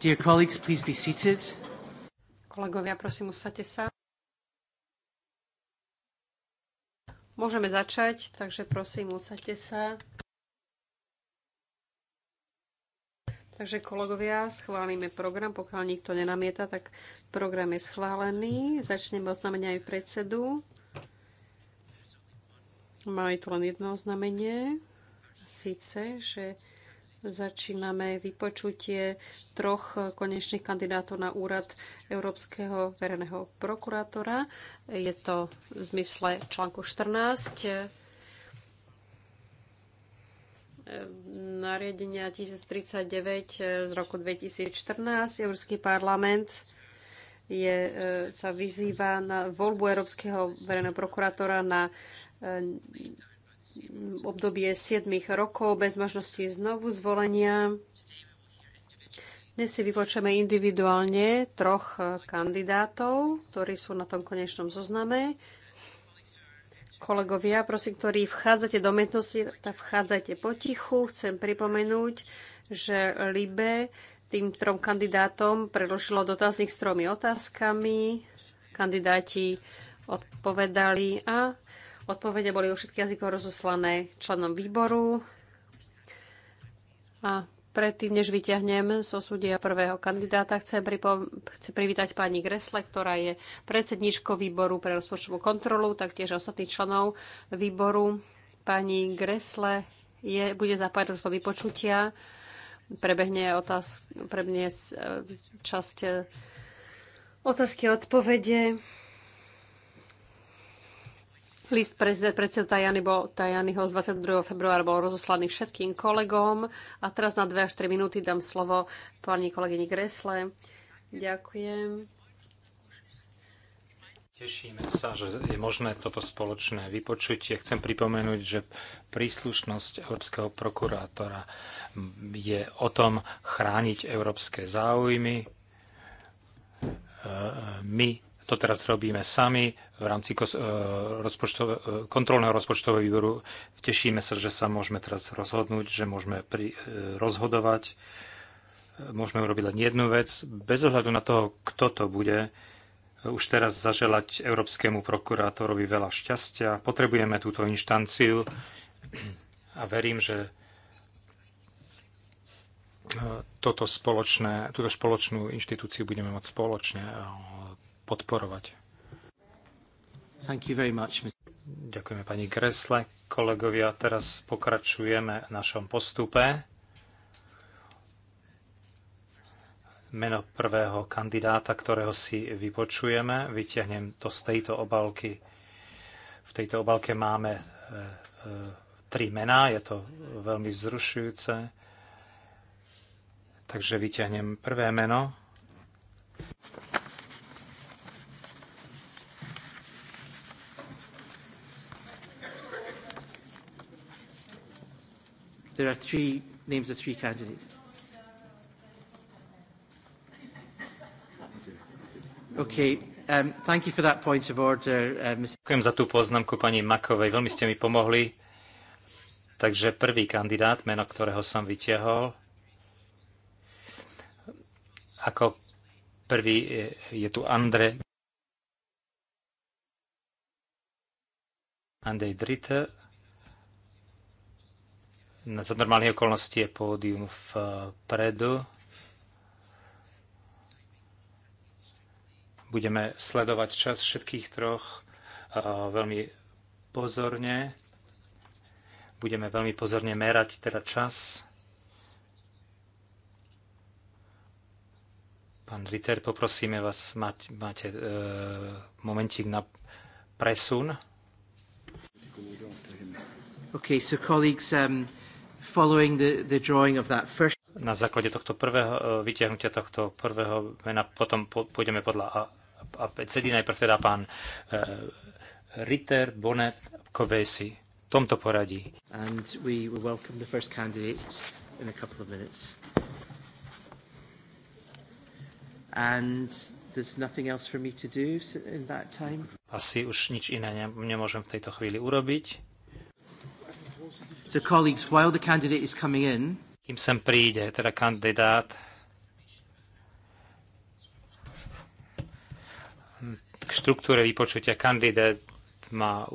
Dear colleagues, please be seated. Kolegovia, prosím, usadte sa. Môžeme začať, takže prosím, usadte sa. Takže kolegovia, schválime program. Pokiaľ nikto nenamieta, tak program je schválený. Začneme oznámenia aj predsedu. Máme tu len jedno oznámenie. Sice, že Začíname vypočutie troch konečných kandidátov na úrad Európskeho verejného prokurátora. Je to v zmysle článku 14 nariadenia 1039 z roku 2014. Európsky parlament je, e, sa vyzýva na voľbu Európskeho verejného prokurátora na e, obdobie 7 rokov bez možnosti znovu zvolenia. Dnes si vypočujeme individuálne troch kandidátov, ktorí sú na tom konečnom zozname. Kolegovia, prosím, ktorí vchádzate do miestnosti, tak vchádzajte potichu. Chcem pripomenúť, že Libe tým trom kandidátom predložilo dotazník s tromi otázkami. Kandidáti odpovedali a Odpovede boli o všetky jazyko rozoslané členom výboru. A predtým, než vyťahnem zo súdia prvého kandidáta, chcem, pripo- chcem privítať pani Gresle, ktorá je predsedničkou výboru pre rozpočtovú kontrolu, taktiež ostatných členov výboru. Pani Gresle je, bude zapájať do toho vypočutia. Prebehne, otázka, prebehne e, časť e, otázky a odpovede. List prezident predsedu Tajany bol, Tajanyho z 22. februára bol rozoslaný všetkým kolegom. A teraz na 2 až 3 minúty dám slovo pani kolegyni Gresle. Ďakujem. Tešíme sa, že je možné toto spoločné vypočutie. Chcem pripomenúť, že príslušnosť Európskeho prokurátora je o tom chrániť európske záujmy. E, e, my to teraz robíme sami v rámci e, e, kontrolného rozpočtového výboru. Tešíme sa, že sa môžeme teraz rozhodnúť, že môžeme pri, e, rozhodovať. Môžeme urobiť len jednu vec. Bez ohľadu na toho, kto to bude, už teraz zaželať európskemu prokurátorovi veľa šťastia. Potrebujeme túto inštanciu a verím, že toto spoločné, túto spoločnú inštitúciu budeme mať spoločne podporovať. Much, Ďakujeme pani Gresle. Kolegovia, teraz pokračujeme v našom postupe. Meno prvého kandidáta, ktorého si vypočujeme, vyťahnem to z tejto obálky. V tejto obálke máme e, e, tri mená, je to veľmi vzrušujúce. Takže vyťahnem prvé meno. There are three names of three candidates. Okay. Um, thank you for that point of order, uh, Mr. Ďakujem za tú poznámku pani Makovej. Veľmi ste mi pomohli. Takže prvý kandidát, meno ktorého som vytiahol, ako prvý je, eh, je tu Andre Andrej Dritte za normálnych okolností je pódium vpredu. Budeme sledovať čas všetkých troch veľmi pozorne. Budeme veľmi pozorne merať teda čas. Pán Ritter, poprosíme vás, mať, máte e, momentík na presun. Okay, so colleagues, um, na základe tohto prvého e, vytiahnutia tohto prvého mena potom pôjdeme podľa APCD, najprv teda pán e, Ritter, Bonnet, Kovesi. V tomto poradí. And we will welcome the first candidates in a couple of minutes. And there's nothing else for me to do in that time. Asi už nič iné nemôžem v tejto chvíli urobiť. So colleagues, while the candidate is coming in, kým sem príde, teda kandidát, k štruktúre vypočutia kandidát má e,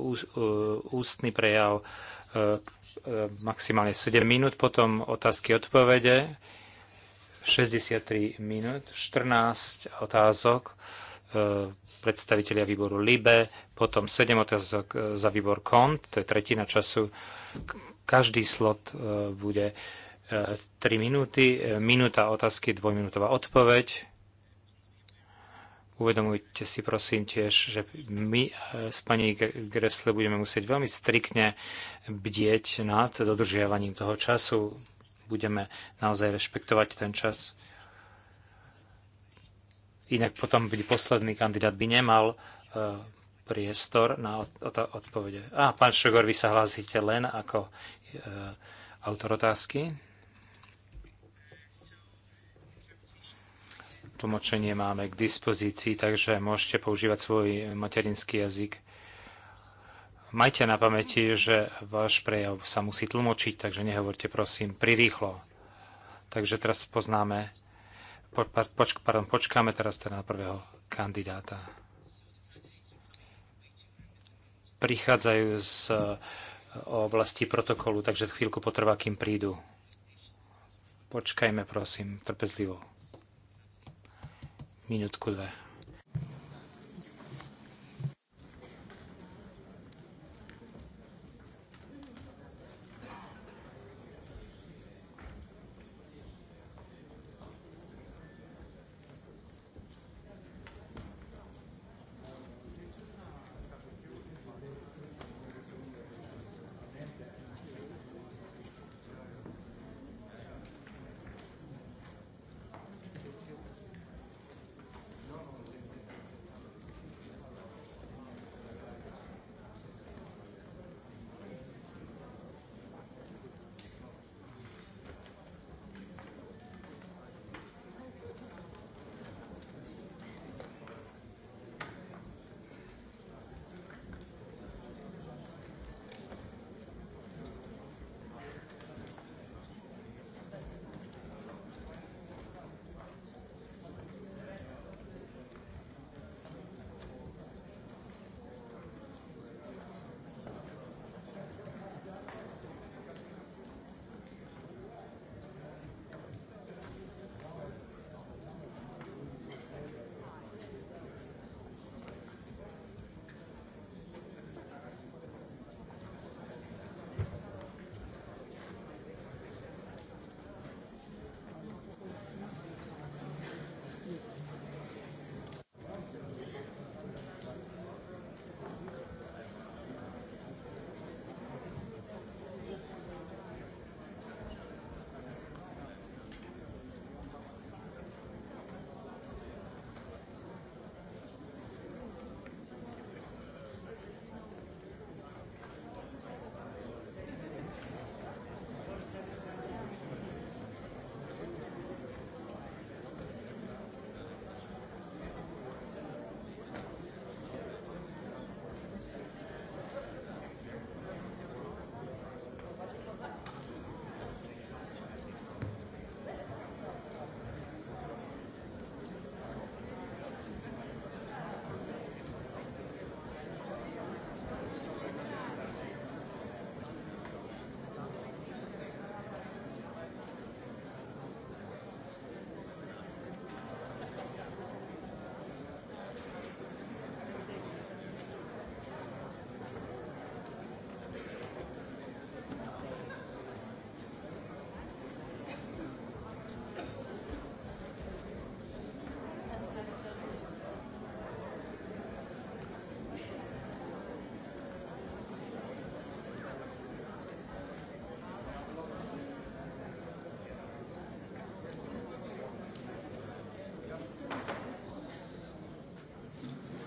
ústny prejav e, e, maximálne 7 minút, potom otázky odpovede 63 minút, 14 otázok, predstavitelia výboru LIBE, potom 7 otázok za výbor KONT, to je tretina času každý slot e, bude 3 e, minúty, e, minúta otázky, dvojminútová odpoveď. Uvedomujte si prosím tiež, že my s pani Gressle budeme musieť veľmi striktne bdieť nad dodržiavaním toho času. Budeme naozaj rešpektovať ten čas. Inak potom by posledný kandidát by nemal priestor na odpovede. A pán Šogor, vy sa hlásite len ako Uh, autor otázky. Tlmočenie máme k dispozícii, takže môžete používať svoj materinský jazyk. Majte na pamäti, že váš prejav sa musí tlmočiť, takže nehovorte prosím prirýchlo. Takže teraz poznáme, po, poč, pardon, počkáme teraz teda na prvého kandidáta. Prichádzajú z uh, o oblasti protokolu, takže chvíľku potrvá, kým prídu. Počkajme, prosím, trpezlivo. Minútku, dve.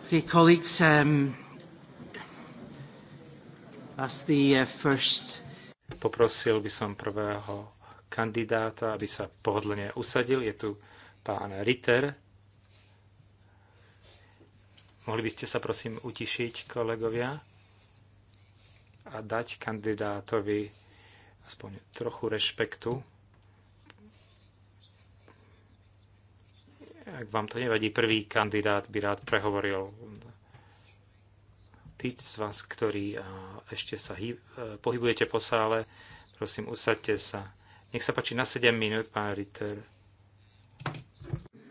Okay, colleagues, um, as the uh, first... Poprosil by som prvého kandidáta, aby sa pohodlne usadil. Je tu pán Ritter. Mohli by ste sa prosím utišiť, kolegovia, a dať kandidátovi aspoň trochu rešpektu. Ak vám to nevadí, prvý kandidát by rád prehovoril. Tí z vás, ktorí ešte sa e, pohybujete po sále, prosím, usadte sa. Nech sa páči na 7 minút, pán Ritter.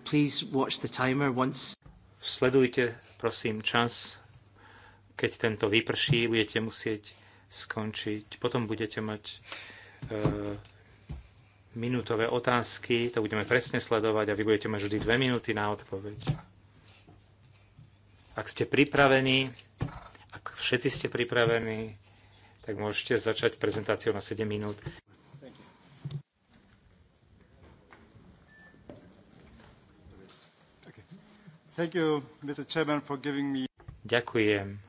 Please watch the timer once. Sledujte, prosím, čas. Keď tento vyprší, budete musieť skončiť. Potom budete mať uh, minútové otázky, to budeme presne sledovať a vy budete mať vždy dve minúty na odpoveď. Ak ste pripravení, ak všetci ste pripravení, tak môžete začať prezentáciu na 7 minút. You, Chairman, me... Ďakujem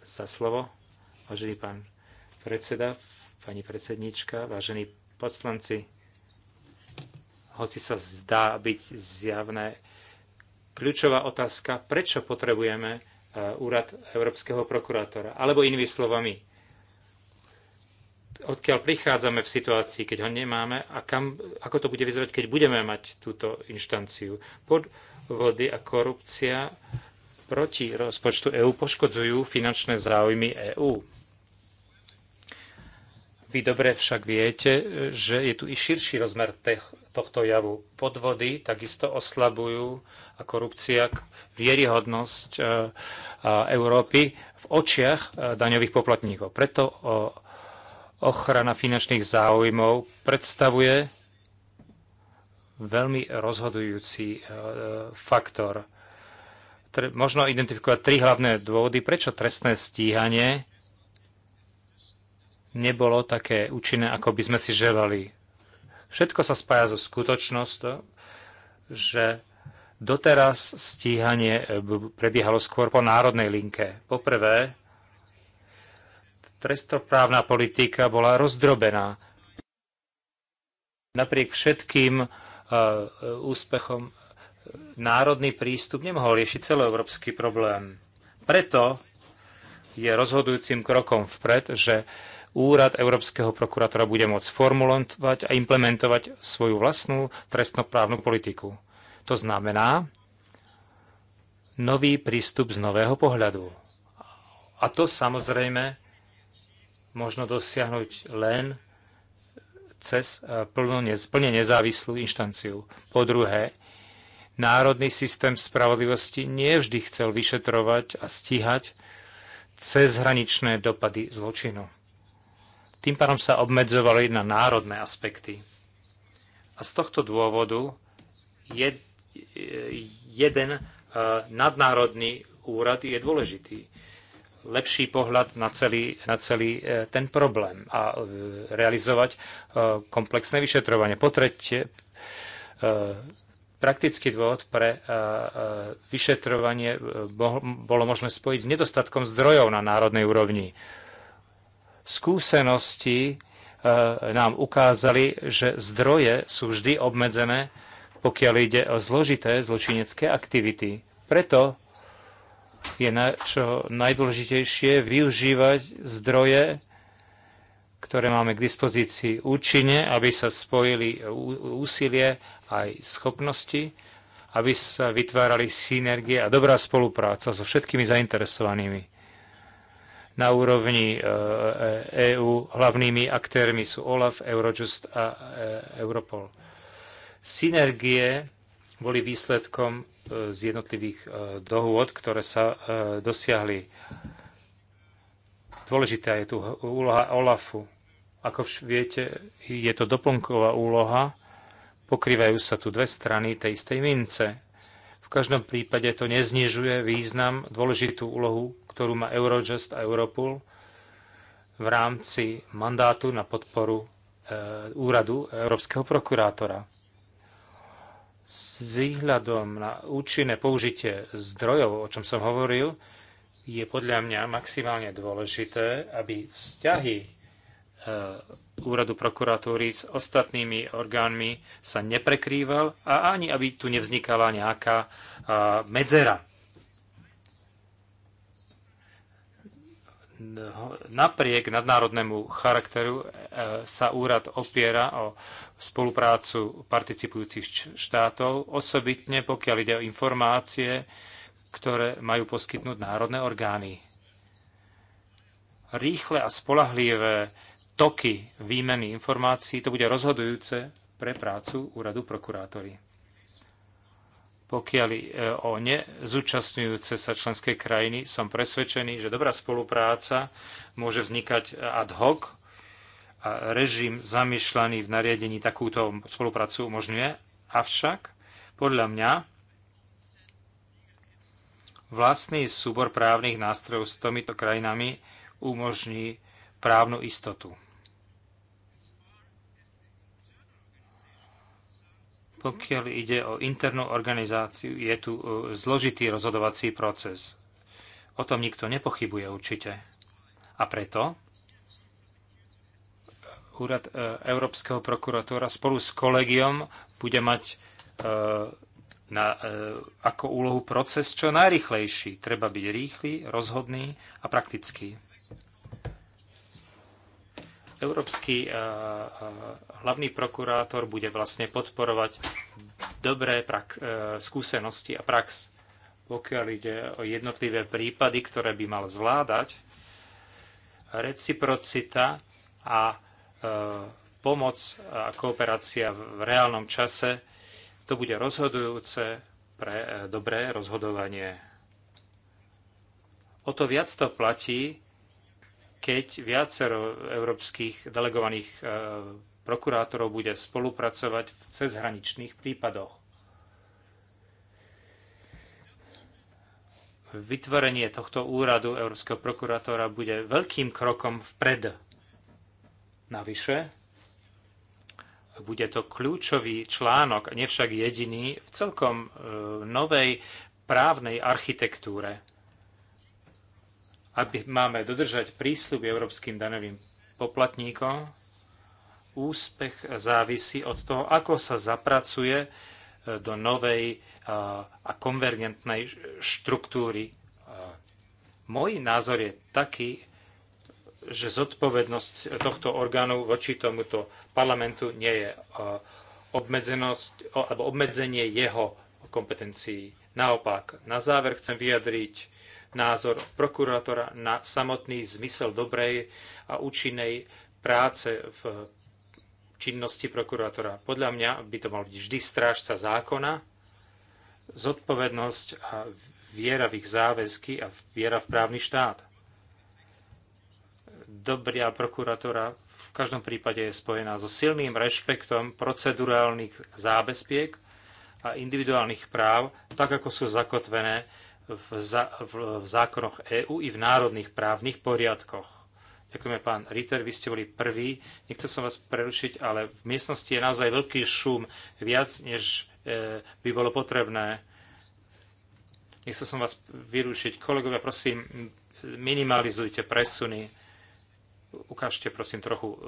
za slovo, vážený pán predseda, pani predsednička, vážení poslanci, hoci sa zdá byť zjavné, kľúčová otázka, prečo potrebujeme e, úrad Európskeho prokurátora. Alebo inými slovami, odkiaľ prichádzame v situácii, keď ho nemáme a kam, ako to bude vyzerať, keď budeme mať túto inštanciu. Podvody a korupcia proti rozpočtu EÚ poškodzujú finančné záujmy EÚ vy dobre však viete, že je tu i širší rozmer tohto javu. Podvody takisto oslabujú a korupcia, vieryhodnosť e, Európy v očiach e, daňových poplatníkov. Preto ochrana finančných záujmov predstavuje veľmi rozhodujúci e, faktor. Možno identifikovať tri hlavné dôvody, prečo trestné stíhanie nebolo také účinné, ako by sme si želali. Všetko sa spája so skutočnosťou, že doteraz stíhanie e, prebiehalo skôr po národnej linke. Poprvé, trestoprávna politika bola rozdrobená. Napriek všetkým e, e, úspechom národný prístup nemohol riešiť celoeurópsky problém. Preto je rozhodujúcim krokom vpred, že úrad Európskeho prokurátora bude môcť formulovať a implementovať svoju vlastnú trestnoprávnu politiku. To znamená nový prístup z nového pohľadu. A to samozrejme možno dosiahnuť len cez e, plne nezávislú inštanciu. Po druhé, národný systém spravodlivosti nie vždy chcel vyšetrovať a stíhať cezhraničné dopady zločinu. Tým pádom sa obmedzovali na národné aspekty. A z tohto dôvodu jed, jeden e, nadnárodný úrad je dôležitý. Lepší pohľad na celý, na celý e, ten problém a e, realizovať komplexné vyšetrovanie. Po tretie, praktický dôvod pre vyšetrovanie bolo možné spojiť s nedostatkom zdrojov na národnej úrovni skúsenosti e, nám ukázali, že zdroje sú vždy obmedzené, pokiaľ ide o zložité zločinecké aktivity. Preto je na, čo najdôležitejšie využívať zdroje, ktoré máme k dispozícii účinne, aby sa spojili úsilie aj schopnosti, aby sa vytvárali synergie a dobrá spolupráca so všetkými zainteresovanými. Na úrovni EÚ e, e hlavnými aktérmi sú OLAF, Eurojust a e, Europol. Synergie boli výsledkom z jednotlivých dohôd, ktoré sa dosiahli. Dôležitá je tu úloha OLAFu. Ako viete, je to doplnková úloha. Pokrývajú sa tu dve strany tej istej mince. V každom prípade to neznižuje význam, dôležitú úlohu ktorú má Eurojust a Europol v rámci mandátu na podporu e, úradu Európskeho prokurátora. S výhľadom na účinné použitie zdrojov, o čom som hovoril, je podľa mňa maximálne dôležité, aby vzťahy e, úradu prokuratúry s ostatnými orgánmi sa neprekrýval a ani aby tu nevznikala nejaká e, medzera. No, napriek nadnárodnému charakteru e, sa úrad opiera o spoluprácu participujúcich štátov, osobitne pokiaľ ide o informácie, ktoré majú poskytnúť národné orgány. Rýchle a spolahlivé toky výmeny informácií to bude rozhodujúce pre prácu úradu prokurátory. Pokiaľ e, o nezúčastňujúce sa členské krajiny, som presvedčený, že dobrá spolupráca môže vznikať ad hoc a režim zamýšľaný v nariadení takúto spoluprácu umožňuje. Avšak, podľa mňa, vlastný súbor právnych nástrojov s týmito krajinami umožní právnu istotu. Pokiaľ ide o internú organizáciu, je tu e, zložitý rozhodovací proces. O tom nikto nepochybuje určite. A preto úrad e, Európskeho prokuratúra spolu s kolegiom bude mať e, na, ako úlohu proces čo najrychlejší. Treba byť rýchly, rozhodný a praktický. Európsky eh, eh, hlavný prokurátor bude vlastne podporovať dobré prak- eh, skúsenosti a prax, pokiaľ ide o jednotlivé prípady, ktoré by mal zvládať. Reciprocita a pomoc a kooperácia v reálnom čase, to bude rozhodujúce pre dobré rozhodovanie. O to viac to platí, keď viacero európskych delegovaných e, prokurátorov bude spolupracovať v cezhraničných prípadoch. Vytvorenie tohto úradu Európskeho prokurátora bude veľkým krokom vpred. Navyše, bude to kľúčový článok, nevšak jediný, v celkom e, novej právnej architektúre aby máme dodržať prísľub európskym daňovým poplatníkom, úspech závisí od toho, ako sa zapracuje e, do novej e, a konvergentnej štruktúry. E, môj názor je taký, že zodpovednosť tohto orgánu voči tomuto parlamentu nie je obmedzenosť alebo obmedzenie jeho kompetencií. Naopak, na záver chcem vyjadriť názor prokurátora na samotný zmysel dobrej a účinnej práce v činnosti prokurátora. Podľa mňa by to mal byť vždy strážca zákona, zodpovednosť a viera v ich záväzky a viera v právny štát. Dobrá prokurátora v každom prípade je spojená so silným rešpektom procedurálnych zábezpiek a individuálnych práv, tak ako sú zakotvené v, za, v, v zákonoch EÚ i v národných právnych poriadkoch. Ďakujeme, pán Ritter, vy ste boli prvý. Nechcel som vás prerušiť, ale v miestnosti je naozaj veľký šum, viac než e, by bolo potrebné. Nechcel som vás vyrušiť. Kolegovia, prosím, minimalizujte presuny. Ukážte, prosím, trochu e,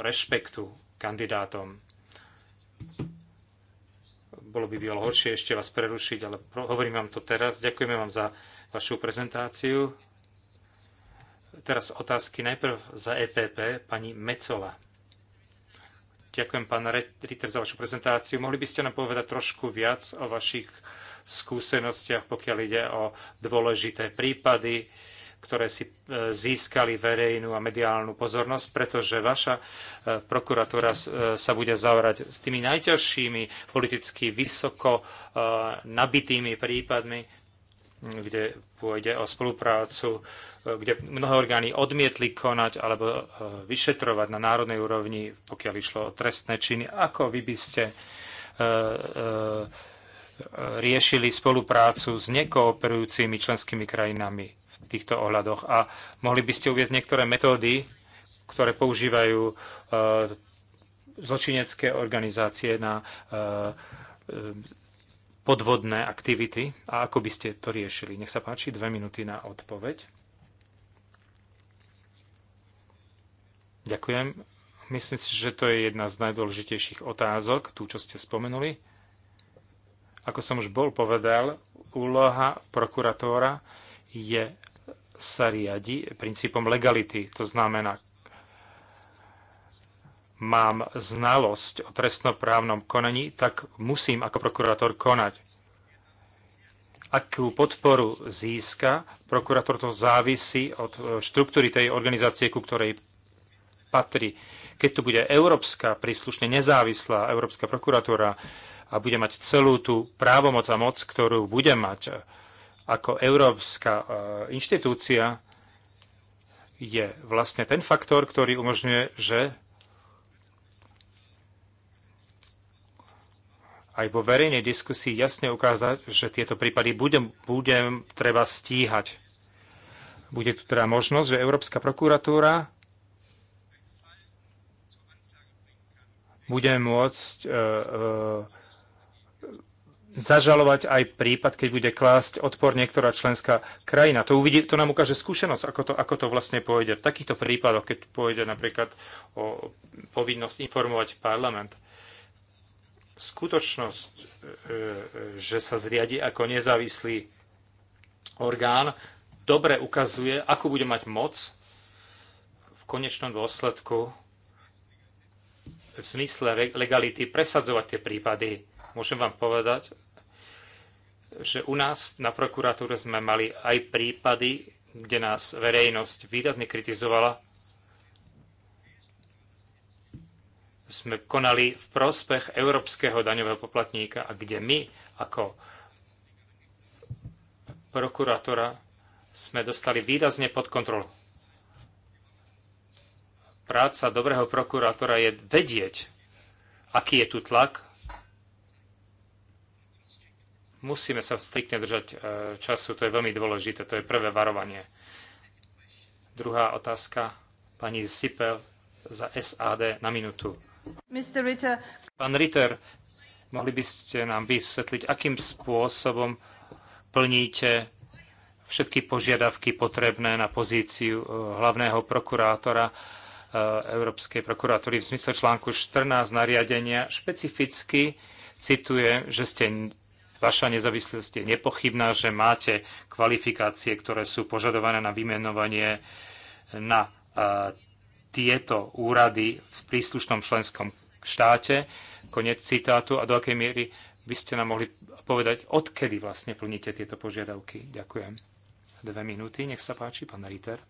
rešpektu kandidátom bolo by bolo horšie ešte vás prerušiť, ale hovorím vám to teraz. Ďakujeme vám za vašu prezentáciu. Teraz otázky najprv za EPP, pani Mecola. Ďakujem, pán Ritter, za vašu prezentáciu. Mohli by ste nám povedať trošku viac o vašich skúsenostiach, pokiaľ ide o dôležité prípady, ktoré si e, získali verejnú a mediálnu pozornosť, pretože vaša e, prokuratúra e, sa bude zavrať s tými najťažšími politicky vysoko nabitými prípadmi, kde pôjde o spoluprácu, kde mnohé orgány odmietli konať alebo vyšetrovať na národnej úrovni, pokiaľ išlo o trestné činy. Ako vy by ste riešili spoluprácu s nekooperujúcimi členskými krajinami v týchto ohľadoch. A mohli by ste uvieť niektoré metódy, ktoré používajú e, zločinecké organizácie na e, podvodné aktivity a ako by ste to riešili? Nech sa páči, dve minúty na odpoveď. Ďakujem. Myslím si, že to je jedna z najdôležitejších otázok, tú, čo ste spomenuli. Ako som už bol povedal, úloha prokurátora je sa riadi princípom legality. To znamená, mám znalosť o trestnoprávnom konaní, tak musím ako prokurátor konať. Akú podporu získa, prokurátor to závisí od e, štruktúry tej organizácie, ku ktorej patrí. Keď tu bude európska, príslušne nezávislá európska prokuratúra a bude mať celú tú právomoc a moc, ktorú bude mať, ako európska e, inštitúcia je vlastne ten faktor, ktorý umožňuje, že aj vo verejnej diskusii jasne ukázať, že tieto prípady budem, budem treba stíhať. Bude tu teda možnosť, že Európska prokuratúra bude môcť e, e, zažalovať aj prípad, keď bude klásť odpor niektorá členská krajina. To, uvidí, to nám ukáže skúsenosť, ako to, ako to vlastne pôjde. V takýchto prípadoch, keď pôjde napríklad o povinnosť informovať parlament, skutočnosť, e, e, že sa zriadi ako nezávislý orgán, dobre ukazuje, ako bude mať moc v konečnom dôsledku v zmysle legality presadzovať tie prípady Môžem vám povedať, že u nás na prokuratúre sme mali aj prípady, kde nás verejnosť výrazne kritizovala. Sme konali v prospech európskeho daňového poplatníka a kde my ako prokurátora sme dostali výrazne pod kontrolu. Práca dobrého prokurátora je vedieť, aký je tu tlak Musíme sa striktne držať e, času, to je veľmi dôležité, to je prvé varovanie. Druhá otázka, pani Sipel za SAD na minútu. Ritter. Pán Ritter, mohli by ste nám vysvetliť, akým spôsobom plníte všetky požiadavky potrebné na pozíciu e, hlavného prokurátora e, Európskej prokuratúry v zmysle článku 14 nariadenia. Špecificky cituje, že ste Vaša nezávislosť je nepochybná, že máte kvalifikácie, ktoré sú požadované na vymenovanie na e, tieto úrady v príslušnom členskom štáte. Konec citátu. A do akej miery by ste nám mohli povedať, odkedy vlastne plníte tieto požiadavky? Ďakujem. Dve minúty, nech sa páči, pán Ritter.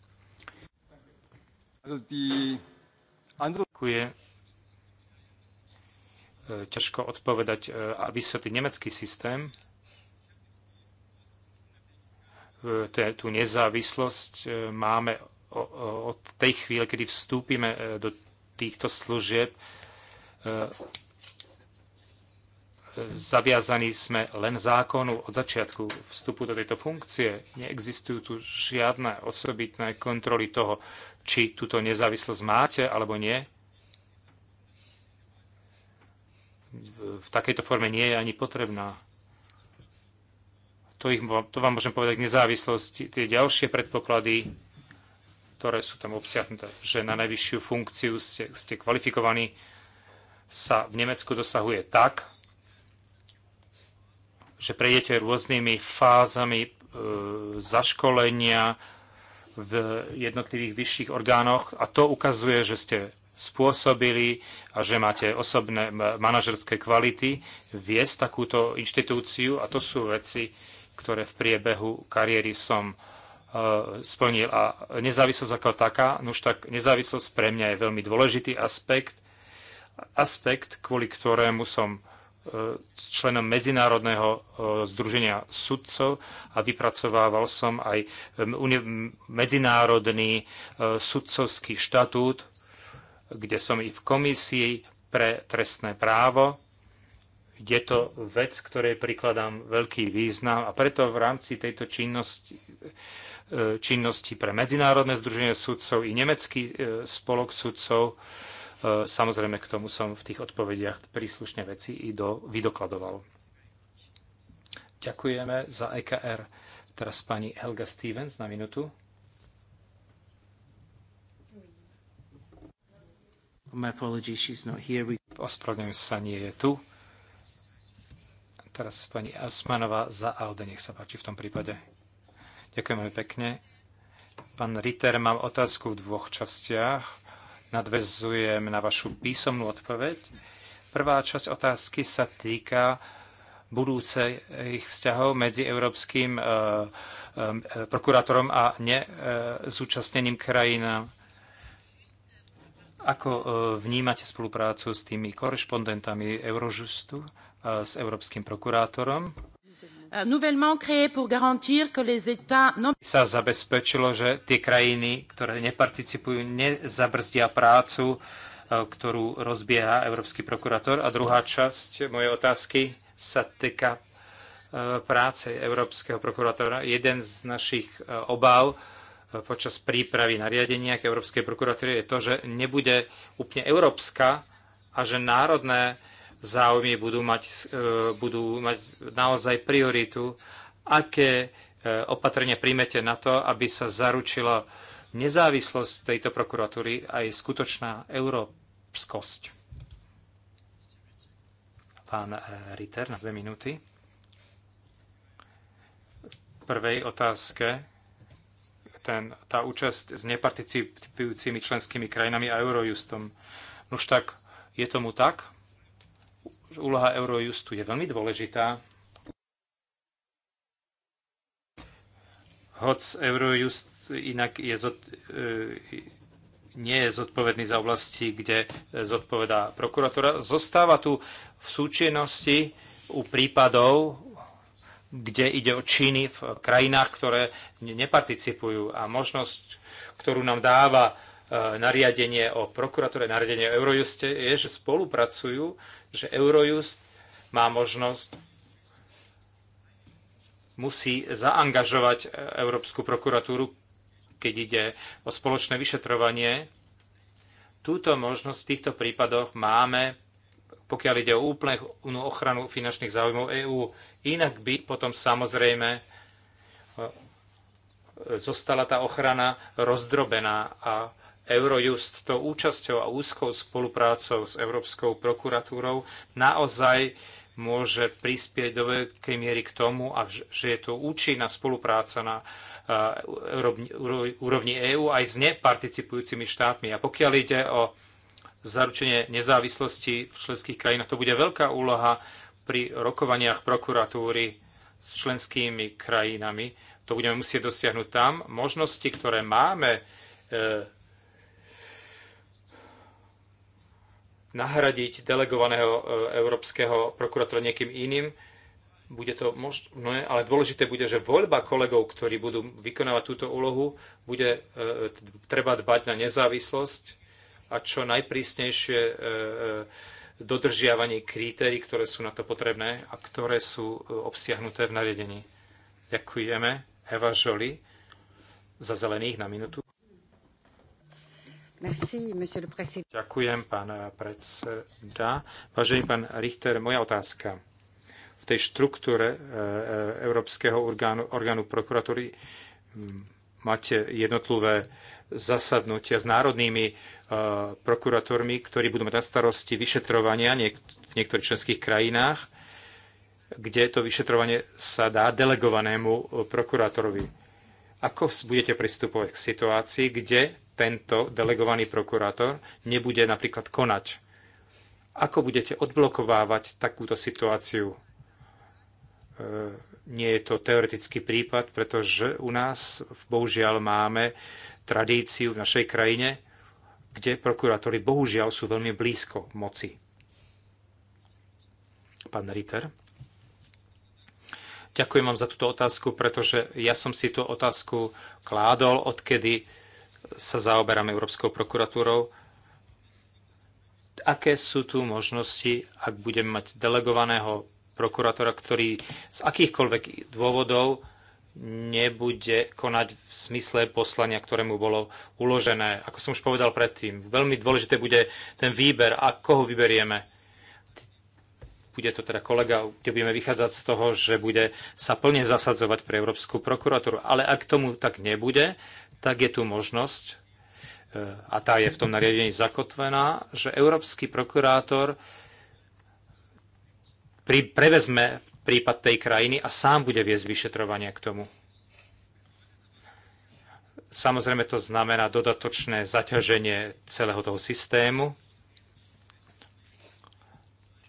Ďakujem ťažko odpovedať e, a vysvetliť nemecký systém, e, tú nezávislosť e, máme od tej chvíle, kedy vstúpime do týchto služieb, zaviazaní sme len zákonu od začiatku vstupu do tejto funkcie. Neexistujú tu žiadne osobitné kontroly toho, či túto nezávislosť máte alebo nie v takejto forme nie je ani potrebná. To, ich, to vám môžem povedať k nezávislosti. Tie ďalšie predpoklady, ktoré sú tam obsiahnuté, že na najvyššiu funkciu ste, ste kvalifikovaní, sa v Nemecku dosahuje tak, že prejdete rôznymi fázami e, zaškolenia v jednotlivých vyšších orgánoch a to ukazuje, že ste spôsobili a že máte osobné manažerské kvality, viesť takúto inštitúciu a to sú veci, ktoré v priebehu kariéry som e, splnil. A nezávislosť ako taká, už tak nezávislosť pre mňa je veľmi dôležitý aspekt, aspekt, kvôli ktorému som e, členom Medzinárodného e, združenia sudcov a vypracovával som aj medzinárodný sudcovský štatút, kde som i v komisii pre trestné právo. Je to vec, ktorej prikladám veľký význam a preto v rámci tejto činnosti, e, činnosti pre Medzinárodné združenie sudcov i Nemecký e, spolok sudcov e, Samozrejme, k tomu som v tých odpovediach príslušne veci i do, vydokladoval. Ďakujeme za EKR. Teraz pani Helga Stevens na minutu. My apologies, she's not here. We... Ospravedlňujem sa, nie je tu. Teraz pani Asmanová za Alde, nech sa páči v tom prípade. Ďakujem veľmi pekne. Pán Ritter, mám otázku v dvoch častiach. Nadvezujem na vašu písomnú odpoveď. Prvá časť otázky sa týka budúcich vzťahov medzi európskym eh, eh, prokurátorom a nezúčastneným krajinám ako e, vnímate spoluprácu s tými korešpondentami Eurožustu, e, s Európskym prokurátorom? sa zabezpečilo, že tie krajiny, ktoré neparticipujú, nezabrzdia prácu, e, ktorú rozbieha Európsky prokurátor. A druhá časť mojej otázky sa týka práce Európskeho prokurátora. Jeden z našich obáv počas prípravy nariadenia k Európskej prokuratúre je to, že nebude úplne európska a že národné záujmy budú mať, e, budú mať naozaj prioritu, aké e, opatrenia príjmete na to, aby sa zaručila nezávislosť tejto prokuratúry a jej skutočná európskosť. Pán e, Ritter na dve minúty. Prvej otázke ten, tá účasť s neparticipujúcimi členskými krajinami a Eurojustom. Nož tak, je tomu tak, že úloha Eurojustu je veľmi dôležitá. Hoc Eurojust inak je zod, e, nie je zodpovedný za oblasti, kde zodpovedá prokuratúra, zostáva tu v súčinnosti u prípadov, kde ide o činy v krajinách, ktoré neparticipujú. A možnosť, ktorú nám dáva e, nariadenie o prokuratúre, nariadenie o Eurojuste, je, že spolupracujú, že Eurojust má možnosť musí zaangažovať e, Európsku prokuratúru, keď ide o spoločné vyšetrovanie. Túto možnosť v týchto prípadoch máme pokiaľ ide o úplnú no, ochranu finančných záujmov EÚ. Inak by potom samozrejme e, zostala tá ochrana rozdrobená a Eurojust to účasťou a úzkou spoluprácou s Európskou prokuratúrou naozaj môže prispieť do veľkej miery k tomu, a že je to účinná spolupráca na e, úrovni EÚ aj s neparticipujúcimi štátmi. A pokiaľ ide o zaručenie nezávislosti v členských krajinách. To bude veľká úloha pri rokovaniach prokuratúry s členskými krajinami. To budeme musieť dosiahnuť tam. Možnosti, ktoré máme e, nahradiť delegovaného e, európskeho prokurátora niekým iným, bude to možné, ale dôležité bude, že voľba kolegov, ktorí budú vykonávať túto úlohu, bude e, treba dbať na nezávislosť a čo najprísnejšie e, e, dodržiavanie kritérií, ktoré sú na to potrebné a ktoré sú e, obsiahnuté v nariadení. Ďakujeme Eva Žoli za zelených na minútu. Merci, Ďakujem, pán predseda. Vážený pán Richter, moja otázka. V tej štruktúre Európskeho orgánu, orgánu prokuratúry máte jednotlivé zasadnutia s národnými e, prokurátormi, ktorí budú mať na starosti vyšetrovania v niektorých členských krajinách, kde to vyšetrovanie sa dá delegovanému e, prokurátorovi. Ako budete pristupovať k situácii, kde tento delegovaný prokurátor nebude napríklad konať? Ako budete odblokovávať takúto situáciu? E, nie je to teoretický prípad, pretože u nás bohužiaľ máme tradíciu v našej krajine, kde prokurátori bohužiaľ sú veľmi blízko moci. Pán Ritter. Ďakujem vám za túto otázku, pretože ja som si tú otázku kládol, odkedy sa zaoberám Európskou prokuratúrou. Aké sú tu možnosti, ak budem mať delegovaného prokurátora, ktorý z akýchkoľvek dôvodov nebude konať v smysle poslania, ktorému bolo uložené. Ako som už povedal predtým, veľmi dôležité bude ten výber a koho vyberieme. Bude to teda kolega, kde budeme vychádzať z toho, že bude sa plne zasadzovať pre Európsku prokuratúru. Ale ak tomu tak nebude, tak je tu možnosť, e, a tá je v tom nariadení zakotvená, že Európsky prokurátor prevezme prípad tej krajiny a sám bude viesť vyšetrovania k tomu. Samozrejme to znamená dodatočné zaťaženie celého toho systému.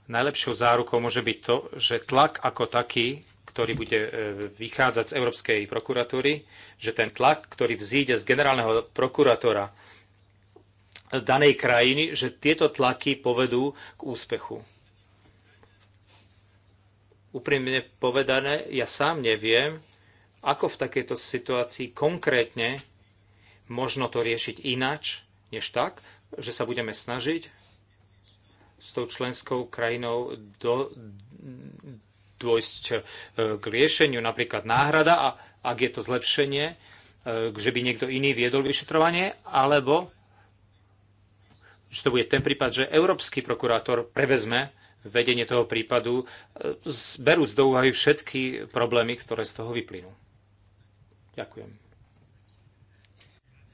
Najlepšou zárukou môže byť to, že tlak ako taký, ktorý bude e, vychádzať z Európskej prokuratúry, že ten tlak, ktorý vzíde z generálneho prokurátora danej krajiny, že tieto tlaky povedú k úspechu. Úprimne povedané, ja sám neviem, ako v takejto situácii konkrétne možno to riešiť inač, než tak, že sa budeme snažiť s tou členskou krajinou do, dôjsť e, k riešeniu, napríklad náhrada, a ak je to zlepšenie, e, že by niekto iný viedol vyšetrovanie, alebo že to bude ten prípad, že európsky prokurátor prevezme vedenie toho prípadu, e, berúc do úvahy všetky problémy, ktoré z toho vyplynú. Ďakujem.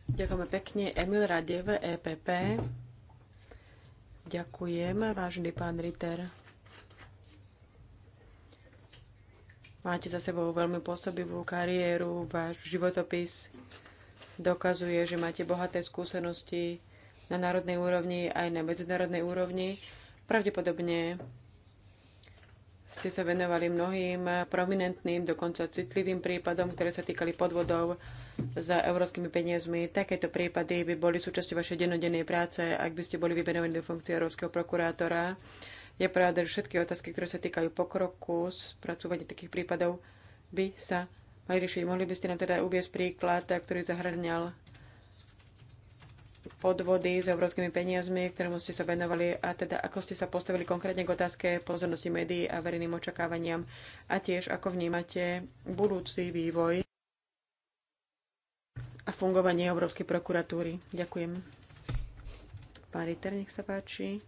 Ďakujeme pekne. Emil Radev, EPP. Ďakujem, vážený pán Ritter. Máte za sebou veľmi pôsobivú kariéru, váš životopis dokazuje, že máte bohaté skúsenosti na národnej úrovni aj na medzinárodnej úrovni. Pravdepodobne ste sa venovali mnohým prominentným, dokonca citlivým prípadom, ktoré sa týkali podvodov za európskymi peniazmi. Takéto prípady by boli súčasťou vašej denodennej práce, ak by ste boli vymenovaní do funkcie európskeho prokurátora. je pravda, že všetky otázky, ktoré sa týkajú pokroku, spracovania takých prípadov, by sa mali riešiť. Mohli by ste nám teda uviezť príklad, ktorý zahrňal podvody s európskymi peniazmi, ktorému ste sa venovali a teda ako ste sa postavili konkrétne k otázke pozornosti médií a verejným očakávaniam a tiež ako vnímate budúci vývoj a fungovanie Európskej prokuratúry. Ďakujem. Pán Ritter, nech sa páči.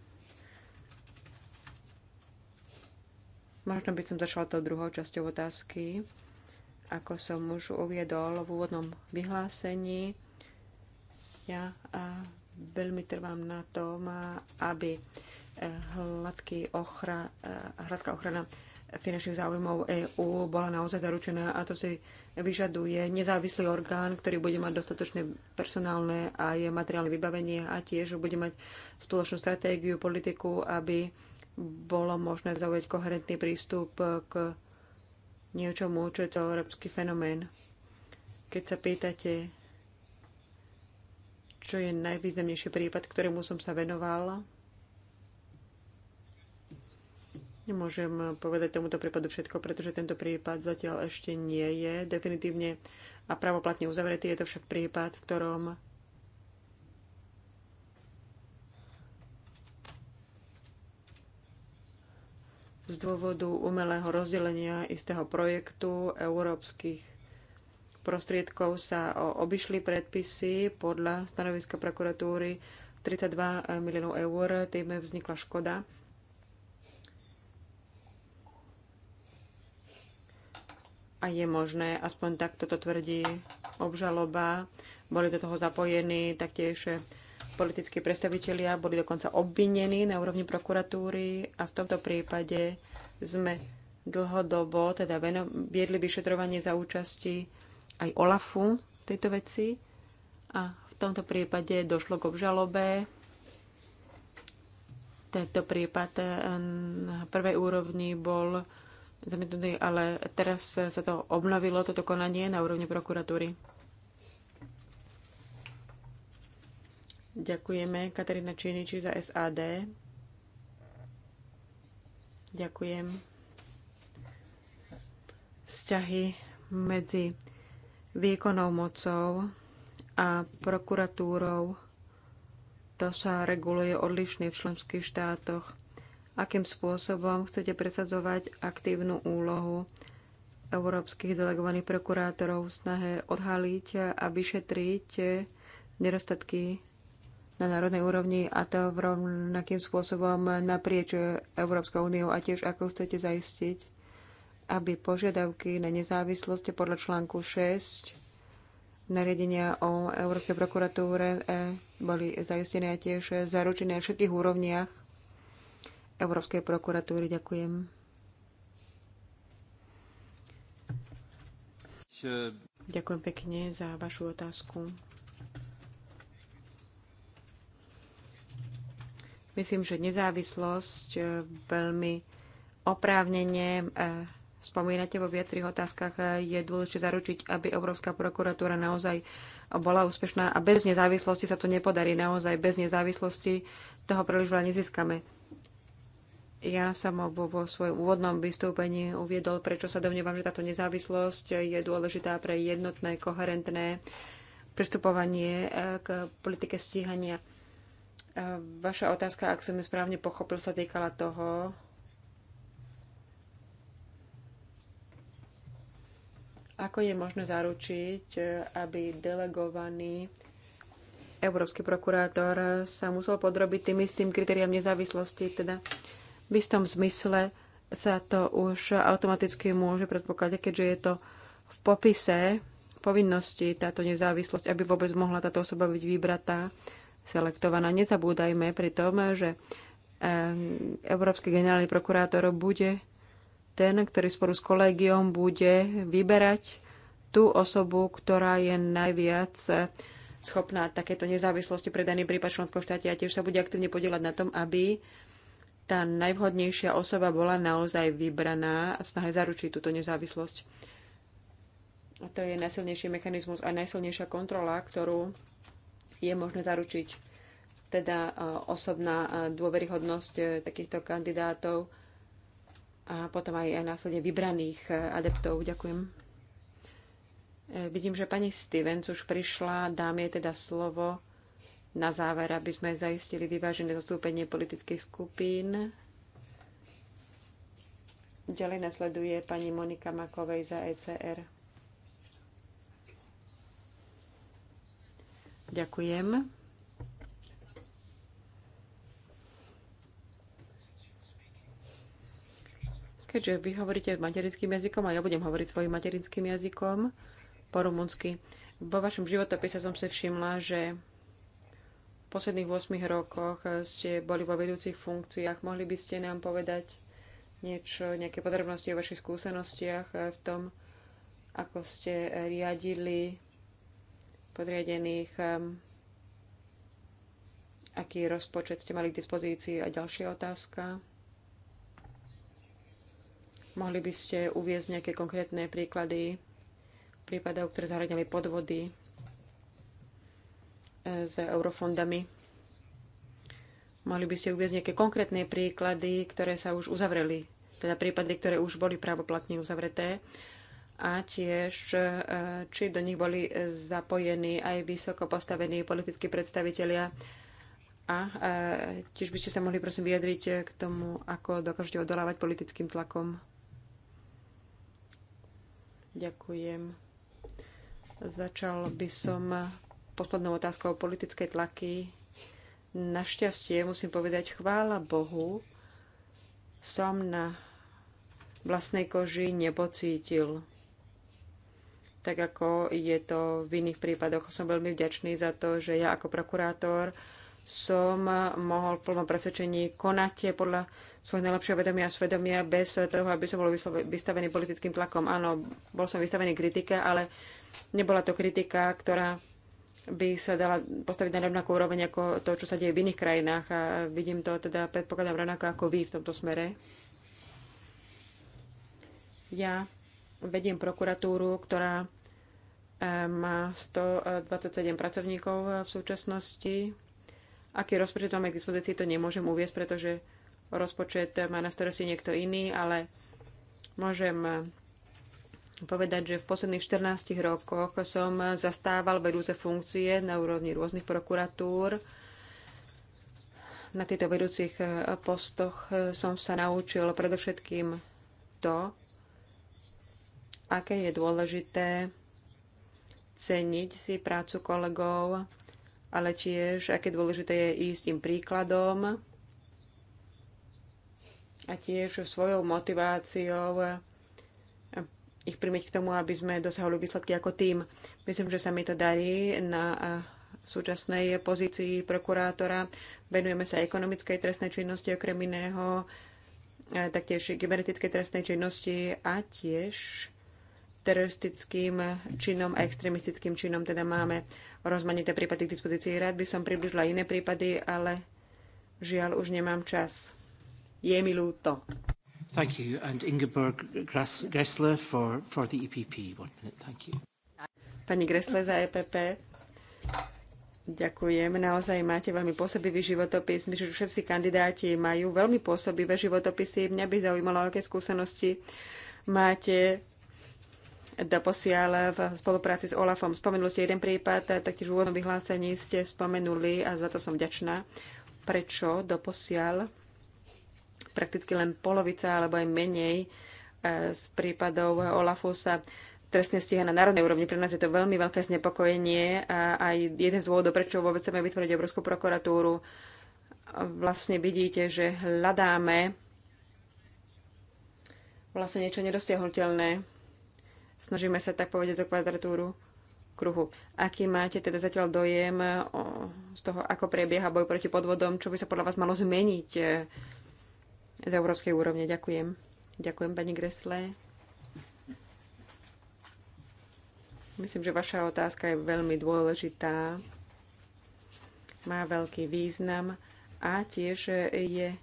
Možno by som začala tou druhou časťou otázky. Ako som už uviedol v úvodnom vyhlásení, ja veľmi trvám na tom, aby eh, hladký ochra, eh, hladká ochrana finančných záujmov EÚ bola naozaj zaručená a to si vyžaduje nezávislý orgán, ktorý bude mať dostatočné personálne a je materiálne vybavenie a tiež bude mať spoločnú stratégiu, politiku, aby bolo možné zaujať koherentný prístup k niečomu, čo je európsky fenomén. Keď sa pýtate, čo je najvýznamnejší prípad, ktorému som sa venovala. Nemôžem povedať tomuto prípadu všetko, pretože tento prípad zatiaľ ešte nie je definitívne a pravoplatne uzavretý. Je to však prípad, v ktorom z dôvodu umelého rozdelenia istého projektu európskych prostriedkov sa obišli predpisy podľa stanoviska prokuratúry 32 eh, miliónov eur, tým vznikla škoda. A je možné, aspoň takto toto tvrdí obžaloba, boli do toho zapojení taktiež politickí predstavitelia, boli dokonca obvinení na úrovni prokuratúry a v tomto prípade sme dlhodobo, teda viedli vyšetrovanie za účasti aj Olafu tejto veci a v tomto prípade došlo k obžalobe. Tento prípad eh, na prvej úrovni bol zamietnutý, ale teraz sa to obnovilo, toto konanie na úrovni prokuratúry. Ďakujeme Katarína Činiči za SAD. Ďakujem. Vzťahy medzi výkonnou mocou a prokuratúrou. To sa reguluje odlišne v členských štátoch. Akým spôsobom chcete presadzovať aktívnu úlohu európskych delegovaných prokurátorov v snahe odhaliť a vyšetriť nedostatky na národnej úrovni a to v rovnakým spôsobom naprieč Európskou úniou a tiež ako chcete zaistiť aby požiadavky na nezávislosť podľa článku 6 nariadenia o Európskej prokuratúre e, boli zaistené a tiež zaručené na všetkých úrovniach Európskej prokuratúry. Ďakujem. Ďakujem pekne za vašu otázku. Myslím, že nezávislosť e, veľmi oprávnenie e, spomínate vo viacerých otázkach, eh, je dôležité zaručiť, aby Európska prokuratúra naozaj bola úspešná a bez nezávislosti sa to nepodarí. Naozaj bez nezávislosti toho príliš veľa nezískame. Ja som vo, vo svojom úvodnom vystúpení uviedol, prečo sa domnievam, že táto nezávislosť je dôležitá pre jednotné, koherentné pristupovanie eh, k politike stíhania. Eh, vaša otázka, ak som ju správne pochopil, sa týkala toho, Ako je možné zaručiť, e, aby delegovaný európsky prokurátor sa musel podrobiť tým istým kritériám nezávislosti, teda v istom zmysle sa to už automaticky môže predpokladať, keďže je to v popise povinnosti táto nezávislosť, aby vôbec mohla táto osoba byť vybratá, selektovaná. Nezabúdajme pri tom, že e, Európsky generálny prokurátor bude ten, ktorý spolu s kolegiom bude vyberať tú osobu, ktorá je najviac schopná takéto nezávislosti pre daný prípad členského štáte a tiež sa bude aktívne podielať na tom, aby tá najvhodnejšia osoba bola naozaj vybraná v snahe zaručiť túto nezávislosť. A to je najsilnejší mechanizmus a najsilnejšia kontrola, ktorú je možné zaručiť. Teda e, osobná e, dôveryhodnosť e, takýchto kandidátov a potom aj následne vybraných eh, adeptov. Ďakujem. Eh, vidím, že pani Stevens už prišla. Dám jej teda slovo na záver, aby sme zaistili vyvážené zastúpenie politických skupín. Ďalej nasleduje pani Monika Makovej za ECR. Ďakujem. Keďže vy hovoríte materinským jazykom a ja budem hovoriť svojim materinským jazykom po rumunsky. Vo vašom životopise som si všimla, že v posledných 8 rokoch ste boli vo vedúcich funkciách. Mohli by ste nám povedať niečo, nejaké podrobnosti o vašich skúsenostiach v tom, ako ste riadili podriadených, um, aký rozpočet ste mali k dispozícii a ďalšia otázka. Mohli by ste uviezť nejaké konkrétne príklady prípadov, ktoré zahradili podvody e, s eurofondami? Mohli by ste uviezť nejaké konkrétne príklady, ktoré sa už uzavreli, teda prípady, ktoré už boli právoplatne uzavreté a tiež, e, či do nich boli zapojení aj vysoko postavení politickí predstavitelia a e, tiež by ste sa mohli prosím vyjadriť k tomu, ako dokážete odolávať politickým tlakom. Ďakujem. Začal by som poslednou otázkou o politickej tlaky. Našťastie, musím povedať, chvála Bohu, som na vlastnej koži nepocítil. Tak ako je to v iných prípadoch. Som veľmi vďačný za to, že ja ako prokurátor som mohol v plnom presvedčení konať podľa svojho najlepšieho vedomia a svedomia bez toho, aby som bol vystavený politickým tlakom. Áno, bol som vystavený kritike, ale nebola to kritika, ktorá by sa dala postaviť na rovnakú úroveň ako to, čo sa deje v iných krajinách. A vidím to teda, predpokladám, rovnako ako vy v tomto smere. Ja vediem prokuratúru, ktorá eh, má 127 pracovníkov v súčasnosti Aký rozpočet máme k dispozícii, to nemôžem uviesť, pretože rozpočet má na starosti niekto iný, ale môžem povedať, že v posledných 14 rokoch som zastával vedúce funkcie na úrovni rôznych prokuratúr. Na týchto vedúcich postoch som sa naučil predovšetkým to, aké je dôležité ceniť si prácu kolegov, ale tiež, aké dôležité je ísť tým príkladom a tiež svojou motiváciou ich primiť k tomu, aby sme dosahali výsledky ako tým. Myslím, že sa mi to darí na súčasnej pozícii prokurátora. Venujeme sa ekonomickej trestnej činnosti okrem iného, taktiež kybernetickej trestnej činnosti a tiež teroristickým činom a extremistickým činom. Teda máme rozmanité prípady k dispozícii. Rád by som približila iné prípady, ale žiaľ už nemám čas. Je mi ľúto. Thank you. And Ingeborg Gressler for, for the EPP. One minute. Thank you. Pani Gressler za EPP. Ďakujem. Naozaj máte veľmi pôsobivý životopis. Myslím, že všetci kandidáti majú veľmi pôsobivé životopisy. Mňa by zaujímalo, aké skúsenosti máte doposiaľ v spolupráci s OLAFom. Spomenuli ste jeden prípad, taktiež v úvodnom vyhlásení ste spomenuli, a za to som vďačná, prečo doposiaľ prakticky len polovica alebo aj menej e, z prípadov OLAFu sa trestne stíha na národnej úrovni. Pre nás je to veľmi veľké znepokojenie a aj jeden z dôvodov, prečo vôbec chceme vytvoriť Európsku prokuratúru. Vlastne vidíte, že hľadáme vlastne niečo nedostiahnutelné. Snažíme sa tak povedať o kvadratúru kruhu. Aký máte teda zatiaľ dojem eh, o, z toho, ako prebieha boj proti podvodom? Čo by sa podľa vás malo zmeniť eh, z európskej úrovne? Ďakujem. Ďakujem, pani Greslé. Myslím, že vaša otázka je veľmi dôležitá, má veľký význam a tiež je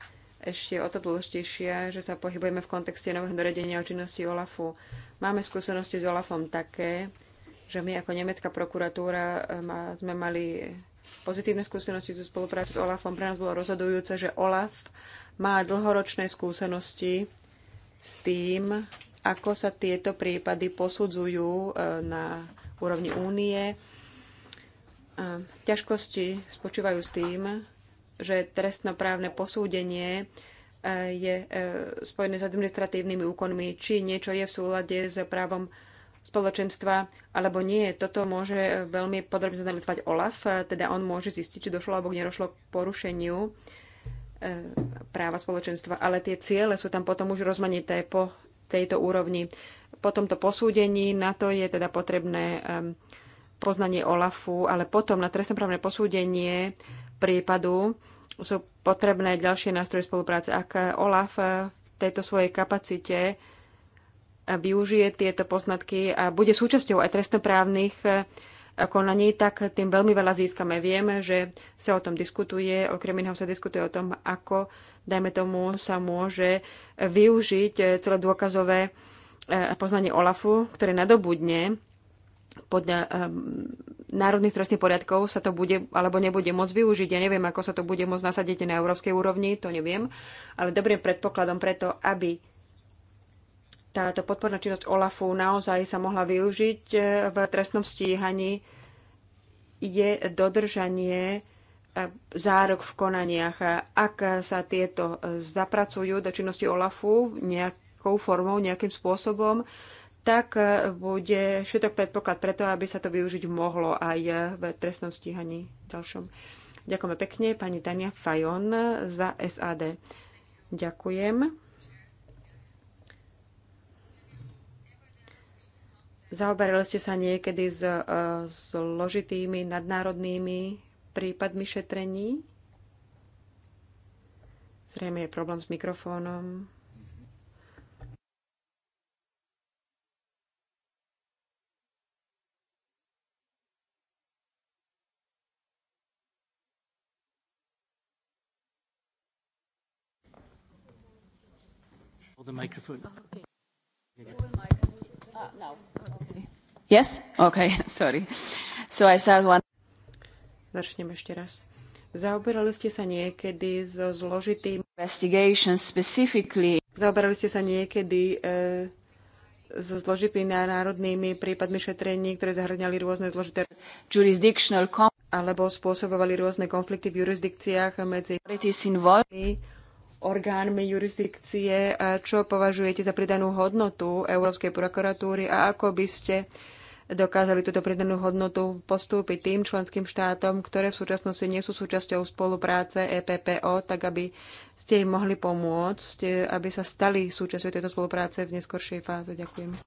ešte o to dôležitejšia, že sa pohybujeme v kontexte nového doredenia o činnosti OLAFu. Máme skúsenosti s OLAFom také, že my ako nemecká prokuratúra eh, sme mali pozitívne skúsenosti zo spolupráci s OLAFom. Pre nás bolo rozhodujúce, že OLAF má dlhoročné skúsenosti s tým, ako sa tieto prípady posudzujú eh, na úrovni únie. Ťažkosti spočívajú s tým, že trestnoprávne posúdenie e, je e, spojené s administratívnymi úkonmi, či niečo je v súlade s právom spoločenstva alebo nie. Toto môže e, veľmi podrobne zanalizovať OLAF, teda on môže zistiť, či došlo alebo nerošlo k porušeniu práva spoločenstva, ale tie ciele sú tam potom už rozmanité po tejto úrovni. Po tomto posúdení na to je teda potrebné poznanie OLAFu, ale potom na trestnoprávne posúdenie prípadu sú potrebné ďalšie nástroje spolupráce. Ak OLAF v tejto svojej kapacite využije tieto poznatky a bude súčasťou aj trestnoprávnych eh, konaní, tak tým veľmi veľa získame. Vieme, že sa o tom diskutuje, okrem iného sa diskutuje o tom, ako, dajme tomu, sa môže využiť eh, celé dôkazové eh, poznanie OLAFu, ktoré nadobudne podľa um, národných trestných poriadkov sa to bude alebo nebude môcť využiť. Ja neviem, ako sa to bude môcť nasadiť na európskej úrovni, to neviem, ale dobrým predpokladom preto, aby táto podporná činnosť OLAFu naozaj sa mohla využiť e, v trestnom stíhaní, je dodržanie e, zárok v konaniach. Ak sa tieto e, zapracujú do činnosti OLAFu nejakou formou, nejakým spôsobom, tak e, bude všetok predpoklad preto, aby sa to využiť mohlo aj e, v trestnom stíhaní ďalšom. Ďakujeme pekne pani Tania Fajon za SAD. Ďakujem. Zaoberali ste sa niekedy s e, zložitými nadnárodnými prípadmi šetrení? Zrejme je problém s mikrofónom. the microphone. Oh, okay. Uh, no. okay. Yes? Okay, sorry. So I said one... Začnem ešte raz. Zaoberali ste sa niekedy so zložitým... Investigation specifically. Zaoberali ste sa niekedy e, so zložitými národnými prípadmi šetrení, ktoré zahrňali rôzne zložité... Jurisdictional... Alebo spôsobovali rôzne konflikty v jurisdikciách medzi... Involved orgánmi jurisdikcie a e, čo považujete za pridanú hodnotu Európskej prokuratúry a ako by ste dokázali túto pridanú hodnotu postúpiť tým členským štátom, ktoré v súčasnosti nie sú súčasťou spolupráce EPPO, tak aby ste im mohli pomôcť, e, aby sa stali súčasťou tejto spolupráce v neskoršej fáze. Ďakujem.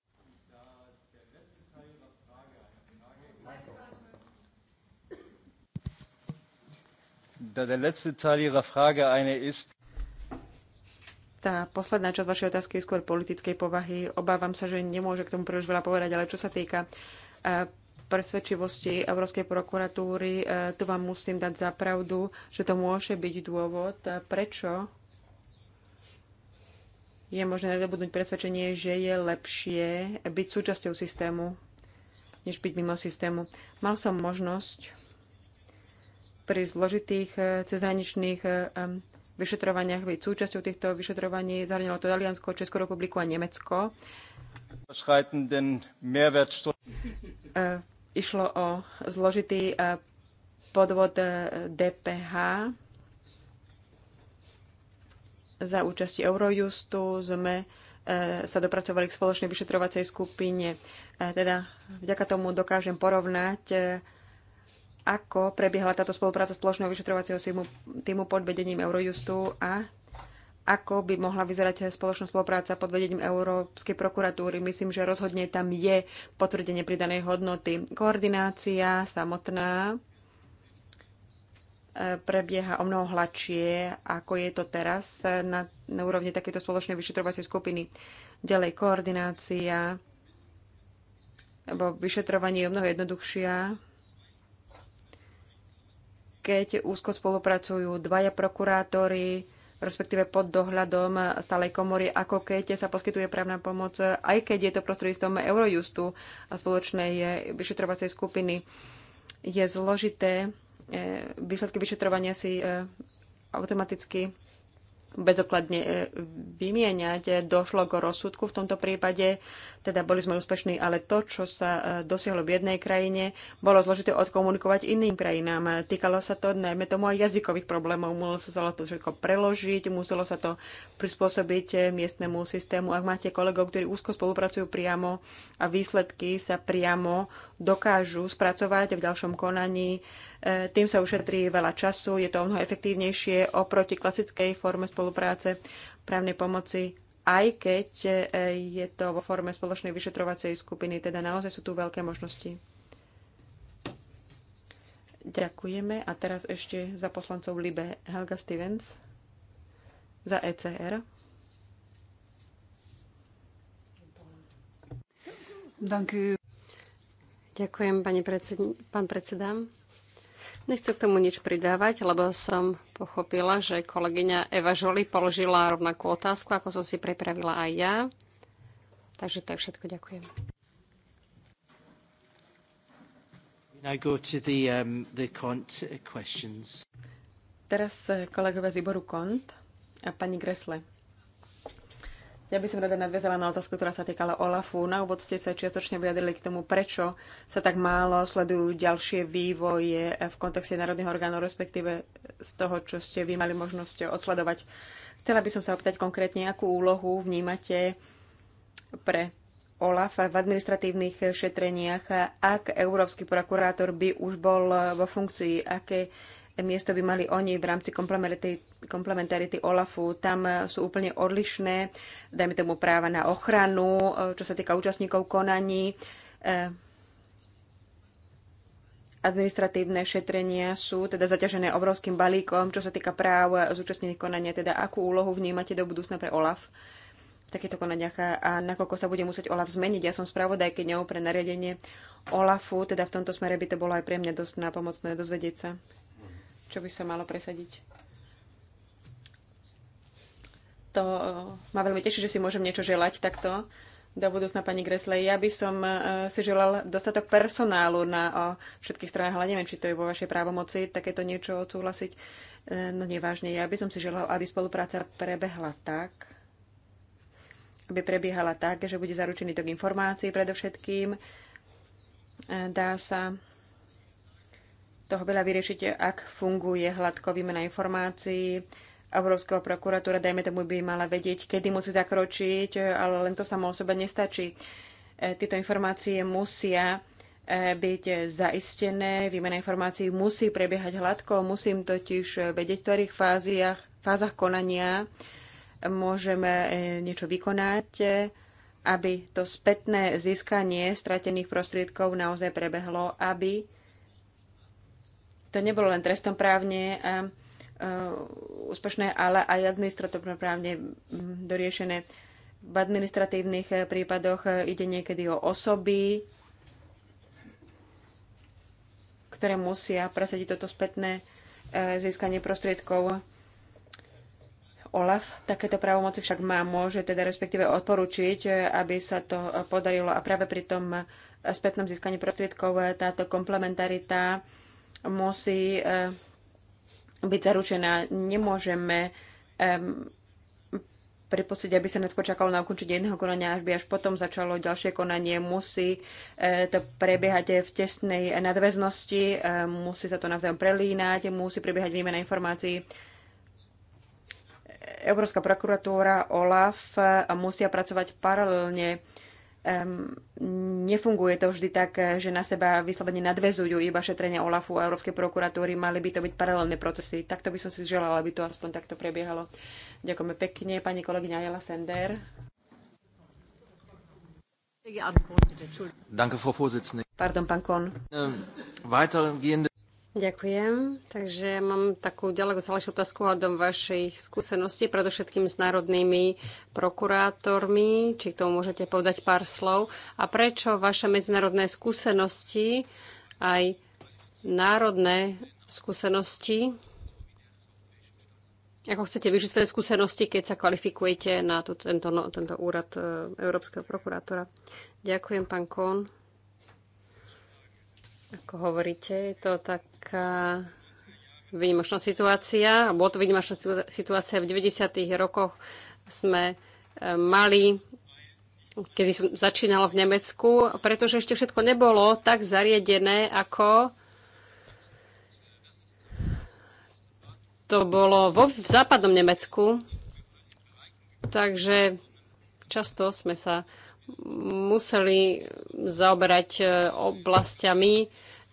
da der letzte Teil Ihrer Frage eine ist. Tá posledná časť vašej otázky je skôr politickej povahy. Obávam sa, že nemôže k tomu príliš veľa povedať, ale čo sa týka e, presvedčivosti Európskej prokuratúry, e, tu vám musím dať za pravdu, že to môže byť dôvod, e, prečo je možné nadobudnúť presvedčenie, že je lepšie byť súčasťou systému, než byť mimo systému. Mal som možnosť pri zložitých cezhraničných vyšetrovaniach, byť súčasťou týchto vyšetrovaní. Zahrňalo to Taliansko, Českú republiku a Nemecko. E, išlo o zložitý e, podvod e, DPH za účasti Eurojustu. Sme sa dopracovali k spoločnej vyšetrovacej skupine. Teda vďaka tomu dokážem porovnať ako prebiehala táto spolupráca spoločného vyšetrovacieho týmu, týmu pod vedením Eurojustu a ako by mohla vyzerať spoločná spolupráca pod vedením Európskej prokuratúry. Myslím, že rozhodne tam je potvrdenie pridanej hodnoty. Koordinácia samotná e, prebieha o mnoho hladšie, ako je to teraz e, na, na úrovni takéto spoločnej vyšetrovacej skupiny. Ďalej koordinácia vo vyšetrovaní je o mnoho jednoduchšia keď úzko spolupracujú dvaja prokurátori, respektíve pod dohľadom stálej komory, ako keď sa poskytuje právna pomoc, aj keď je to prostredníctvom Eurojustu a spoločnej eh, vyšetrovacej skupiny. Je zložité eh, výsledky vyšetrovania si eh, automaticky bezokladne vymieňať. Došlo k rozsudku v tomto prípade. Teda boli sme úspešní, ale to, čo sa e, dosiahlo v jednej krajine, bolo zložité odkomunikovať iným krajinám. Týkalo sa to najmä tomu aj jazykových problémov. Muselo to všetko preložiť, muselo sa to prispôsobiť e, miestnemu systému. Ak máte kolegov, ktorí úzko spolupracujú priamo a výsledky sa priamo dokážu spracovať v ďalšom konaní, e, tým sa ušetrí veľa času, je to mnoho efektívnejšie oproti klasickej forme spolupráce právnej pomoci aj keď e, je to vo forme spoločnej vyšetrovacej skupiny. Teda naozaj sú tu veľké možnosti. Ďakujeme. A teraz ešte za poslancov Libe Helga Stevens za ECR. Ďakujem, pani predsed... pán predseda. Nechcem k tomu nič pridávať, lebo som pochopila, že kolegyňa Eva Žoli položila rovnakú otázku, ako som si pripravila aj ja. Takže to je všetko. Ďakujem. The, um, the Teraz eh, kolegové z výboru KONT a pani Gresle. Ja by som rada nadviazala na otázku, ktorá sa týkala OLAFu. Na úvod ste sa čiastočne vyjadrili k tomu, prečo sa tak málo sledujú ďalšie vývoje v kontexte národných orgánov, respektíve z toho, čo ste vy mali možnosť odsledovať. Chcela by som sa opýtať konkrétne, akú úlohu vnímate pre OLAF v administratívnych šetreniach, ak európsky prokurátor by už bol vo funkcii, aké miesto by mali oni v rámci komplementarity komplementarity OLAFu, tam sú úplne odlišné, dajme tomu práva na ochranu, eh, čo sa týka účastníkov konaní. Eh, administratívne šetrenia sú teda zaťažené obrovským balíkom, čo sa týka práv zúčastnených konania, teda akú úlohu vnímate do budúcna pre OLAF v takýchto konaniach a nakoľko sa bude musieť OLAF zmeniť. Ja som spravodajkyňou pre nariadenie OLAFu, teda v tomto smere by to bolo aj pre mňa dosť napomocné dozvedieť sa, čo by sa malo presadiť to eh, ma veľmi teší, že si môžem niečo želať takto do budúcna pani Gresley. Ja by som eh, si želal dostatok personálu na všetkých stranách, ale neviem, či to je vo vašej právomoci takéto niečo odsúhlasiť. Eh, no nevážne, ja by som si želal, aby spolupráca prebehla tak, aby prebiehala tak, že bude zaručený tok informácií predovšetkým. Dá sa toho veľa vyriešiť, ak funguje hladko výmena informácií, Európskeho prokuratúra, dajme tomu, by mala vedieť, kedy musí zakročiť, ale len to samo o sebe nestačí. E, tieto informácie musia e, byť zaistené, výmena informácií musí prebiehať hladko, musím totiž vedieť, v ktorých fáziach, fázach konania môžeme e, niečo vykonať, aby to spätné získanie stratených prostriedkov naozaj prebehlo, aby to nebolo len trestom právne, Eh, úspešné, ale aj administratívne právne mm, doriešené. V administratívnych eh, prípadoch eh, ide niekedy o osoby, ktoré musia presadiť toto spätné získanie prostriedkov. OLAF takéto právomoci však má, môže teda respektíve odporučiť, aby sa to podarilo. A práve pri tom spätnom získaní prostriedkov táto komplementarita musí byť zaručená. Nemôžeme um, pripustiť, aby sa neskôr čakalo na ukončenie jedného konania, až by až potom začalo ďalšie konanie. Musí e, to prebiehať v tesnej nadväznosti, e, musí sa to navzájom prelínať, musí prebiehať výmena informácií. Európska prokuratúra, OLAF e, musia pracovať paralelne um, nefunguje to vždy tak, eh, že na seba vyslovene nadvezujú iba šetrenia OLAFu a Európskej prokuratúry. Mali by to byť paralelné procesy. Takto by som si želala, aby to aspoň takto prebiehalo. Ďakujeme pekne, pani kolegyňa Jela Sender. Pardon, pán Kon. Ähm, Ďakujem. Takže mám takú ďaleko záležitú otázku hľadom vašich skúseností, predovšetkým s národnými prokurátormi. Či k tomu môžete povedať pár slov. A prečo vaše medzinárodné skúsenosti, aj národné skúsenosti, ako chcete využiť svoje skúsenosti, keď sa kvalifikujete na tento, no- tento úrad e, Európskeho prokurátora? Ďakujem, pán Kohn. Ako hovoríte, je to taká výnimočná situácia, a bolo to výnimočná situácia v 90. rokoch sme e, mali, kedy som začínala v Nemecku, pretože ešte všetko nebolo tak zariadené, ako to bolo vo, v západnom Nemecku. Takže často sme sa museli zaoberať e, oblastiami,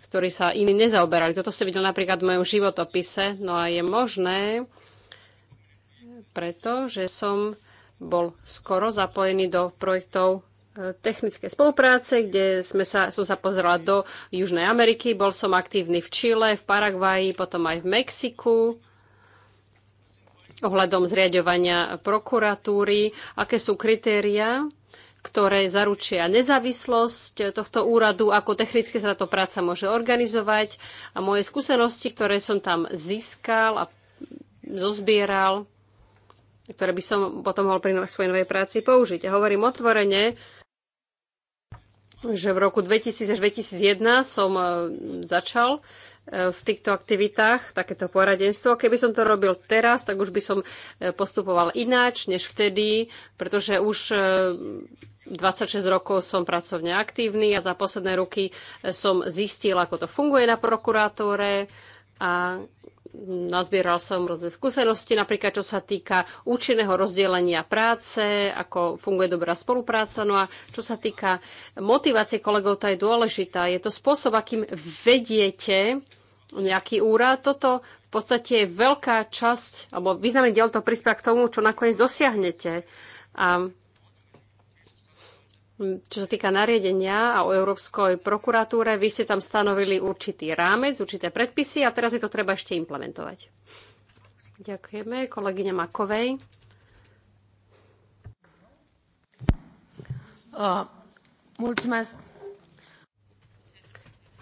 ktorí sa iní nezaoberali. Toto ste videl napríklad v mojom životopise. No a je možné, preto, že som bol skoro zapojený do projektov e, technickej spolupráce, kde sme sa, som sa pozrela do Južnej Ameriky. Bol som aktívny v Čile, v Paraguaji, potom aj v Mexiku ohľadom zriadovania prokuratúry, aké sú kritéria ktoré zaručia nezávislosť tohto úradu, ako technicky sa táto práca môže organizovať a moje skúsenosti, ktoré som tam získal a zozbieral, ktoré by som potom mohol pri no- svojej novej práci použiť. A hovorím otvorene, že v roku 2000 až 2001 som e, začal Eh, v týchto aktivitách, takéto poradenstvo. Keby som to robil teraz, tak už by som eh, postupoval ináč než vtedy, pretože už 26 eh, rokov som pracovne aktívny a za posledné roky som zistil, ako to funguje na prokurátore a nazbieral som rôzne skúsenosti, napríklad čo sa týka účinného rozdelenia práce, ako funguje dobrá spolupráca. No a čo sa týka motivácie kolegov, tá je dôležitá. Je to spôsob, akým vediete nejaký úrad. Toto v podstate je veľká časť, alebo významný diel to prispia k tomu, čo nakoniec dosiahnete. A čo sa týka nariadenia a o Európskoj prokuratúre, vy ste tam stanovili určitý rámec, určité predpisy a teraz je to treba ešte implementovať. Ďakujeme kolegyne Makovej. Uh,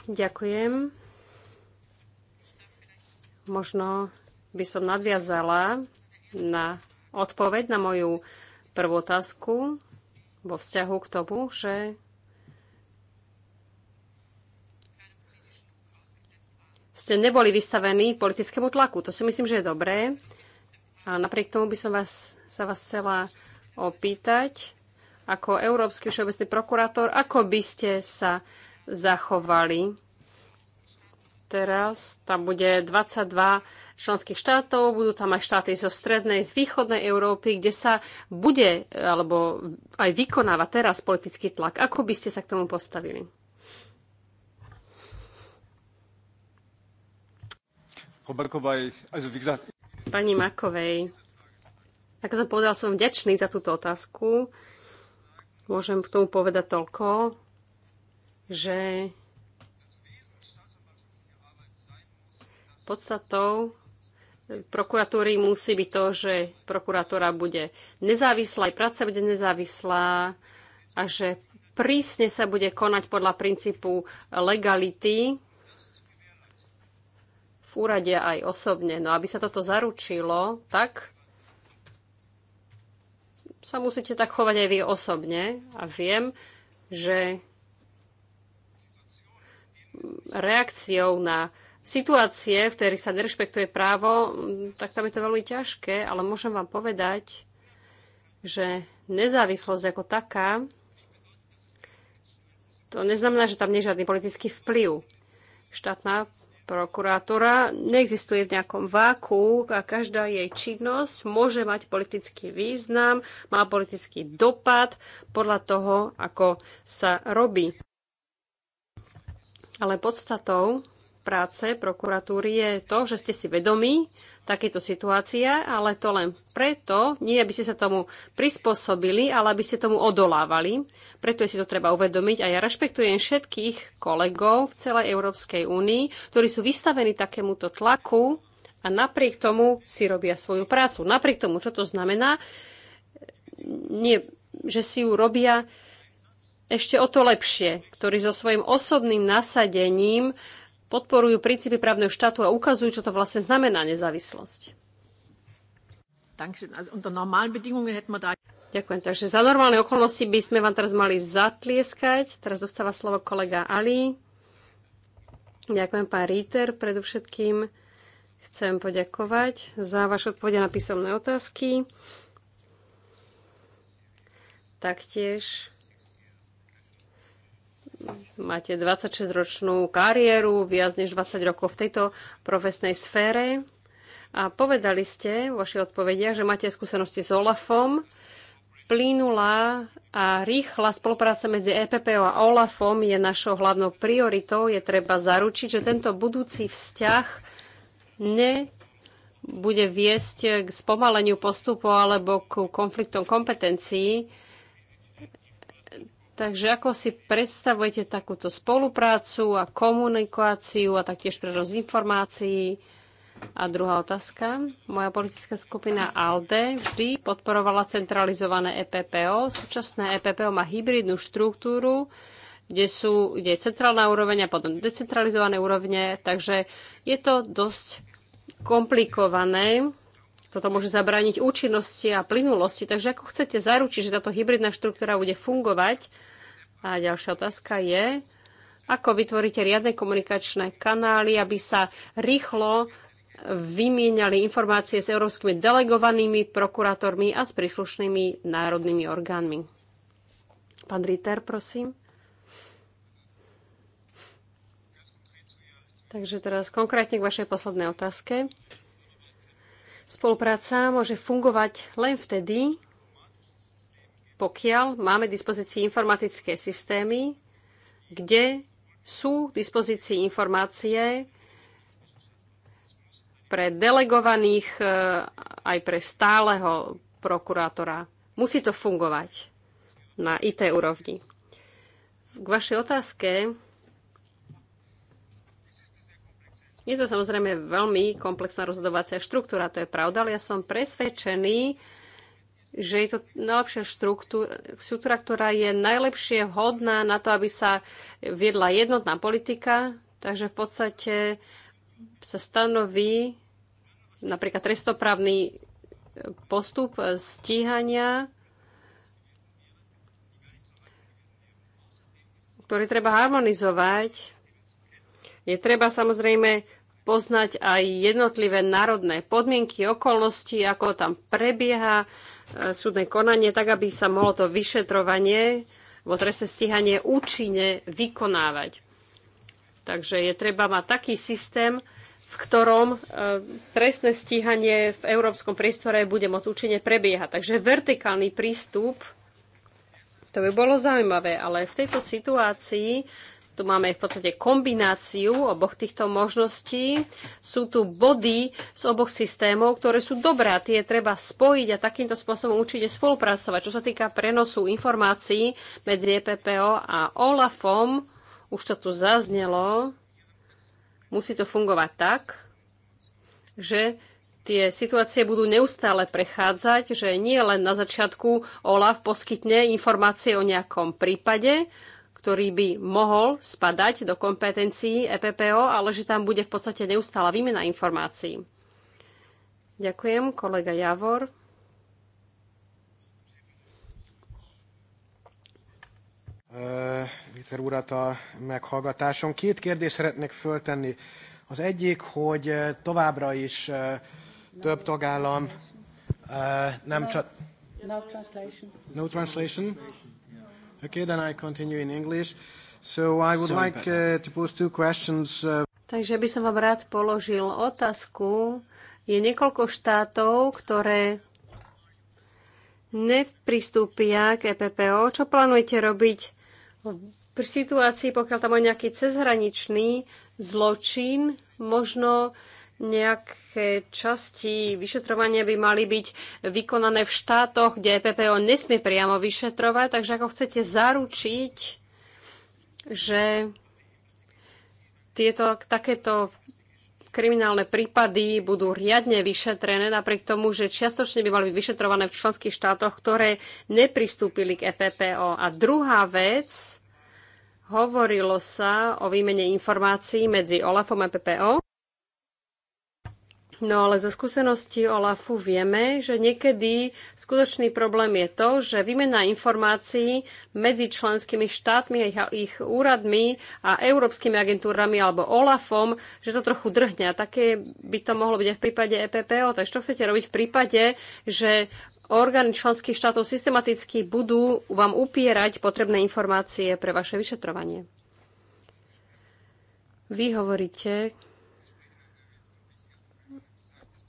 Ďakujem. Možno by som nadviazala na odpoveď na moju prvú otázku vo vzťahu k tomu, že ste neboli vystavení politickému tlaku. To si myslím, že je dobré. A napriek tomu by som vás, sa vás chcela opýtať, ako Európsky všeobecný prokurátor, ako by ste sa zachovali teraz tam bude 22 členských štátov, budú tam aj štáty zo strednej, z východnej Európy, kde sa bude e, alebo aj vykonáva teraz politický tlak. Ako by ste sa k tomu postavili? Pani Makovej, ako som povedal, som vďačný za túto otázku. Môžem k tomu povedať toľko, že Podstatou prokuratúry musí byť to, že prokuratúra bude nezávislá, aj práca bude nezávislá a že prísne sa bude konať podľa princípu legality v úrade aj osobne. No aby sa toto zaručilo, tak sa musíte tak chovať aj vy osobne. A viem, že reakciou na situácie, v ktorých sa nerešpektuje právo, mm, tak tam je to veľmi ťažké, ale môžem vám povedať, že nezávislosť ako taká, to neznamená, že tam nie je žiadny politický vplyv. Štátna prokurátora neexistuje v nejakom váku a každá jej činnosť môže mať politický význam, má politický dopad podľa toho, ako sa robí. Ale podstatou práce prokuratúry je to, že ste si vedomí takéto situácie, ale to len preto, nie aby ste sa tomu prispôsobili, ale aby ste tomu odolávali. Preto je si to treba uvedomiť a ja rešpektujem všetkých kolegov v celej Európskej únii, ktorí sú vystavení takémuto tlaku a napriek tomu si robia svoju prácu. Napriek tomu, čo to znamená, nie, že si ju robia ešte o to lepšie, ktorí so svojím osobným nasadením podporujú princípy právneho štátu a ukazujú, čo to vlastne znamená nezávislosť. Ďakujem. Takže za normálne okolnosti by sme vám teraz mali zatlieskať. Teraz dostáva slovo kolega Ali. Ďakujem, pán Ríter. Predovšetkým chcem poďakovať za vaše odpovede na písomné otázky. Taktiež Máte 26-ročnú kariéru, viac než 20 rokov v tejto profesnej sfére. A povedali ste vo vašich odpovediach, že máte skúsenosti s OLAFom. Plínula a rýchla spolupráca medzi EPPO a OLAFom je našou hlavnou prioritou. Je treba zaručiť, že tento budúci vzťah ne bude viesť k spomaleniu postupu alebo k konfliktom kompetencií. Takže ako si predstavujete takúto spoluprácu a komunikáciu a taktiež prenos informácií? A druhá otázka. Moja politická skupina ALDE vždy podporovala centralizované EPPO. Súčasné EPPO má hybridnú štruktúru, kde, sú, kde je centrálna úroveň a potom decentralizované úrovne, takže je to dosť komplikované toto môže zabrániť účinnosti a plynulosti. Takže ako chcete zaručiť, že táto hybridná štruktúra bude fungovať? A ďalšia otázka je, ako vytvoríte riadne komunikačné kanály, aby sa rýchlo vymieniali informácie s európskymi delegovanými prokurátormi a s príslušnými národnými orgánmi. Pán Ritter, prosím. Takže teraz konkrétne k vašej poslednej otázke. Spolupráca môže fungovať len vtedy, pokiaľ máme k dispozícii informatické systémy, kde sú k dispozícii informácie pre delegovaných e, aj pre stáleho prokurátora. Musí to fungovať na IT úrovni. K vašej otázke Je to samozrejme veľmi komplexná rozhodovacia štruktúra, to je pravda, ale ja som presvedčený, že je to najlepšia štruktúra, štruktúra, ktorá je najlepšie vhodná na to, aby sa viedla jednotná politika. Takže v podstate sa stanoví napríklad trestoprávny postup stíhania, ktorý treba harmonizovať je treba samozrejme poznať aj jednotlivé národné podmienky, okolnosti, ako tam prebieha e, súdne konanie, tak aby sa mohlo to vyšetrovanie vo trestné stíhanie účinne vykonávať. Takže je treba mať taký systém, v ktorom e, trestné stíhanie v európskom priestore bude môcť účinne prebiehať. Takže vertikálny prístup, to by bolo zaujímavé, ale v tejto situácii tu máme v podstate kombináciu oboch týchto možností. Sú tu body z oboch systémov, ktoré sú dobré a tie treba spojiť a takýmto spôsobom určite spolupracovať. Čo sa týka prenosu informácií medzi EPPO a OLAFom, už to tu zaznelo, musí to fungovať tak, že tie situácie budú neustále prechádzať, že nie len na začiatku OLAF poskytne informácie o nejakom prípade, ktorý by mohol spadať do kompetencií EPPO, ale že tam bude v podstate neustála výmena informácií. Ďakujem, kolega Javor. Viktor urat a meghallgatáson. Két kérdést szeretnék föltenni. Az egyik, hogy továbbra is több tagállam nem no. csak... No translation. No translation? Okay, I continue in English. So I would Sorry, like uh, to pose two questions. Uh... Takže by som vám rád položil otázku. Je niekoľko štátov, ktoré nepristúpia k EPPO. Čo plánujete robiť pri situácii, pokiaľ tam je nejaký cezhraničný zločin? Možno nejaké časti vyšetrovania by mali byť vykonané v štátoch, kde e PPO nesmie priamo vyšetrovať, takže ako chcete zaručiť, že tieto, takéto kriminálne prípady budú riadne vyšetrené, napriek tomu, že čiastočne by mali byť vyšetrované v členských štátoch, ktoré nepristúpili k EPPO. A druhá vec, hovorilo sa o výmene informácií medzi OLAFom a e PPO. No ale zo skúseností OLAFu vieme, že niekedy skutočný problém je to, že výmena informácií medzi členskými štátmi a ich, úradmi a európskymi agentúrami alebo OLAFom, že to trochu drhňa. Také by to mohlo byť aj v prípade EPPO. Takže čo chcete robiť v prípade, že orgány členských štátov systematicky budú vám upierať potrebné informácie pre vaše vyšetrovanie? Vy hovoríte,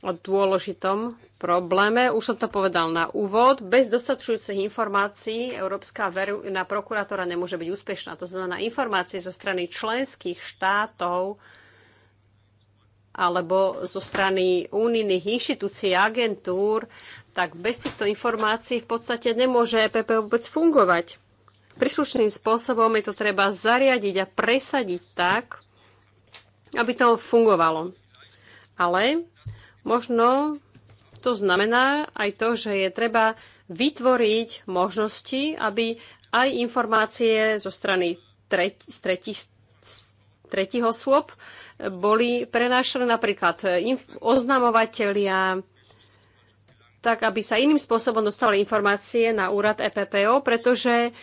O dôležitom probléme. Už som to povedal na úvod. Bez dostačujúcich informácií Európska verejná prokurátora nemôže byť úspešná. To znamená informácie zo strany členských štátov alebo zo strany únijných inštitúcií a agentúr, tak bez týchto informácií v podstate nemôže EPP vôbec fungovať. Príslušným spôsobom je to treba zariadiť a presadiť tak, aby to fungovalo. Ale Možno to znamená aj to, že je treba vytvoriť možnosti, aby aj informácie zo strany treť, z tretich, tretich osôb boli prenášané napríklad oznamovateľia, tak aby sa iným spôsobom dostali informácie na úrad EPPO, pretože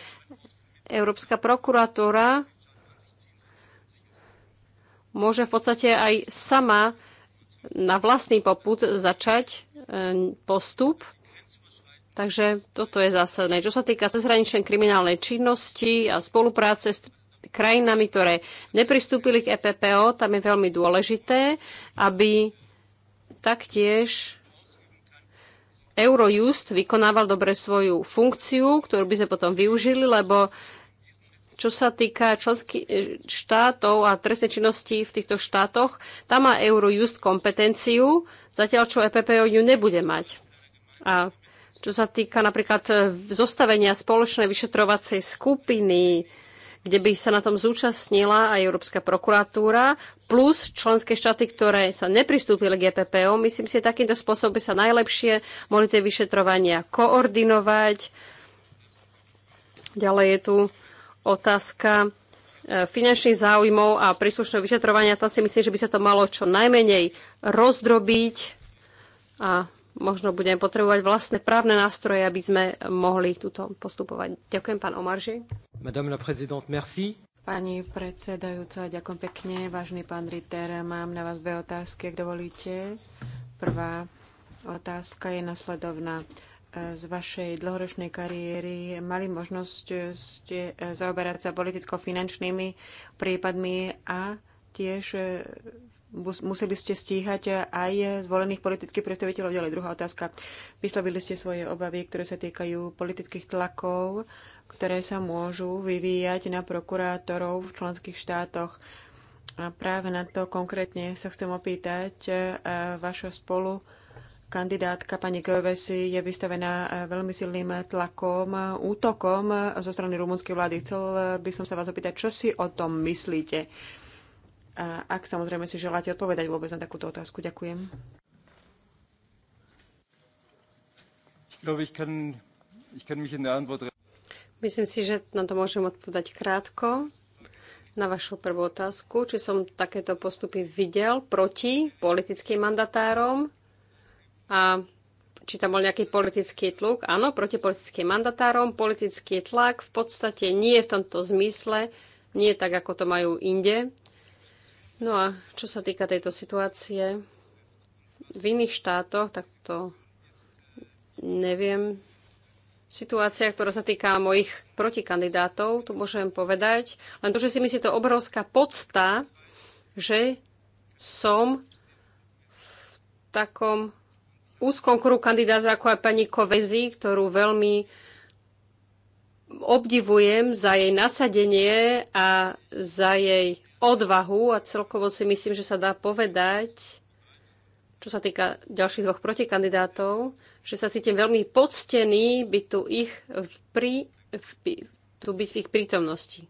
Európska prokuratúra môže v podstate aj sama na vlastný poput začať e, postup. Takže toto je zásadné. Čo sa týka cezhraničnej kriminálnej činnosti a spolupráce s krajinami, ktoré nepristúpili k EPPO, tam je veľmi dôležité, aby taktiež Eurojust vykonával dobre svoju funkciu, ktorú by sme potom využili, lebo čo sa týka členských e, štátov a trestnej činnosti v týchto štátoch, tam má Eurojust kompetenciu, zatiaľ čo EPPO ju nebude mať. A čo sa týka napríklad e, zostavenia spoločnej vyšetrovacej skupiny, kde by sa na tom zúčastnila aj Európska prokuratúra, plus členské štáty, ktoré sa nepristúpili k EPPO. Myslím si, že takýmto spôsobom by sa najlepšie mohli tie vyšetrovania koordinovať. Ďalej je tu otázka e, finančných záujmov a príslušného vyšetrovania, tam si myslím, že by sa to malo čo najmenej rozdrobiť a možno budeme potrebovať vlastné právne nástroje, aby sme mohli túto postupovať. Ďakujem, pán Omarži. Madame la présidente, merci. Pani predsedajúca, ďakujem pekne. Vážny pán Ritter, mám na vás dve otázky, ak dovolíte. Prvá otázka je nasledovná z vašej dlhoročnej kariéry mali možnosť ste eh, zaoberať sa politicko-finančnými prípadmi a tiež eh, museli ste stíhať aj zvolených politických predstaviteľov. Ďalej druhá otázka. Vyslovili ste svoje obavy, ktoré sa týkajú politických tlakov, ktoré sa môžu vyvíjať na prokurátorov v členských štátoch. A práve na to konkrétne sa chcem opýtať eh, vašho spolu kandidátka pani Kövesi je vystavená e, veľmi silným tlakom, útokom zo strany rumunskej vlády. Chcel by som sa vás opýtať, čo si o tom myslíte? A ak samozrejme si želáte odpovedať vôbec na takúto otázku, ďakujem. Myslím si, že na to môžem odpovedať krátko. Na vašu prvú otázku, či som takéto postupy videl proti politickým mandatárom, a či tam bol nejaký politický tlak. Áno, proti politickým mandatárom. Politický tlak v podstate nie je v tomto zmysle, nie tak, ako to majú inde. No a čo sa týka tejto situácie v iných štátoch, tak to neviem. Situácia, ktorá sa týka mojich protikandidátov, tu môžem povedať. Len to, že si myslí to obrovská podsta, že som v takom úzkom kruhu kandidátov, ako aj pani Kovezi, ktorú veľmi obdivujem za jej nasadenie a za jej odvahu a celkovo si myslím, že sa dá povedať, čo sa týka ďalších dvoch protikandidátov, že sa cítim veľmi poctený byť tu ich v, pri, v, tu byť v ich prítomnosti.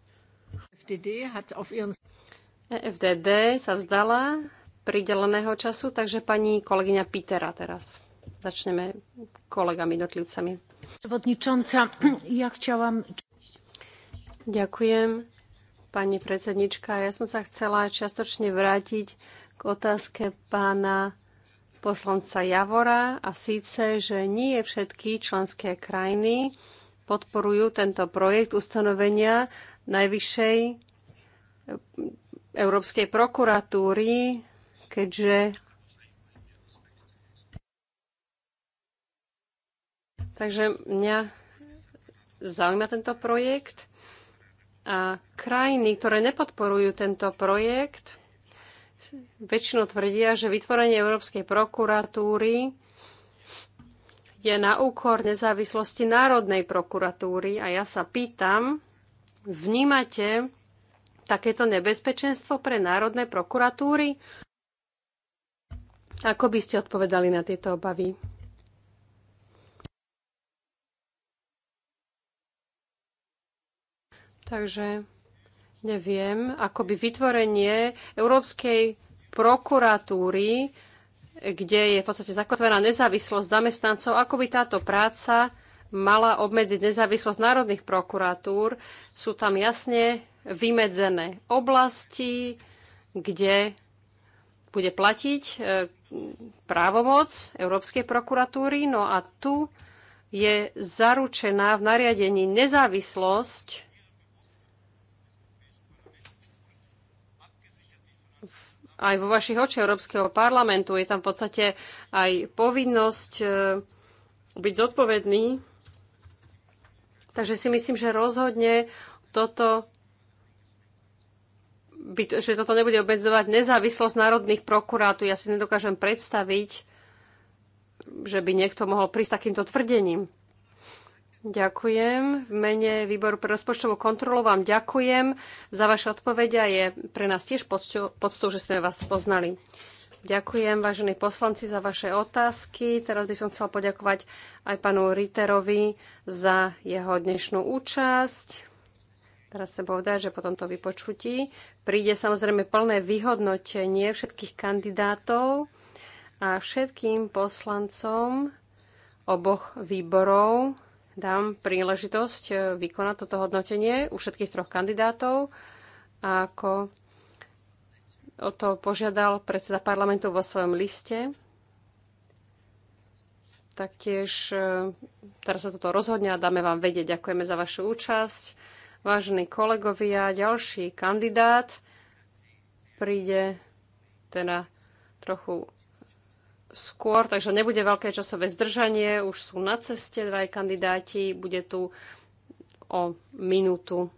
FDD e sa vzdala prideleného času, takže pani kolegyňa Pitera teraz. Začneme kolegami, jednotlivcami. Przewodnicząca, ja chciałam... Ďakujem, pani predsednička. Ja som sa chcela čiastočne vrátiť k otázke pána poslanca Javora a síce, že nie všetky členské krajiny podporujú tento projekt ustanovenia najvyššej Európskej prokuratúry, keďže Takže mňa zaujíma tento projekt a krajiny, ktoré nepodporujú tento projekt, väčšinou tvrdia, že vytvorenie Európskej prokuratúry je na úkor nezávislosti Národnej prokuratúry a ja sa pýtam, vnímate takéto nebezpečenstvo pre národné prokuratúry? Ako by ste odpovedali na tieto obavy? Takže neviem, ako by vytvorenie Európskej prokuratúry, kde je v podstate zakotvená nezávislosť zamestnancov, ako by táto práca mala obmedziť nezávislosť národných prokuratúr. Sú tam jasne vymedzené oblasti, kde bude platiť e, právomoc Európskej prokuratúry. No a tu je zaručená v nariadení nezávislosť aj vo vašich očiach Európskeho parlamentu. Je tam v podstate aj povinnosť e, byť zodpovedný. Takže si myslím, že rozhodne toto by, že toto nebude obmedzovať nezávislosť národných prokurátov. Ja si nedokážem predstaviť, že by niekto mohol prísť takýmto tvrdením. Ďakujem. V mene Výboru pre rozpočtovú kontrolu vám ďakujem za vaše odpovede a je pre nás tiež podstou, že sme vás poznali. Ďakujem, vážení poslanci, za vaše otázky. Teraz by som chcela poďakovať aj panu Riterovi za jeho dnešnú účasť. Teraz sa povedať, že po tomto vypočutí príde samozrejme plné vyhodnotenie všetkých kandidátov a všetkým poslancom oboch výborov dám príležitosť e, vykonať toto hodnotenie u všetkých troch kandidátov. A ako o to požiadal predseda parlamentu vo svojom liste, taktiež e, teraz sa toto rozhodne a dáme vám vedieť. Ďakujeme za vašu účasť. Vážení kolegovia, ďalší kandidát príde teda trochu skôr, takže nebude veľké časové zdržanie, už sú na ceste dvaj kandidáti, bude tu o minútu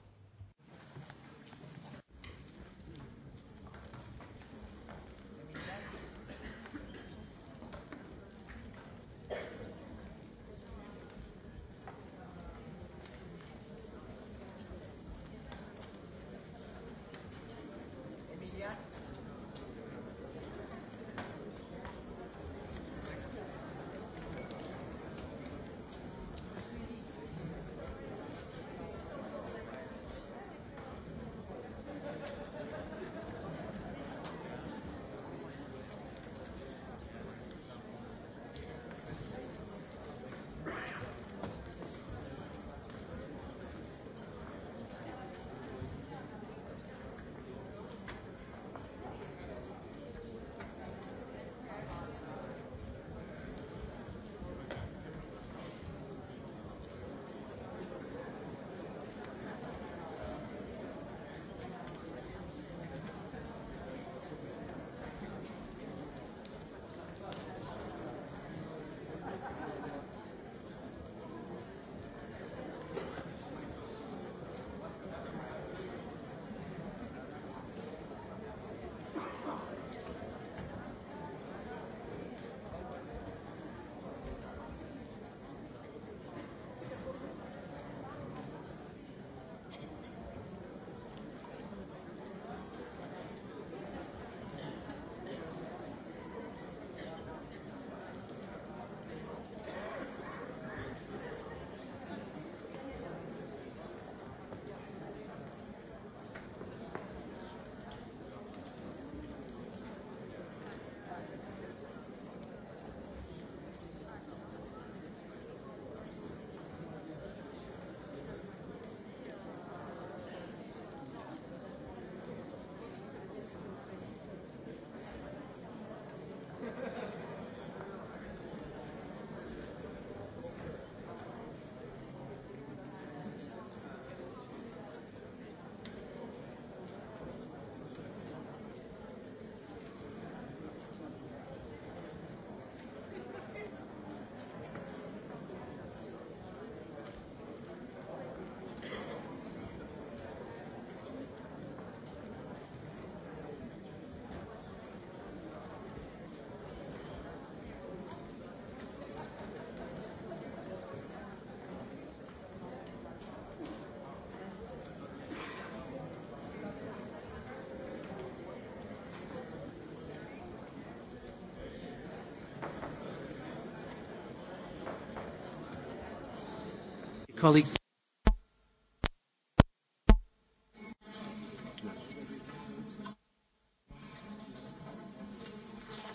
Colleagues.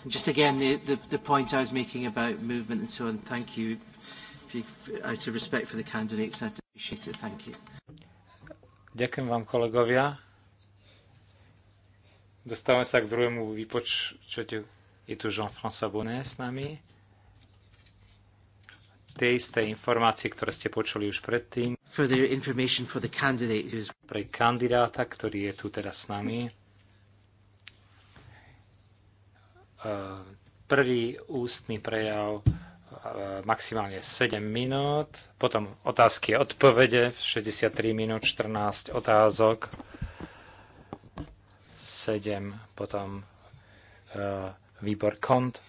Just again, the, the, the point I was making about movement and so on, thank you. If you out of respect for the candidates, I appreciate it. Thank you. Ďakujem vám, kolegovia. Dostávame sa k druhému vypočutiu. Je tu Jean-François Bonnet s nami tie isté informácie, ktoré ste počuli už predtým. Pre kandidáta, ktorý je tu teraz s nami. E, prvý ústny prejav e, maximálne 7 minút, potom otázky a odpovede 63 minút, 14 otázok, 7, potom e, výbor kont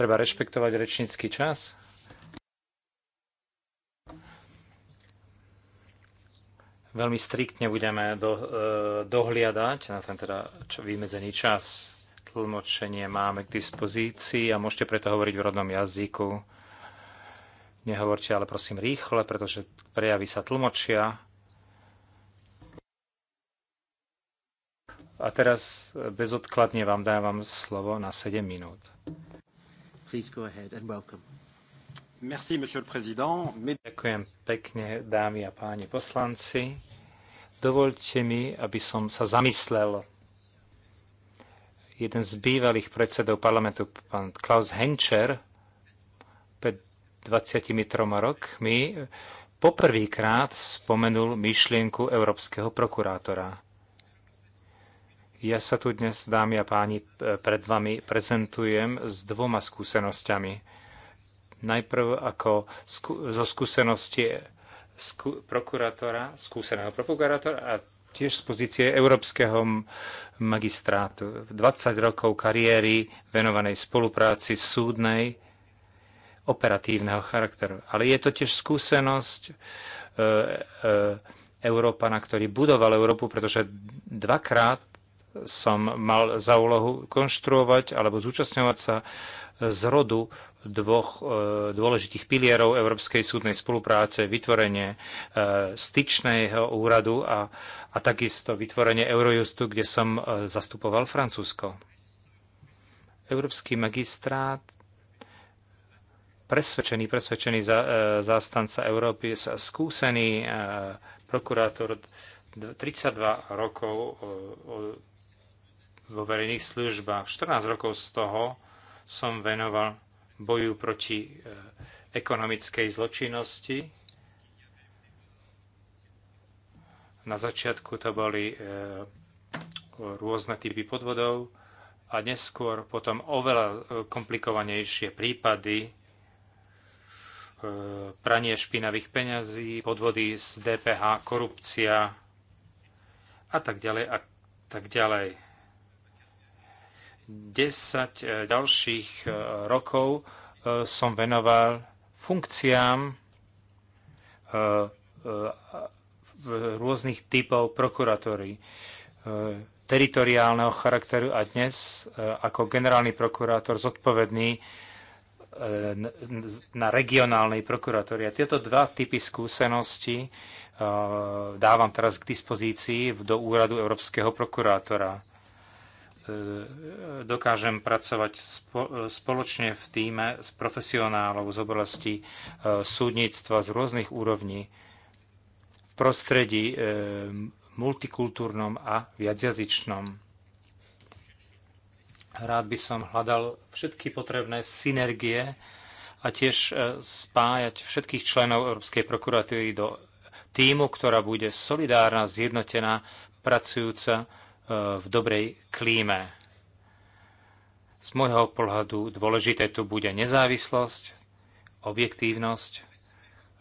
Treba rešpektovať rečnícky čas. Veľmi striktne budeme do, e, dohliadať na ten teda vymedzený čas. Tlmočenie máme k dispozícii a môžete preto hovoriť v rodnom jazyku. Nehovorte ale prosím rýchle, pretože prejavy sa tlmočia. A teraz bezodkladne vám dávam slovo na 7 minút. Please go ahead and welcome. Merci, monsieur le président. Ďakujem pekne, dámy a páni poslanci. Dovolte mi, aby som sa zamyslel. Jeden z bývalých predsedov parlamentu, pán Klaus Henčer, pred 23 rokmi poprvýkrát spomenul myšlienku európskeho prokurátora ja sa tu dnes, dámy a páni, pred vami prezentujem s dvoma skúsenosťami. Najprv ako skú, zo skúsenosti skú, prokurátora, skúseného prokurátora a tiež z pozície európskeho magistrátu. 20 rokov kariéry venovanej spolupráci súdnej operatívneho charakteru. Ale je to tiež skúsenosť e, e, Európana, ktorý budoval Európu, pretože dvakrát som mal za úlohu konštruovať alebo zúčastňovať sa z rodu dvoch e, dôležitých pilierov Európskej súdnej spolupráce, vytvorenie e, styčného úradu a, a takisto vytvorenie Eurojustu, kde som e, zastupoval Francúzsko. Európsky magistrát presvedčený, presvedčený za, zástanca Európy, skúsený prokurátor 32 rokov vo verejných službách. 14 rokov z toho som venoval boju proti eh, ekonomickej zločinnosti. Na začiatku to boli eh, rôzne typy podvodov a neskôr potom oveľa eh, komplikovanejšie prípady pranie špinavých peňazí, podvody z DPH, korupcia a tak ďalej a tak ďalej. 10 e, ďalších e, rokov e, som venoval funkciám rôznych typov prokuratóry teritoriálneho charakteru a dnes ako generálny prokurátor zodpovedný na regionálnej prokuratúre. A tieto dva typy skúsenosti dávam teraz k dispozícii do úradu Európskeho prokurátora. E, dokážem pracovať e, spoločne v týme s profesionálov z oblasti e, súdnictva z rôznych úrovní v prostredí multikultúrnom a viacjazyčnom. Rád by som hľadal všetky potrebné synergie a tiež spájať všetkých členov Európskej prokuratúry do týmu, ktorá bude solidárna, zjednotená, pracujúca v dobrej klíme. Z môjho pohľadu dôležité tu bude nezávislosť, objektívnosť,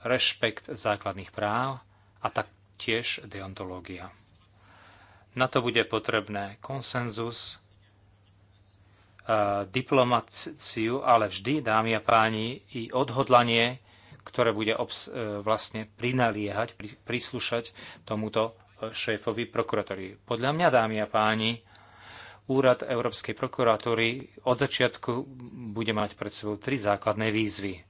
rešpekt základných práv a taktiež deontológia. Na to bude potrebné konsenzus, e, diplomáciu, ale vždy, dámy a páni, i odhodlanie, ktoré bude e, vlastne prinaliehať, príslušať tomuto šéfovi prokuratúry. Podľa mňa, dámy a páni, úrad Európskej prokuratúry od začiatku bude mať pred sebou tri základné výzvy.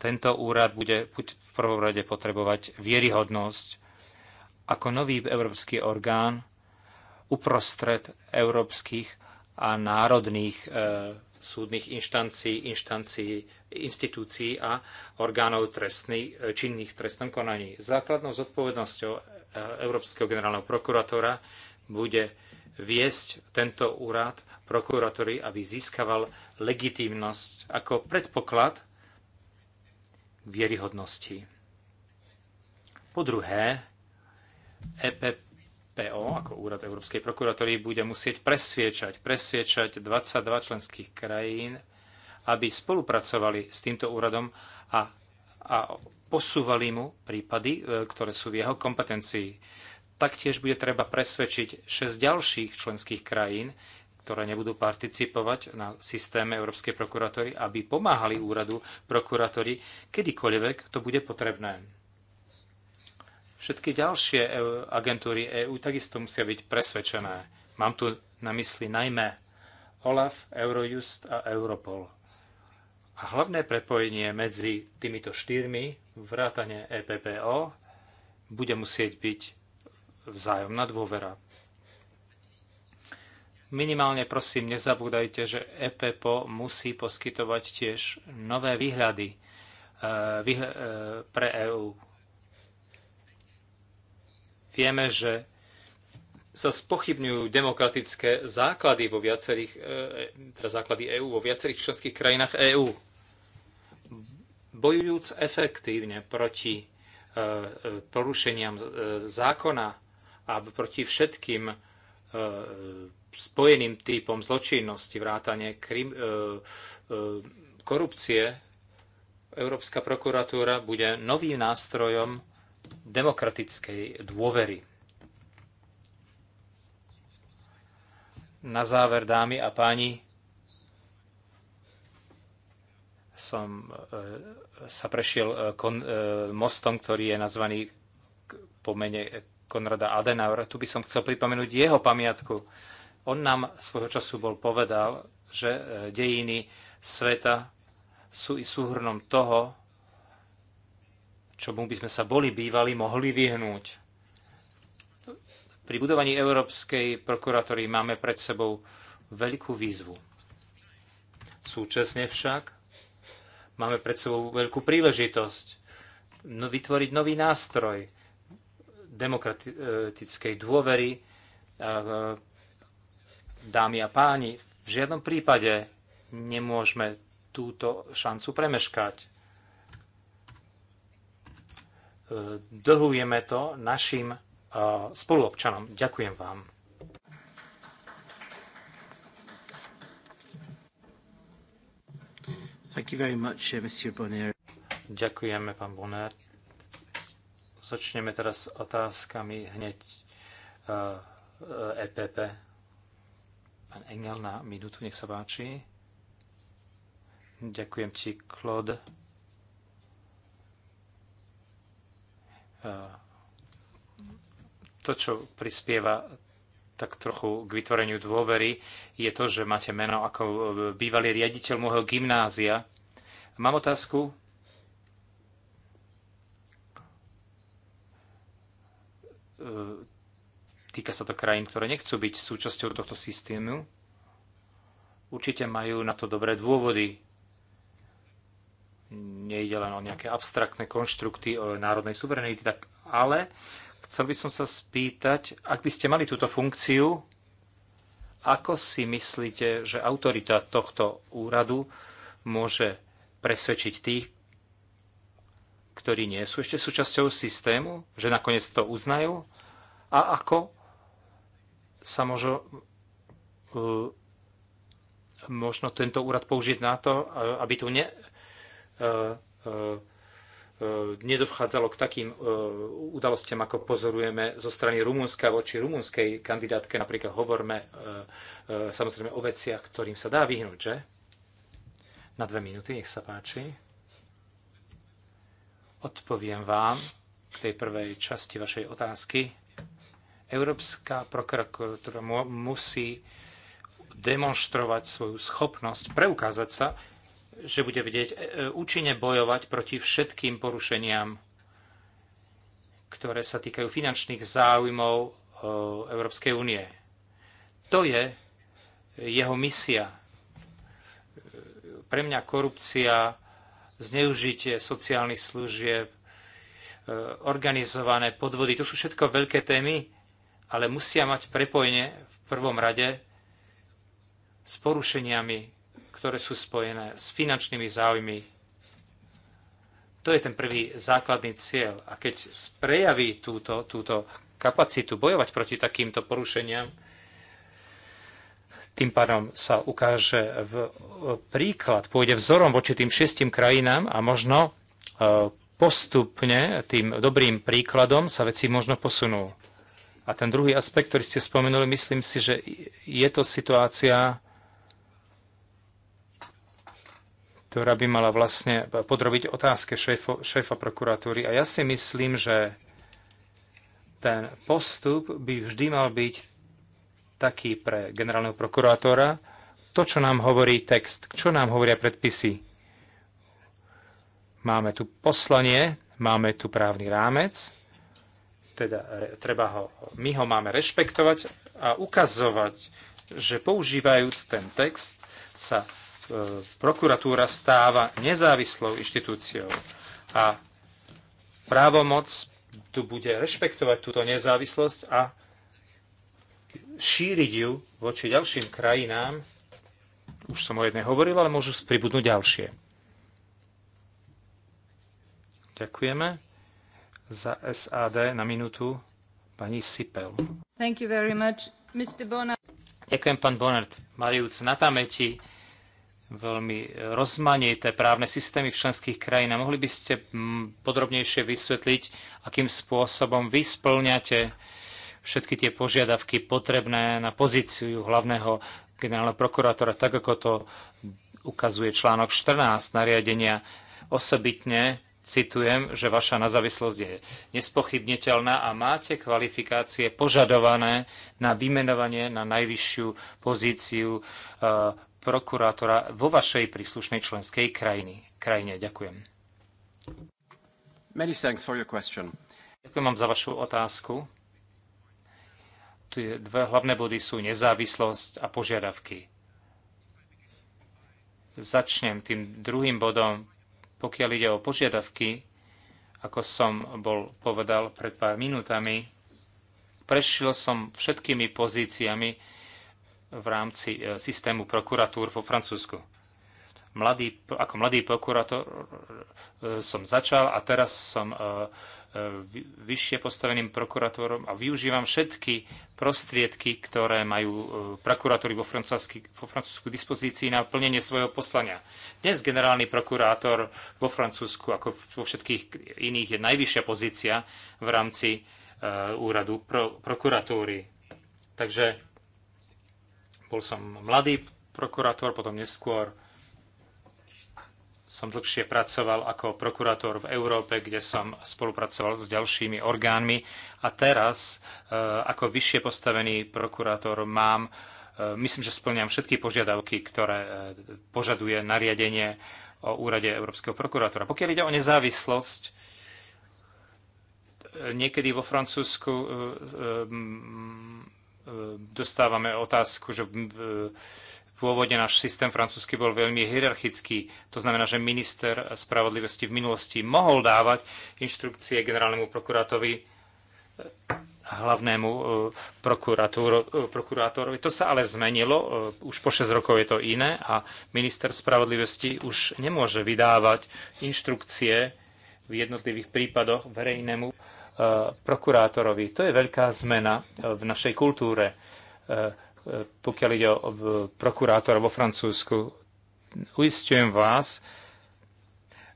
Tento úrad bude v prvom rade potrebovať vieryhodnosť ako nový európsky orgán uprostred európskych a národných e, súdnych inštancií, inštancií, inštitúcií a orgánov trestný, e, činných trestnom konaní. Základnou zodpovednosťou Európskeho generálneho prokurátora bude viesť tento úrad prokurátory, aby získaval legitímnosť ako predpoklad vieryhodnosti. Po druhé, EPPO ako úrad Európskej prokurátory bude musieť presviečať, presviečať 22 členských krajín, aby spolupracovali s týmto úradom a, a posúvali mu prípady, e, ktoré sú v jeho kompetencii. Taktiež bude treba presvedčiť 6 ďalších členských krajín, ktoré nebudú participovať na systéme Európskej prokuratúry, aby pomáhali úradu prokuratóry, kedykoľvek to bude potrebné. Všetky ďalšie e, agentúry EÚ takisto musia byť presvedčené. Mám tu na mysli najmä OLAF, Eurojust a Europol. A hlavné prepojenie medzi týmito štyrmi, vrátane EPPO, bude musieť byť vzájomná dôvera. Minimálne prosím nezabúdajte, že EPPO musí poskytovať tiež nové výhľady e, e, pre EÚ. Vieme, že sa spochybňujú demokratické základy vo viacerých, e, teda základy EÚ vo viacerých členských krajinách EÚ bojujúc efektívne proti e, e, porušeniam e, zákona a proti všetkým spojeným typom zločinnosti, vrátane korupcie, Európska prokuratúra bude novým nástrojom demokratickej dôvery. Na záver, dámy a páni, som e, sa prešiel e, kon, e, mostom, ktorý je nazvaný po mene Konrada Adenauer. Tu by som chcel pripomenúť jeho pamiatku. On nám svojho času bol povedal, že dejiny sveta sú i súhrnom toho, čomu by sme sa boli bývali mohli vyhnúť. Pri budovaní Európskej prokuratúry máme pred sebou veľkú výzvu. Súčasne však Máme pred sebou veľkú príležitosť no, vytvoriť nový nástroj demokratickej dôvery. Dámy a páni, v žiadnom prípade nemôžeme túto šancu premeškať. E, dlhujeme to našim e, spoluobčanom. Ďakujem vám. Uh, Ďakujeme, pán Bonner. Začneme teraz otázkami hneď uh, uh, EPP. Pán Engel na minútu, nech sa páči. Ďakujem ti, Claude. to, čo prispieva tak trochu k vytvoreniu dôvery, je to, že máte meno ako e, bývalý riaditeľ môjho gymnázia. Mám otázku. E, týka sa to krajín, ktoré nechcú byť súčasťou tohto systému. Určite majú na to dobré dôvody. Nejde len o nejaké abstraktné konštrukty o národnej suverenity, tak ale Chcel by som sa spýtať, ak by ste mali túto funkciu, ako si myslíte, že autorita tohto úradu môže presvedčiť tých, ktorí nie sú ešte súčasťou systému, že nakoniec to uznajú? A ako sa môžu, e, možno tento úrad použiť na to, e, aby tu ne, e, E, nedochádzalo k takým e, udalostiam, ako pozorujeme zo strany Rumunska voči rumunskej kandidátke. Napríklad hovorme e, samozrejme o veciach, ktorým sa dá vyhnúť, že? Na dve minúty, nech sa páči. Odpoviem vám k tej prvej časti vašej otázky. Európska prokuratúra musí demonstrovať svoju schopnosť, preukázať sa že bude vedieť e, e, účinne bojovať proti všetkým porušeniam, ktoré sa týkajú finančných záujmov e, Európskej únie. To je jeho misia. Pre mňa korupcia, zneužitie sociálnych služieb, organizované podvody, to sú všetko veľké témy, ale musia mať prepojenie v prvom rade s porušeniami ktoré sú spojené s finančnými záujmy. To je ten prvý základný cieľ. A keď sprejaví túto, túto kapacitu bojovať proti takýmto porušeniam, tým pádom sa ukáže v príklad, pôjde vzorom voči tým šiestim krajinám a možno e, postupne tým dobrým príkladom sa veci možno posunú. A ten druhý aspekt, ktorý ste spomenuli, myslím si, že je to situácia ktorá by mala vlastne podrobiť otázke šéfo, šéfa prokuratúry. A ja si myslím, že ten postup by vždy mal byť taký pre generálneho prokurátora, to, čo nám hovorí text, čo nám hovoria predpisy. Máme tu poslanie, máme tu právny rámec, teda treba ho, my ho máme rešpektovať a ukazovať, že používajúc ten text sa E, prokuratúra stáva nezávislou inštitúciou a právomoc tu bude rešpektovať túto nezávislosť a šíriť ju voči ďalším krajinám. Už som o jednej hovoril, ale môžu pribudnúť ďalšie. Ďakujeme. Za SAD na minútu pani Sipel. Thank you very much. Mr. Ďakujem, pán Bonard. Majúc na pamäti veľmi e, rozmanité právne systémy v členských krajinách. Mohli by ste podrobnejšie vysvetliť, akým spôsobom vy splňate všetky tie požiadavky potrebné na pozíciu hlavného generálneho prokurátora, tak ako to ukazuje článok 14 nariadenia. Osobitne citujem, že vaša nezávislosť je nespochybniteľná a máte kvalifikácie požadované na vymenovanie na najvyššiu pozíciu e, prokurátora vo vašej príslušnej členskej krajiny, krajine. Ďakujem. Many thanks for your question. Ďakujem vám za vašu otázku. Tu dve hlavné body sú nezávislosť a požiadavky. Začnem tým druhým bodom, pokiaľ ide o požiadavky, ako som bol povedal pred pár minútami, prešiel som všetkými pozíciami, v rámci e, systému prokuratúr vo Francúzsku. Mladý, ako mladý prokurátor e, som začal a teraz som e, vyššie postaveným prokurátorom a využívam všetky prostriedky, ktoré majú prokurátory vo, vo Francúzsku dispozícii na plnenie svojho poslania. Dnes generálny prokurátor vo Francúzsku, ako vo všetkých iných, je najvyššia pozícia v rámci úradu pro, prokuratúry. Takže bol som mladý prokurátor, potom neskôr som dlhšie pracoval ako prokurátor v Európe, kde som spolupracoval s ďalšími orgánmi. A teraz, e, ako vyššie postavený prokurátor, mám, e, myslím, že splňam všetky požiadavky, ktoré e, požaduje nariadenie o úrade Európskeho prokurátora. Pokiaľ ide o nezávislosť, niekedy vo Francúzsku Ehm, dostávame otázku, že e, v pôvodne náš systém francúzsky bol veľmi hierarchický. To znamená, že minister spravodlivosti v minulosti mohol dávať inštrukcie generálnemu prokurátorovi e, hlavnému e, prokurátorovi. To sa ale zmenilo, už po 6 rokov je to iné a minister spravodlivosti už nemôže vydávať inštrukcie v jednotlivých prípadoch verejnému Eh, prokurátorovi. To je veľká zmena eh, v našej kultúre. Eh, pokiaľ ide o prokurátora vo Francúzsku, uistujem vás,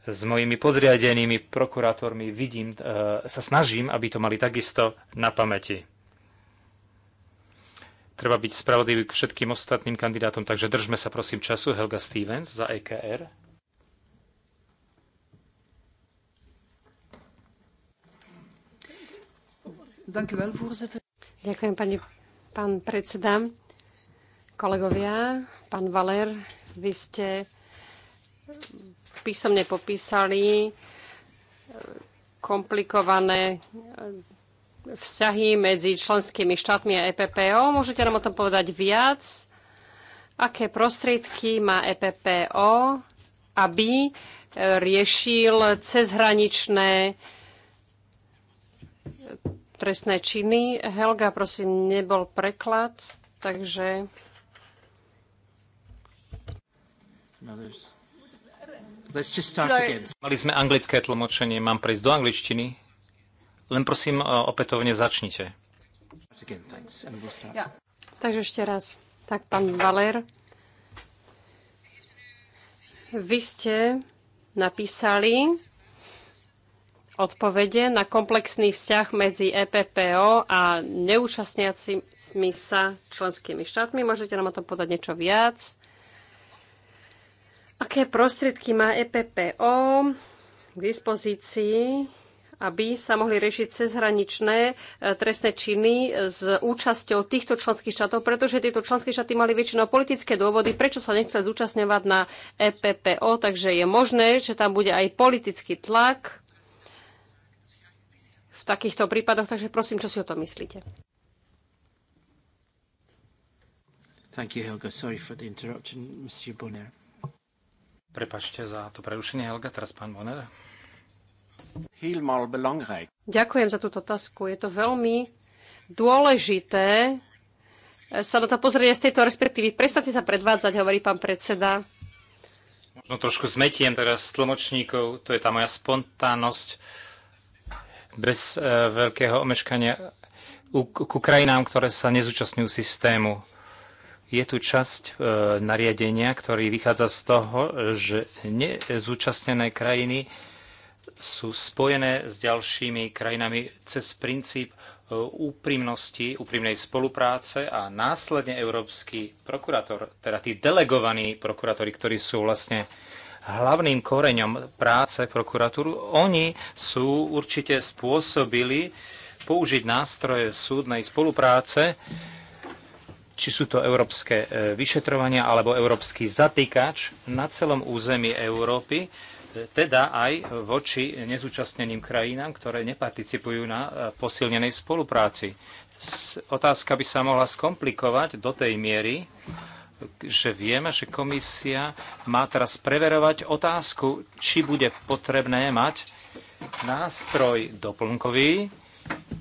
s mojimi podriadenými prokurátormi vidím, sa snažím, aby to mali takisto na pamäti. Treba byť spravodlivý k všetkým ostatným kandidátom, takže držme sa prosím času. Helga Stevens za EKR. Ďakujem, pani, pán predseda. Kolegovia, pán Valer, vy ste písomne popísali e, komplikované e, vzťahy medzi členskými štátmi a EPPO. Môžete nám o tom povedať viac? Aké prostriedky má EPPO, aby e, riešil cezhraničné trestné činy. Helga, prosím, nebol preklad, takže... No, Mali sme anglické tlmočenie, mám prejsť do angličtiny. Len prosím, e, opätovne začnite. Takže ešte raz. Tak, pán Valer, vy ste napísali odpovede na komplexný vzťah medzi EPPO a neúčastniacimi sa členskými štátmi. Môžete nám o tom podať niečo viac? Aké prostriedky má EPPO k dispozícii, aby sa mohli riešiť cezhraničné e, trestné činy s účasťou týchto členských štátov, pretože tieto členské štáty mali väčšinou politické dôvody, prečo sa nechce zúčastňovať na EPPO, takže je možné, že tam bude aj politický tlak v takýchto prípadoch, takže prosím, čo si o tom myslíte. Thank you, Helga. Sorry for the interruption, Mr. Bonner. Prepačte za to prerušenie, Helga. Teraz pán Bonner. Ďakujem za túto otázku. Je to veľmi dôležité eh, sa na to pozrieť z tejto respektívy. Prestante sa predvádzať, hovorí pán predseda. Možno trošku zmetiem teraz tlmočníkov, to je tá moja spontánnosť bez e, veľkého omeškania K krajinám, ktoré sa nezúčastňujú systému. Je tu časť e, nariadenia, ktorý vychádza z toho, že nezúčastnené krajiny sú spojené s ďalšími krajinami cez princíp e, úprimnosti, úprimnej spolupráce a následne európsky prokurátor, teda tí delegovaní prokurátori, ktorí sú vlastne hlavným koreňom práce prokuratúru. Oni sú určite spôsobili použiť nástroje súdnej spolupráce, či sú to európske e, vyšetrovania alebo európsky zatýkač na celom území Európy, e, teda aj voči nezúčastneným krajinám, ktoré neparticipujú na e, posilnenej spolupráci. Otázka by sa mohla skomplikovať do tej miery, že vieme, že komisia má teraz preverovať otázku, či bude potrebné mať nástroj doplnkový,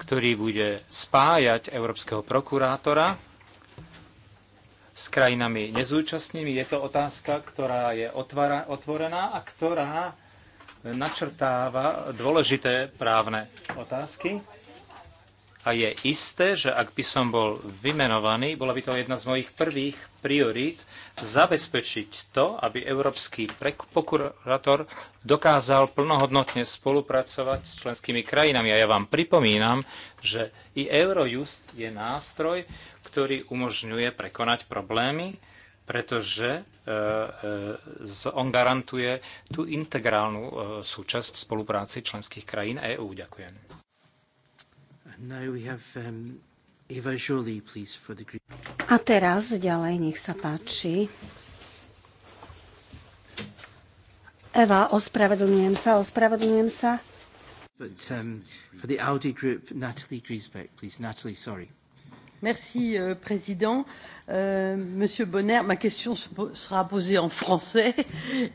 ktorý bude spájať európskeho prokurátora s krajinami nezúčastnými. Je to otázka, ktorá je otvorená a ktorá načrtáva dôležité právne otázky a je isté, že ak by som bol vymenovaný, bola by to jedna z mojich prvých priorít zabezpečiť to, aby európsky prokurátor dokázal plnohodnotne spolupracovať s členskými krajinami. A ja vám pripomínam, že i Eurojust je nástroj, ktorý umožňuje prekonať problémy, pretože e, e, on garantuje tú integrálnu e, súčasť spolupráci členských krajín EÚ. Ďakujem. Um, A teraz ďalej, nech sa páči. Eva, ospravedlňujem sa, ospravedlňujem sa. But um, for the Audi group, Natalie Griesbeck, please. Natalie, sorry. Merci, euh, Président. Euh, Monsieur Bonner, ma question sera posée en français.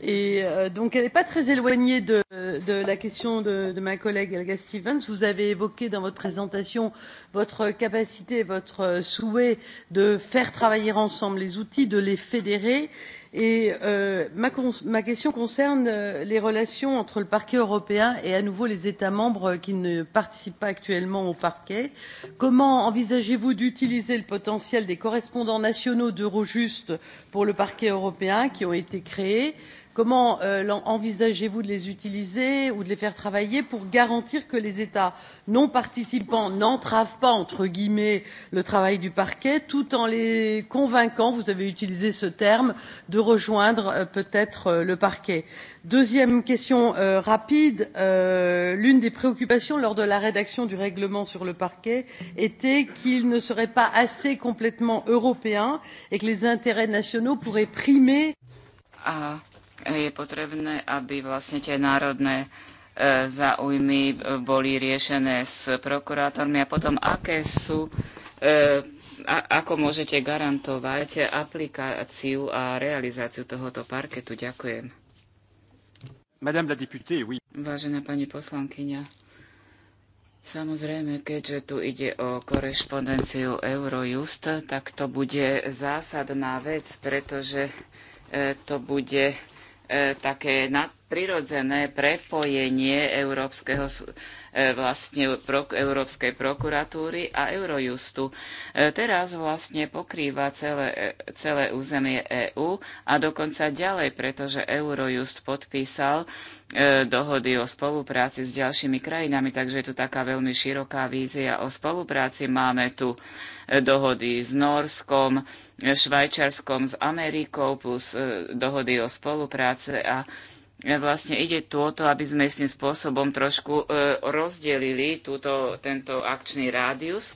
Et euh, donc, elle n'est pas très éloignée de, de la question de, de ma collègue Helga Stevens. Vous avez évoqué dans votre présentation votre capacité, votre souhait de faire travailler ensemble les outils, de les fédérer Et euh, ma, ma question concerne euh, les relations entre le parquet européen et à nouveau les États membres euh, qui ne participent pas actuellement au parquet. Comment envisagez-vous d'utiliser le potentiel des correspondants nationaux d'Eurojust pour le parquet européen qui ont été créés euh, comment euh, envisagez vous de les utiliser ou de les faire travailler pour garantir que les états non participants n'entravent pas entre guillemets le travail du parquet tout en les convainquant vous avez utilisé ce terme de rejoindre euh, peut être euh, le parquet? deuxième question rapide l'une des préoccupations lors de la rédaction du règlement sur le parquet était qu'il ne serait pas assez complètement européen et que les intérêts nationaux pourraient primer je potrebné, aby vlastne tie národné e, záujmy boli riešené s prokurátormi a potom aké sú, e, ako môžete garantovať aplikáciu a realizáciu tohoto parketu. Ďakujem. Madame la députée, oui. Vážená pani poslankyňa, samozrejme, keďže tu ide o korešpondenciu Eurojust, tak to bude zásadná vec, pretože e, to bude E, také prirodzené prepojenie európskeho, e, vlastne pro, Európskej prokuratúry a Eurojustu. E, teraz vlastne pokrýva celé, celé územie EÚ a dokonca ďalej, pretože Eurojust podpísal dohody o spolupráci s ďalšími krajinami, takže je tu taká veľmi široká vízia o spolupráci. Máme tu dohody s Norskom, Švajčarskom s Amerikou plus e, dohody o spolupráce a e, vlastne ide tu o to, aby sme s tým spôsobom trošku e, rozdelili túto, tento akčný rádius.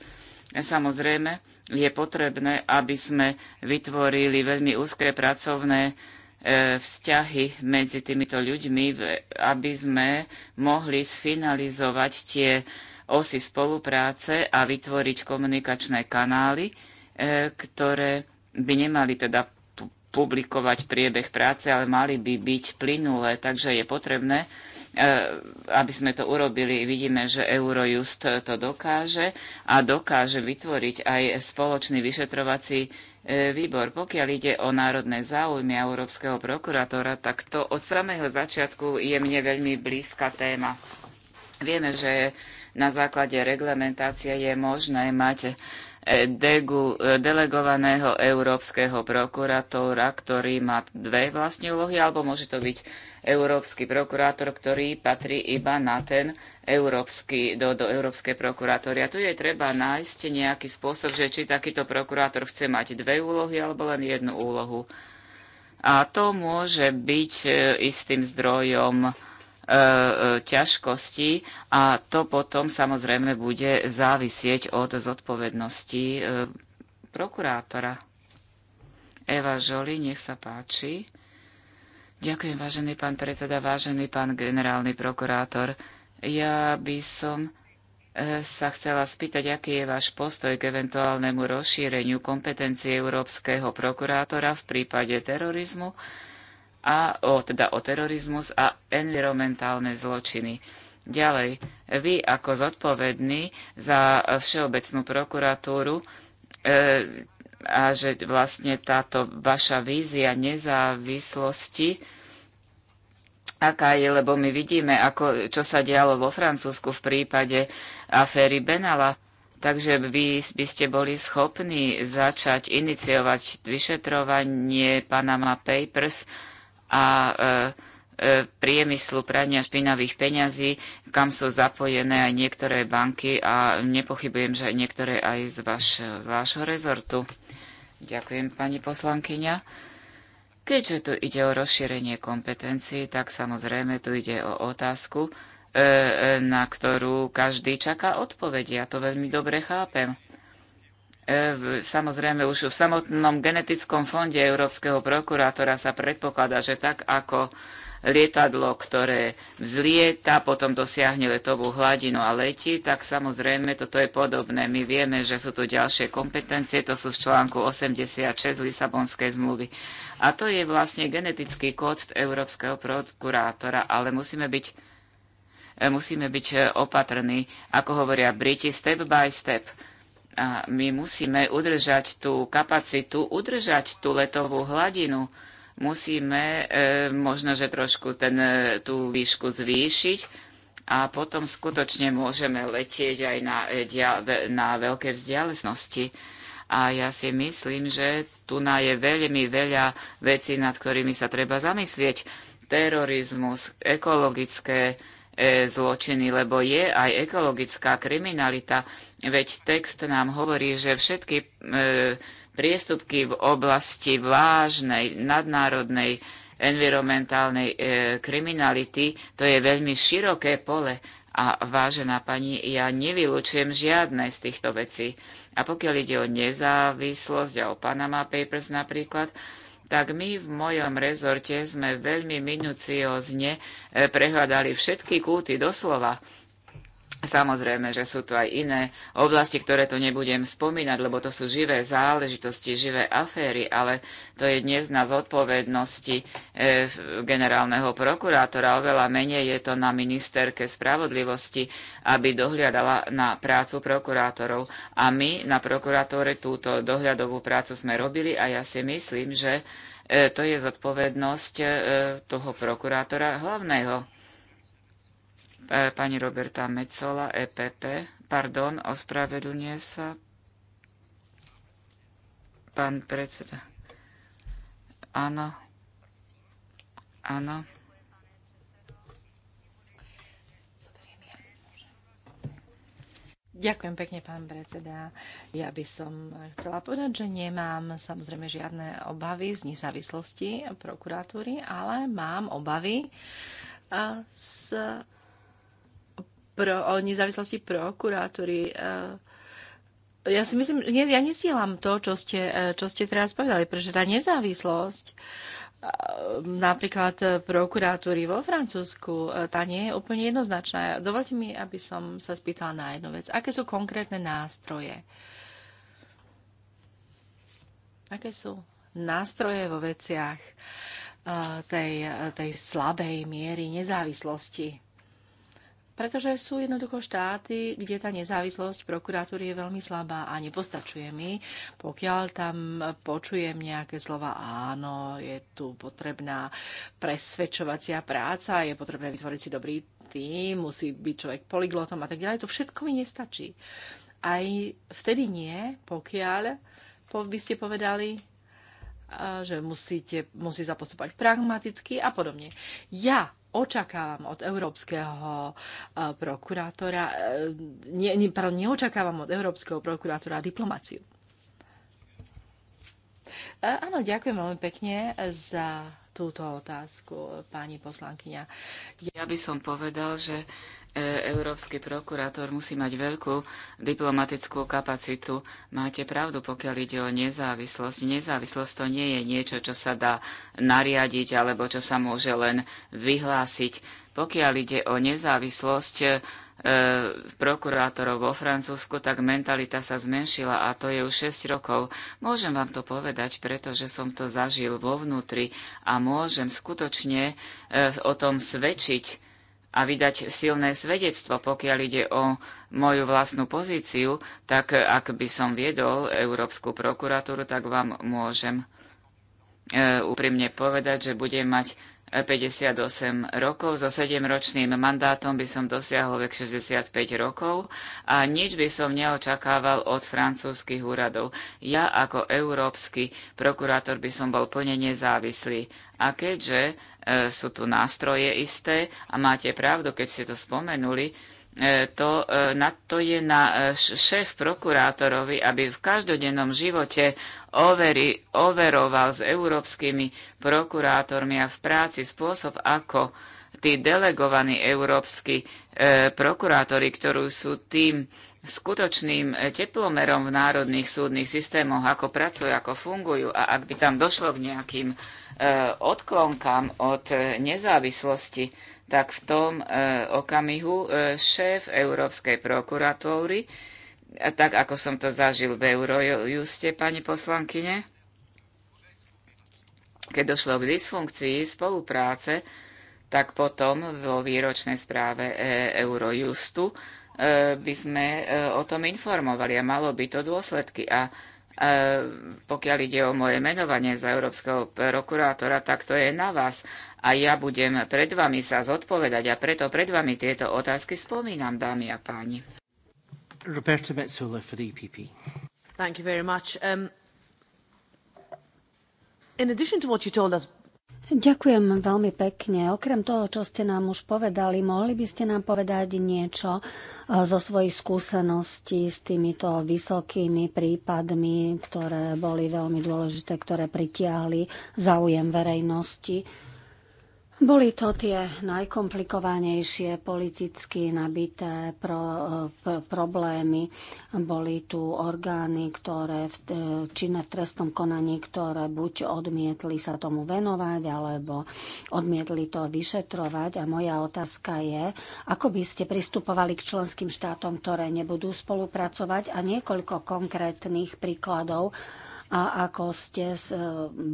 Samozrejme, je potrebné, aby sme vytvorili veľmi úzké pracovné vzťahy medzi týmito ľuďmi, aby sme mohli sfinalizovať tie osy spolupráce a vytvoriť komunikačné kanály, ktoré by nemali teda publikovať priebeh práce, ale mali by byť plynulé, takže je potrebné, e, aby sme to urobili. Vidíme, že Eurojust to dokáže a dokáže vytvoriť aj spoločný vyšetrovací e, výbor. Pokiaľ ide o národné záujmy Európskeho prokurátora, tak to od samého začiatku je mne veľmi blízka téma. Vieme, že na základe reglementácie je možné mať E, degu, e, delegovaného európskeho prokurátora, ktorý má dve vlastne úlohy, alebo môže to byť európsky prokurátor, ktorý patrí iba na ten európsky, do, do európskej prokurátory. A tu je treba nájsť nejaký spôsob, že či takýto prokurátor chce mať dve úlohy alebo len jednu úlohu. A to môže byť e, istým zdrojom E, e, ťažkosti a to potom samozrejme bude závisieť od zodpovednosti e, prokurátora. Eva Žoli, nech sa páči. Ďakujem, vážený pán predseda, vážený pán generálny prokurátor. Ja by som sa chcela spýtať, aký je váš postoj k eventuálnemu rozšíreniu kompetencie európskeho prokurátora v prípade terorizmu a o, teda o terorizmus a environmentálne zločiny. Ďalej, vy ako zodpovedný za Všeobecnú prokuratúru e, a že vlastne táto vaša vízia nezávislosti, aká je, lebo my vidíme, ako, čo sa dialo vo Francúzsku v prípade aféry Benala. Takže vy by ste boli schopní začať iniciovať vyšetrovanie Panama Papers, a e, e, priemyslu prania špinavých peňazí, kam sú zapojené aj niektoré banky a nepochybujem, že aj niektoré aj z, vaš, z vášho rezortu. Ďakujem, pani poslankyňa. Keďže tu ide o rozšírenie kompetencií, tak samozrejme tu ide o otázku, e, na ktorú každý čaká odpovedia. Ja to veľmi dobre chápem. E, samozrejme, už v samotnom genetickom fonde Európskeho prokurátora sa predpokladá, že tak ako lietadlo, ktoré vzlieta, potom dosiahne letovú hladinu a letí, tak samozrejme toto je podobné. My vieme, že sú tu ďalšie kompetencie, to sú z článku 86 Lisabonskej zmluvy. A to je vlastne genetický kód Európskeho prokurátora, ale musíme byť, e, musíme byť e, opatrní, ako hovoria Briti, step by step a my musíme udržať tú kapacitu, udržať tú letovú hladinu. Musíme e, možno, že trošku ten, e, tú výšku zvýšiť a potom skutočne môžeme letieť aj na, e, dia, na veľké vzdialenosti. A ja si myslím, že tu na je veľmi veľa vecí, nad ktorými sa treba zamyslieť. Terorizmus, ekologické E, zločiny, lebo je aj ekologická kriminalita. Veď text nám hovorí, že všetky e, priestupky v oblasti vážnej, nadnárodnej, environmentálnej e, kriminality, to je veľmi široké pole. A vážená pani, ja nevylučujem žiadne z týchto vecí. A pokiaľ ide o nezávislosť a o Panama Papers napríklad, tak my v mojom rezorte sme veľmi minuciózne eh, prehľadali všetky kúty doslova. Samozrejme, že sú tu aj iné oblasti, ktoré tu nebudem spomínať, lebo to sú živé záležitosti, živé aféry, ale to je dnes na zodpovednosti e, generálneho prokurátora. Oveľa menej je to na ministerke spravodlivosti, aby dohliadala na prácu prokurátorov. A my na prokurátore túto dohľadovú prácu sme robili a ja si myslím, že e, to je zodpovednosť e, toho prokurátora hlavného pani Roberta Mecola, EPP. Pardon, ospravedlňuje sa pán predseda. Áno. Áno. Ďakujem pekne, pán predseda. Ja by som chcela povedať, že nemám samozrejme žiadne obavy z nezávislosti prokuratúry, ale mám obavy z pro, o nezávislosti prokurátory. Eh, ja si myslím, ja nesielam to, čo ste, eh, čo ste teraz povedali, pretože tá nezávislosť eh, napríklad prokuratúry vo Francúzsku, tá nie je úplne jednoznačná. Dovolte mi, aby som sa spýtala na jednu vec. Aké sú konkrétne nástroje? Aké sú nástroje vo veciach tej, tej slabej miery nezávislosti pretože sú jednoducho štáty, kde tá nezávislosť prokuratúry je veľmi slabá a nepostačuje mi, pokiaľ tam počujem nejaké slova, áno, je tu potrebná presvedčovacia práca, je potrebné vytvoriť si dobrý tým, musí byť človek poliglotom a tak ďalej. To všetko mi nestačí. Aj vtedy nie, pokiaľ by ste povedali, že musíte, musí zapostupovať pragmaticky a podobne. Ja očakávam od európskeho eh, prokurátora, eh, ne, ne, pardon, neočakávam od európskeho prokurátora diplomáciu. Eh, áno, ďakujem veľmi pekne za túto otázku, pani poslankyňa. Ja by som povedal, že E, európsky prokurátor musí mať veľkú diplomatickú kapacitu. Máte pravdu, pokiaľ ide o nezávislosť. Nezávislosť to nie je niečo, čo sa dá nariadiť alebo čo sa môže len vyhlásiť. Pokiaľ ide o nezávislosť e, prokurátorov vo Francúzsku, tak mentalita sa zmenšila a to je už 6 rokov. Môžem vám to povedať, pretože som to zažil vo vnútri a môžem skutočne e, o tom svedčiť a vydať silné svedectvo, pokiaľ ide o moju vlastnú pozíciu, tak ak by som viedol Európsku prokuratúru, tak vám môžem e, úprimne povedať, že budem mať 58 rokov. So 7-ročným mandátom by som dosiahol vek 65 rokov a nič by som neočakával od francúzskych úradov. Ja ako európsky prokurátor by som bol plne nezávislý. A keďže e, sú tu nástroje isté a máte pravdu, keď ste to spomenuli, E, to, e, na to je na e, šéf prokurátorovi, aby v každodennom živote overi, overoval s európskymi prokurátormi a v práci spôsob, ako tí delegovaní európsky e, prokurátori, ktorí sú tým skutočným teplomerom v národných súdnych systémoch, ako pracujú, ako fungujú a ak by tam došlo k nejakým e, odklonkám od nezávislosti tak v tom e, okamihu e, šéf Európskej prokuratúry, tak ako som to zažil v Eurojuste, pani poslankyne, keď došlo k dysfunkcii spolupráce, tak potom vo výročnej správe e, Eurojustu by sme o tom informovali a malo by to dôsledky. A pokiaľ ide o moje menovanie za európskeho prokurátora, tak to je na vás a ja budem pred vami sa zodpovedať a preto pred vami tieto otázky spomínam, dámy a páni. Roberta Metzola for the EPP. Thank you very much. Um, in addition to what you told us Ďakujem veľmi pekne. Okrem toho, čo ste nám už povedali, mohli by ste nám povedať niečo uh, zo svojej skúsenosti s týmito vysokými prípadmi, ktoré boli veľmi dôležité, ktoré pritiahli záujem verejnosti. Boli to tie najkomplikovanejšie politicky nabité pro, p, problémy. Boli tu orgány, ktoré v, e, činné v trestnom konaní, ktoré buď odmietli sa tomu venovať, alebo odmietli to vyšetrovať. A moja otázka je, ako by ste pristupovali k členským štátom, ktoré nebudú spolupracovať a niekoľko konkrétnych príkladov, a ako ste e,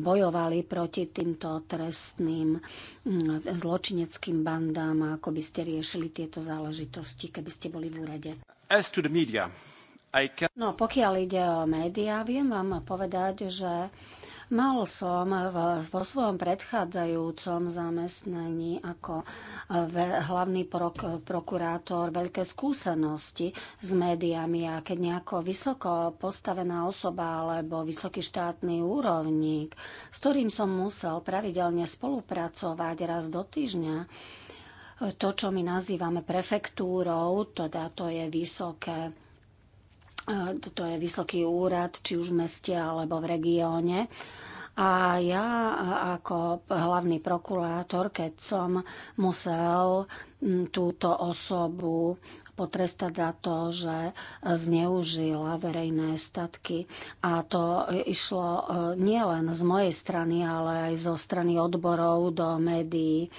bojovali proti týmto trestným mm, zločineckým bandám a ako by ste riešili tieto záležitosti, keby ste boli v úrade. As to the media, No, pokiaľ ide o médiá, viem vám povedať, že Mal som vo svojom predchádzajúcom zamestnaní ako eh, hlavný prok- prokurátor veľké skúsenosti s médiami a keď nejako vysoko postavená osoba alebo vysoký štátny úrovník, s ktorým som musel pravidelne spolupracovať raz do týždňa, eh, to, čo my nazývame prefektúrou, teda to je vysoké E, toto je vysoký úrad, či už v meste alebo v regióne. A ja ako hlavný prokurátor, keď som musel túto osobu potrestať za to, že zneužila verejné statky. A to išlo e, nielen z mojej strany, ale aj zo strany odborov do médií.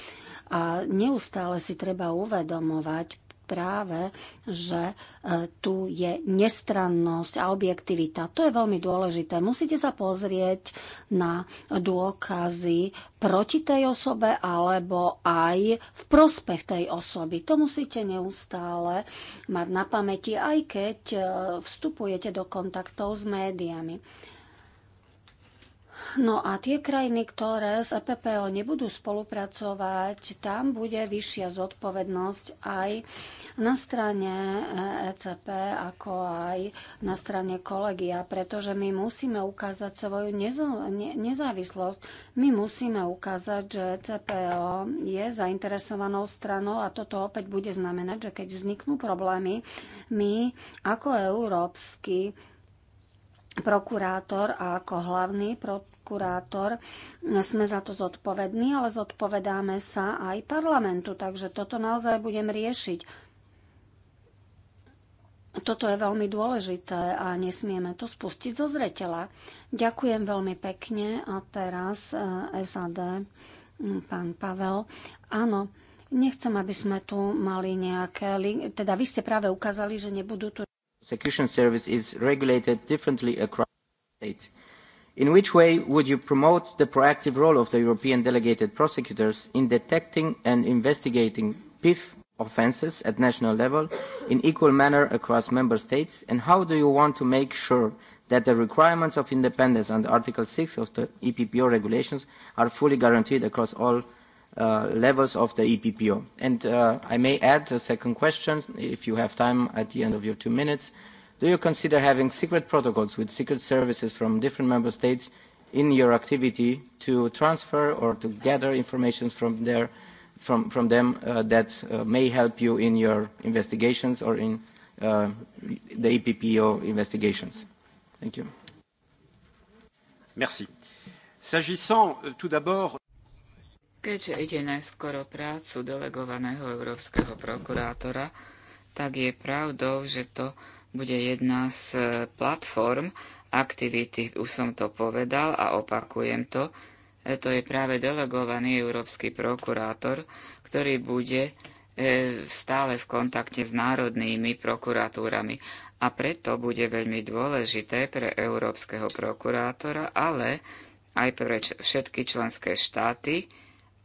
A neustále si treba uvedomovať práve, že e, tu je nestrannosť a objektivita. To je veľmi dôležité. Musíte sa pozrieť na dôkazy proti tej osobe alebo aj v prospech tej osoby. To musíte neustále mať na pamäti, aj keď e, vstupujete do kontaktov s médiami. No a tie krajiny, ktoré s EPPO nebudú spolupracovať, tam bude vyššia zodpovednosť aj na strane ECP, e ako aj na strane kolegia, pretože my musíme ukázať svoju nezávislosť. My musíme ukázať, že ECPO je zainteresovanou stranou a toto opäť bude znamenať, že keď vzniknú problémy, my ako európsky prokurátor a ako hlavný pro prokurátor, sme za to zodpovední, ale zodpovedáme sa aj parlamentu, takže toto naozaj budem riešiť. Toto je veľmi dôležité a nesmieme to spustiť zo zretela. Ďakujem veľmi pekne a teraz e, SAD, pán Pavel. Áno, nechcem, aby sme tu mali nejaké... Teda vy ste práve ukázali, že nebudú tu... service is regulated differently across states in which way would you promote the proactive role of the european delegated prosecutors in detecting and investigating pif offences at national level in equal manner across member states and how do you want to make sure that the requirements of independence under article six of the eppo regulations are fully guaranteed across all uh, levels of the eppo and uh, i may add a second question if you have time at the end of your two minutes do you consider having secret protocols with secret services from different member states in your activity to transfer or to gather information from, their, from, from them uh, that uh, may help you in your investigations or in uh, the EPPO investigations? Thank you. Merci. S'agissant euh, tout d'abord Keďže ide najskôr o prácu delegovaného európskeho prokurátora, tak je pravdou, že to bude jedna z e, platform aktivity, už som to povedal a opakujem to, e, to je práve delegovaný európsky prokurátor, ktorý bude e, stále v kontakte s národnými prokuratúrami. A preto bude veľmi dôležité pre európskeho prokurátora, ale aj pre všetky členské štáty,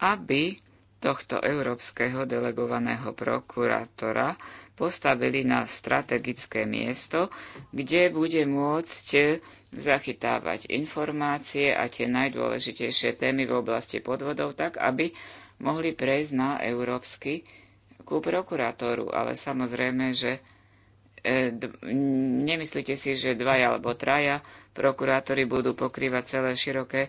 aby tohto európskeho delegovaného prokurátora postavili na strategické miesto, kde bude môcť zachytávať informácie a tie najdôležitejšie témy v oblasti podvodov tak, aby mohli prejsť na európsky ku prokurátoru. Ale samozrejme, že e, nemyslíte si, že dvaja alebo traja prokurátori budú pokrývať celé široké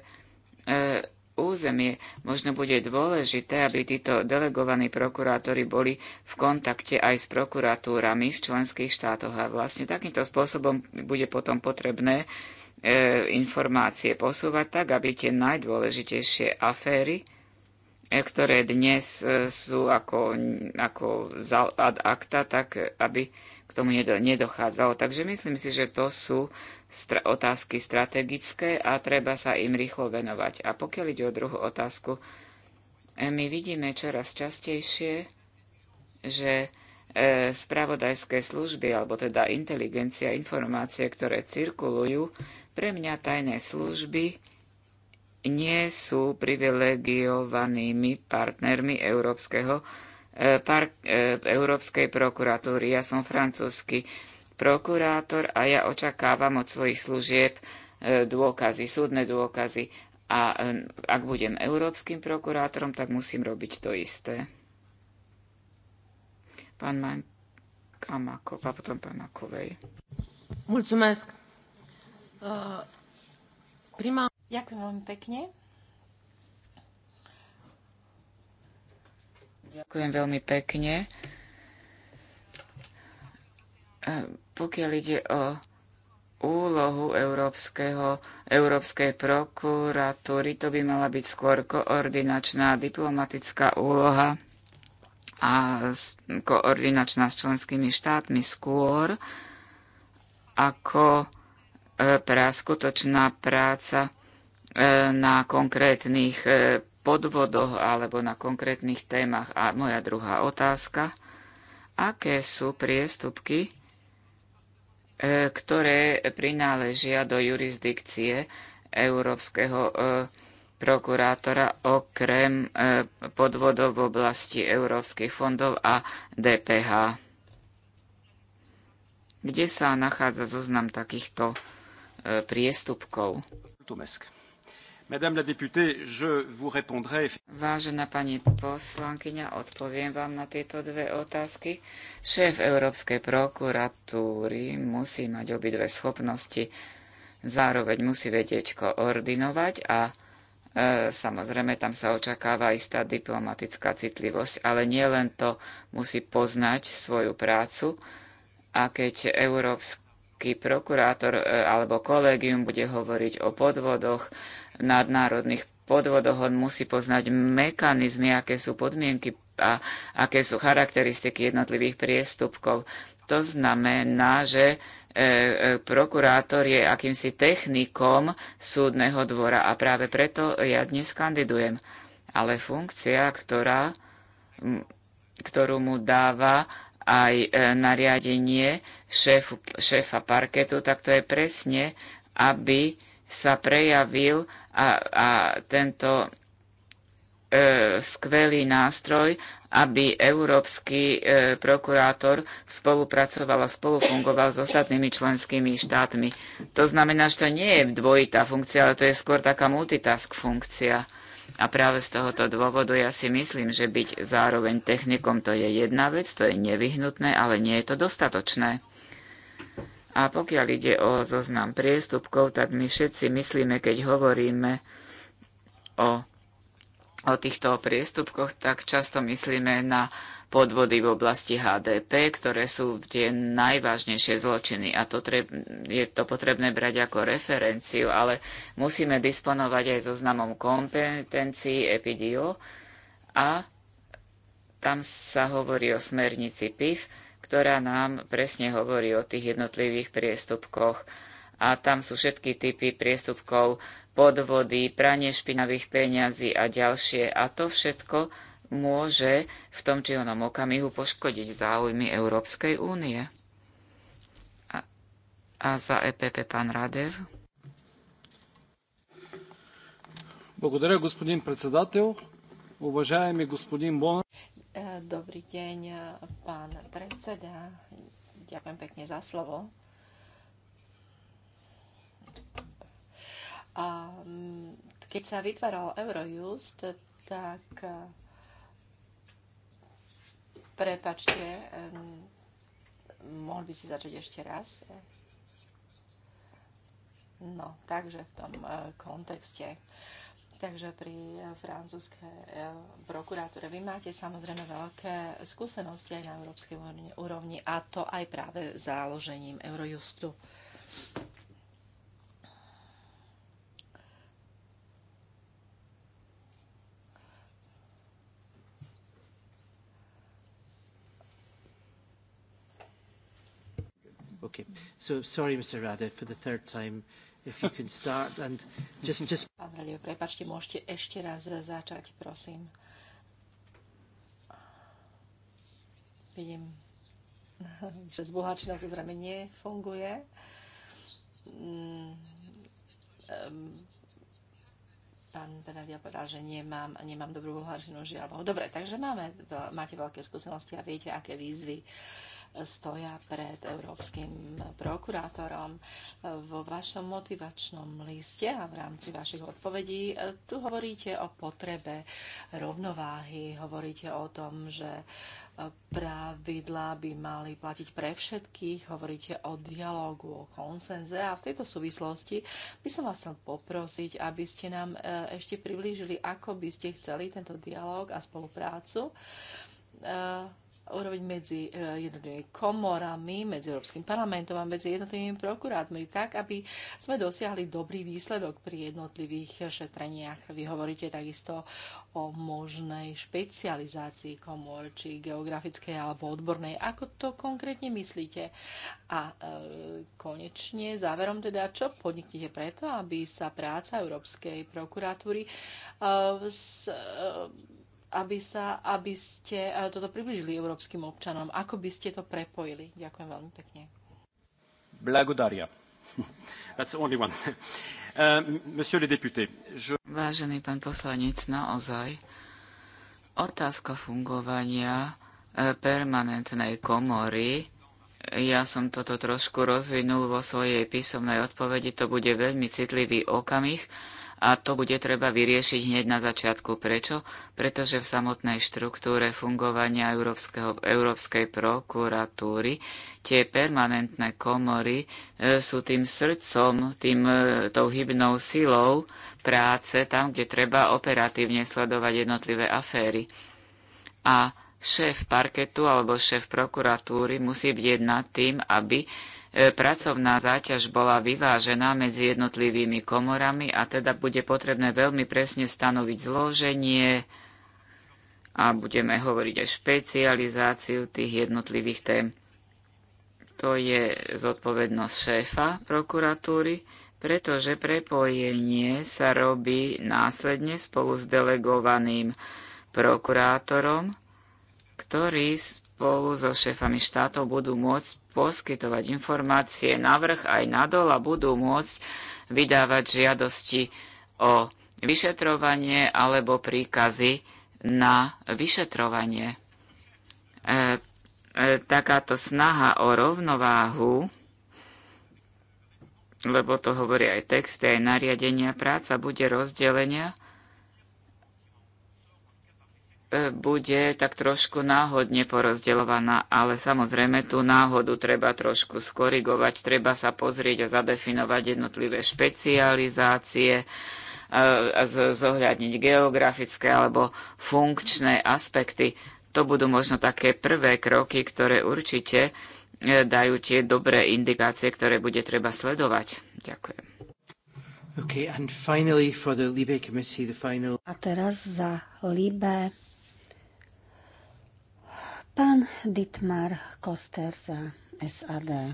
e, územie. Možno bude dôležité, aby títo delegovaní prokurátori boli v kontakte aj s prokuratúrami v členských štátoch a vlastne takýmto spôsobom bude potom potrebné e, informácie posúvať tak, aby tie najdôležitejšie aféry, e, ktoré dnes e, sú ako, ako ad acta, tak aby k tomu nedochádzalo. Takže myslím si, že to sú str- otázky strategické a treba sa im rýchlo venovať. A pokiaľ ide o druhú otázku, e, my vidíme čoraz častejšie, že e, spravodajské služby, alebo teda inteligencia, informácie, ktoré cirkulujú, pre mňa tajné služby nie sú privilegiovanými partnermi Európskeho, e, par, Európskej prokuratúry. Ja som francúzsky prokurátor a ja očakávam od svojich služieb e, dôkazy, súdne dôkazy. A e, ak budem európskym prokurátorom, tak musím robiť to isté. Pán Man Kamako, a potom pán Makovej. Mulțumesc. E, prima... Ďakujem veľmi pekne. Ďakujem veľmi pekne. Uh, pokiaľ ide o úlohu Európskeho, Európskej prokuratúry, to by mala byť skôr koordinačná diplomatická úloha a koordinačná s členskými štátmi skôr ako e, pra skutočná práca e, na konkrétnych e, podvodoch alebo na konkrétnych témach. A moja druhá otázka, aké sú priestupky, E, ktoré prináležia do jurisdikcie Európskeho e, prokurátora okrem e, podvodov v oblasti európskych fondov a DPH. Kde sa nachádza zoznam takýchto priestupkov? Tumesk. Vážená pani poslankyňa, odpoviem vám na tieto dve otázky. Šéf Európskej prokuratúry musí mať obidve schopnosti. Zároveň musí vedieť koordinovať a e, samozrejme tam sa očakáva istá diplomatická citlivosť, ale nielen to musí poznať svoju prácu a keď Európska nejaký prokurátor e, alebo kolégium bude hovoriť o podvodoch, nadnárodných podvodoch, on musí poznať mechanizmy, aké sú podmienky a aké sú charakteristiky jednotlivých priestupkov. To znamená, že e, e, prokurátor je akýmsi technikom súdneho dvora a práve preto ja dnes kandidujem. Ale funkcia, ktorá, ktorú mu dáva aj e, nariadenie šéfu, šéfa parketu, tak to je presne, aby sa prejavil a, a tento e, skvelý nástroj, aby európsky e, prokurátor spolupracoval a spolufungoval s ostatnými členskými štátmi. To znamená, že to nie je dvojitá funkcia, ale to je skôr taká multitask funkcia. A práve z tohoto dôvodu ja si myslím, že byť zároveň technikom to je jedna vec, to je nevyhnutné, ale nie je to dostatočné. A pokiaľ ide o zoznam priestupkov, tak my všetci myslíme, keď hovoríme o o týchto priestupkoch, tak často myslíme na podvody v oblasti HDP, ktoré sú tie najvážnejšie zločiny a to treb, je to potrebné brať ako referenciu, ale musíme disponovať aj zoznamom kompetencií EPIDIO a tam sa hovorí o smernici PIF, ktorá nám presne hovorí o tých jednotlivých priestupkoch a tam sú všetky typy priestupkov, podvody, pranie špinavých peňazí a ďalšie. A to všetko môže v tom či onom okamihu poškodiť záujmy Európskej únie. A, a za EPP pán Radev. Благодаря, господин председател. Уважаеми господин Бон. Dobrý deň, pán predseda. Ďakujem pekne za slovo. A mm, keď sa vytváral Eurojust, tak e, prepačte, e, mohol by si začať ešte raz. No, takže v tom e, kontexte. Takže pri francúzskej prokuratúre vy máte samozrejme veľké skúsenosti aj na európskej úrovni a to aj práve založením Eurojustu. Okay. So sorry, Mr. Rada, for the third time. If you can start and just, just... Pán Relio, prepačte, môžete ešte raz začať, prosím. Vidím, že s bohačinou to zrejme nefunguje. Mm, pán Benadia povedal, že nemám, nemám dobrú hlášenú žiaľ. Dobre, takže máme, máte veľké skúsenosti a viete, aké výzvy uh, stoja pred európskym prokurátorom. Vo vašom motivačnom liste a v rámci vašich odpovedí e, tu hovoríte o potrebe rovnováhy, hovoríte o tom, že e, pravidlá by mali platiť pre všetkých, hovoríte o dialógu, o konsenze a v tejto súvislosti by som vás chcel poprosiť, aby ste nám e, ešte priblížili, ako by ste chceli tento dialóg a spoluprácu urobiť medzi e, jednotlivými komorami, medzi Európskym parlamentom a medzi jednotlivými prokurátmi, tak aby sme dosiahli dobrý výsledok pri jednotlivých šetreniach. Vy hovoríte takisto o možnej špecializácii komor, či geografickej alebo odbornej. Ako to konkrétne myslíte? A e, konečne záverom teda, čo podniknete preto, aby sa práca Európskej prokuratúry e, s, e, aby, sa, aby ste eh, toto približili európskym občanom? Ako by ste to prepojili? Ďakujem veľmi pekne. Blagodaria. That's the only one. Uh, monsieur le député, je... Vážený pán poslanec, naozaj otázka fungovania eh, permanentnej komory ja som toto trošku rozvinul vo svojej písomnej odpovedi. To bude veľmi citlivý okamih, a to bude treba vyriešiť hneď na začiatku. Prečo? Pretože v samotnej štruktúre fungovania Európskeho, Európskej prokuratúry tie permanentné komory e, sú tým srdcom, tým, e, tou hybnou silou práce tam, kde treba operatívne sledovať jednotlivé aféry. A šéf parketu alebo šéf prokuratúry musí bdieť nad tým, aby E, pracovná záťaž bola vyvážená medzi jednotlivými komorami a teda bude potrebné veľmi presne stanoviť zloženie a budeme hovoriť aj špecializáciu tých jednotlivých tém. To je zodpovednosť šéfa prokuratúry, pretože prepojenie sa robí následne spolu s delegovaným prokurátorom, ktorý spolu so šéfami štátov budú môcť poskytovať informácie na vrch aj nadol a budú môcť vydávať žiadosti o vyšetrovanie alebo príkazy na vyšetrovanie. E, e, takáto snaha o rovnováhu, lebo to hovorí aj texty, aj nariadenia práca, bude rozdelenia E, bude tak trošku náhodne porozdeľovaná, ale samozrejme tú náhodu treba trošku skorigovať, treba sa pozrieť a zadefinovať jednotlivé špecializácie, e, a zohľadniť geografické alebo funkčné aspekty. To budú možno také prvé kroky, ktoré určite e, dajú tie dobré indikácie, ktoré bude treba sledovať. Ďakujem. Okay, and finally for the Libe committee, the final... A teraz za Libe Pán Dietmar Koster za SAD.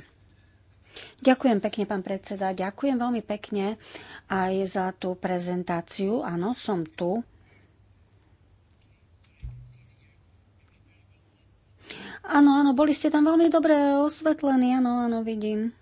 Ďakujem pekne, pán predseda. Ďakujem veľmi pekne aj za tú prezentáciu. Áno, som tu. Áno, áno, boli ste tam veľmi dobre osvetlení. Áno, áno, vidím.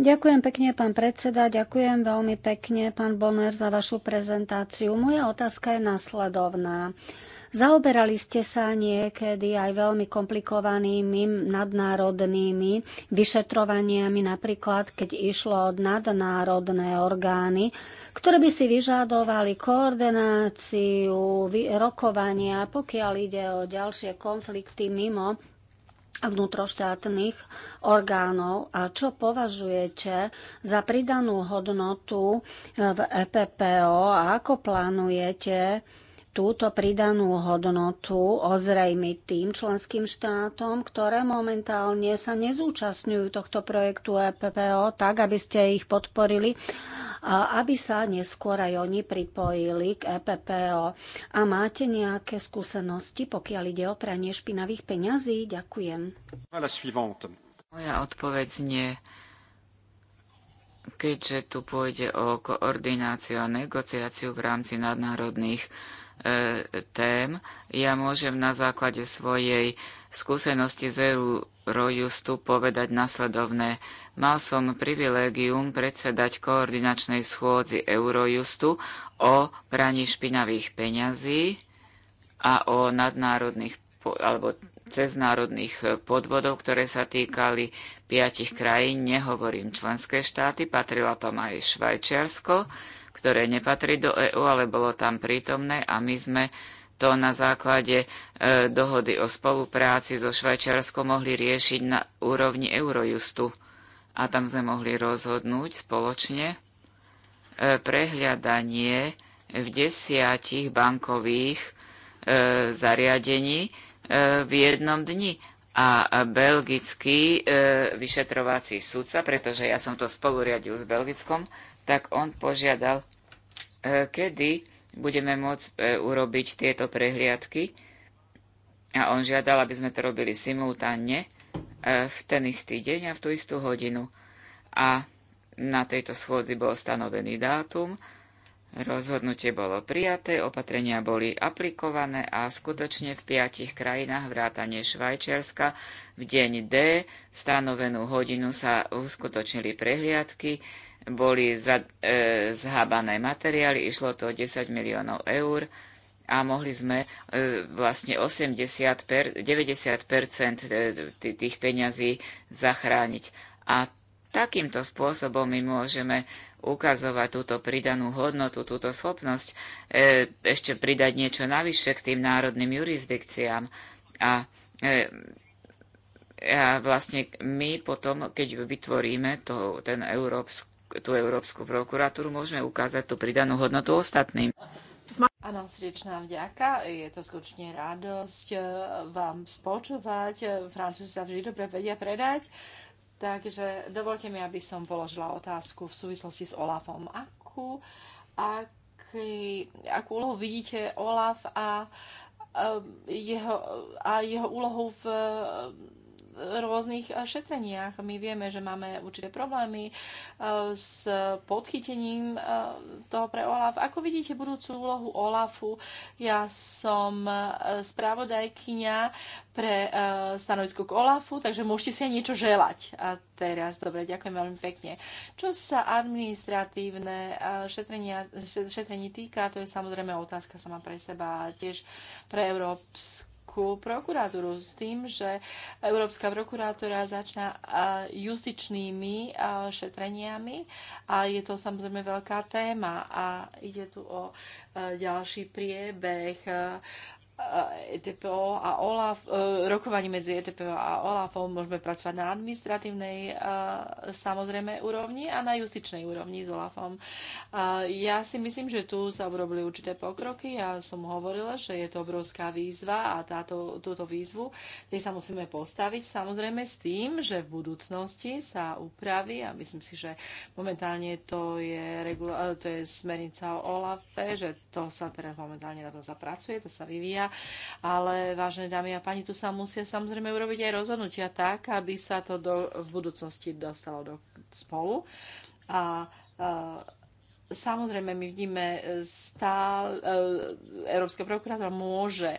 Ďakujem pekne, pán predseda, ďakujem veľmi pekne, pán Bonner, za vašu prezentáciu. Moja otázka je následovná. Uh, Zaoberali ste sa niekedy aj veľmi komplikovanými nadnárodnými vyšetrovaniami, napríklad keď išlo od nadnárodné orgány, ktoré by si vyžadovali koordináciu, rokovania, pokiaľ ide o ďalšie konflikty mimo vnútroštátnych orgánov a čo považujete za pridanú hodnotu e, v EPPO a ako plánujete túto pridanú hodnotu ozrejmiť tým členským štátom, ktoré momentálne sa nezúčastňujú tohto projektu EPPO, tak aby ste ich podporili, aby sa neskôr aj oni pripojili k EPPO. A máte nejaké skúsenosti, pokiaľ ide o pranie špinavých peňazí? Ďakujem. Moja odpoveď nie keďže tu pôjde o koordináciu a negociáciu v rámci nadnárodných E, tém. Ja môžem na základe svojej skúsenosti z Eurojustu povedať nasledovné. Mal som privilégium predsedať koordinačnej schôdzi Eurojustu o praní špinavých peňazí a o nadnárodných alebo ceznárodných podvodov, ktoré sa týkali piatich krajín, nehovorím členské štáty, patrila tam aj Švajčiarsko ktoré nepatrí do EÚ, ale bolo tam prítomné a my sme to na základe e, dohody o spolupráci so Švajčiarskom mohli riešiť na úrovni Eurojustu. A tam sme mohli rozhodnúť spoločne e, prehľadanie v desiatich bankových e, zariadení e, v jednom dni. A belgický e, vyšetrovací sudca, pretože ja som to spoluriadil s Belgickom, tak on požiadal, e, kedy budeme môcť e, urobiť tieto prehliadky. A on žiadal, aby sme to robili simultánne e, v ten istý deň a v tú istú hodinu. A na tejto schôdzi bol stanovený dátum, rozhodnutie bolo prijaté, opatrenia boli aplikované a skutočne v piatich krajinách vrátane Švajčiarska v deň D v stanovenú hodinu sa uskutočnili prehliadky, boli za, e, zhábané materiály, išlo to 10 miliónov eur a mohli sme e, vlastne 80 per, 90 e, tých peňazí zachrániť. A takýmto spôsobom my môžeme ukazovať túto pridanú hodnotu, túto schopnosť e, ešte pridať niečo navyše k tým národným jurisdikciám. A e, a vlastne my potom, keď vytvoríme to, ten európsky tú Európsku prokuratúru, môžeme ukázať tú pridanú hodnotu ostatným. Áno, srdečná vďaka. Je to skutočne radosť e, vám spočúvať. E, Francúzi sa vždy dobre vedia predať. Takže dovolte mi, aby som položila otázku v súvislosti s Olafom. Akú, aký, akú úlohu vidíte Olaf a, a, e, jeho, a jeho úlohu v rôznych eh, šetreniach. My vieme, že máme určité problémy eh, s podchytením eh, toho pre OLAF. Ako vidíte budúcu úlohu OLAFu? Ja som správodajkynia pre stanovisko k OLAFu, takže môžete si aj niečo želať. A teraz, dobre, ďakujem veľmi pekne. Čo sa administratívne šetrenia, šetrenia týka, to je samozrejme otázka sama pre seba, tiež pre Európsku Európsku prokuratúru s tým, že Európska prokurátora začína justičnými šetreniami a je to samozrejme veľká téma a ide tu o e, ďalší priebeh e, ETPO a OLAF, e, rokovaní medzi ETPO a OLAFom môžeme pracovať na administratívnej e, samozrejme úrovni a na justičnej úrovni s OLAFom. E, ja si myslím, že tu sa urobili určité pokroky. Ja som hovorila, že je to obrovská výzva a táto, túto výzvu, kde sa musíme postaviť samozrejme s tým, že v budúcnosti sa upraví a myslím si, že momentálne to je, regula- to je smernica o OLAFe, že to sa teraz momentálne na to zapracuje, to sa vyvíja ale vážne dámy a páni, tu sa musia samozrejme urobiť aj rozhodnutia tak, aby sa to do, v budúcnosti dostalo do, spolu. A, a Samozrejme, my vidíme, e, stále Európska prokuratúra môže e,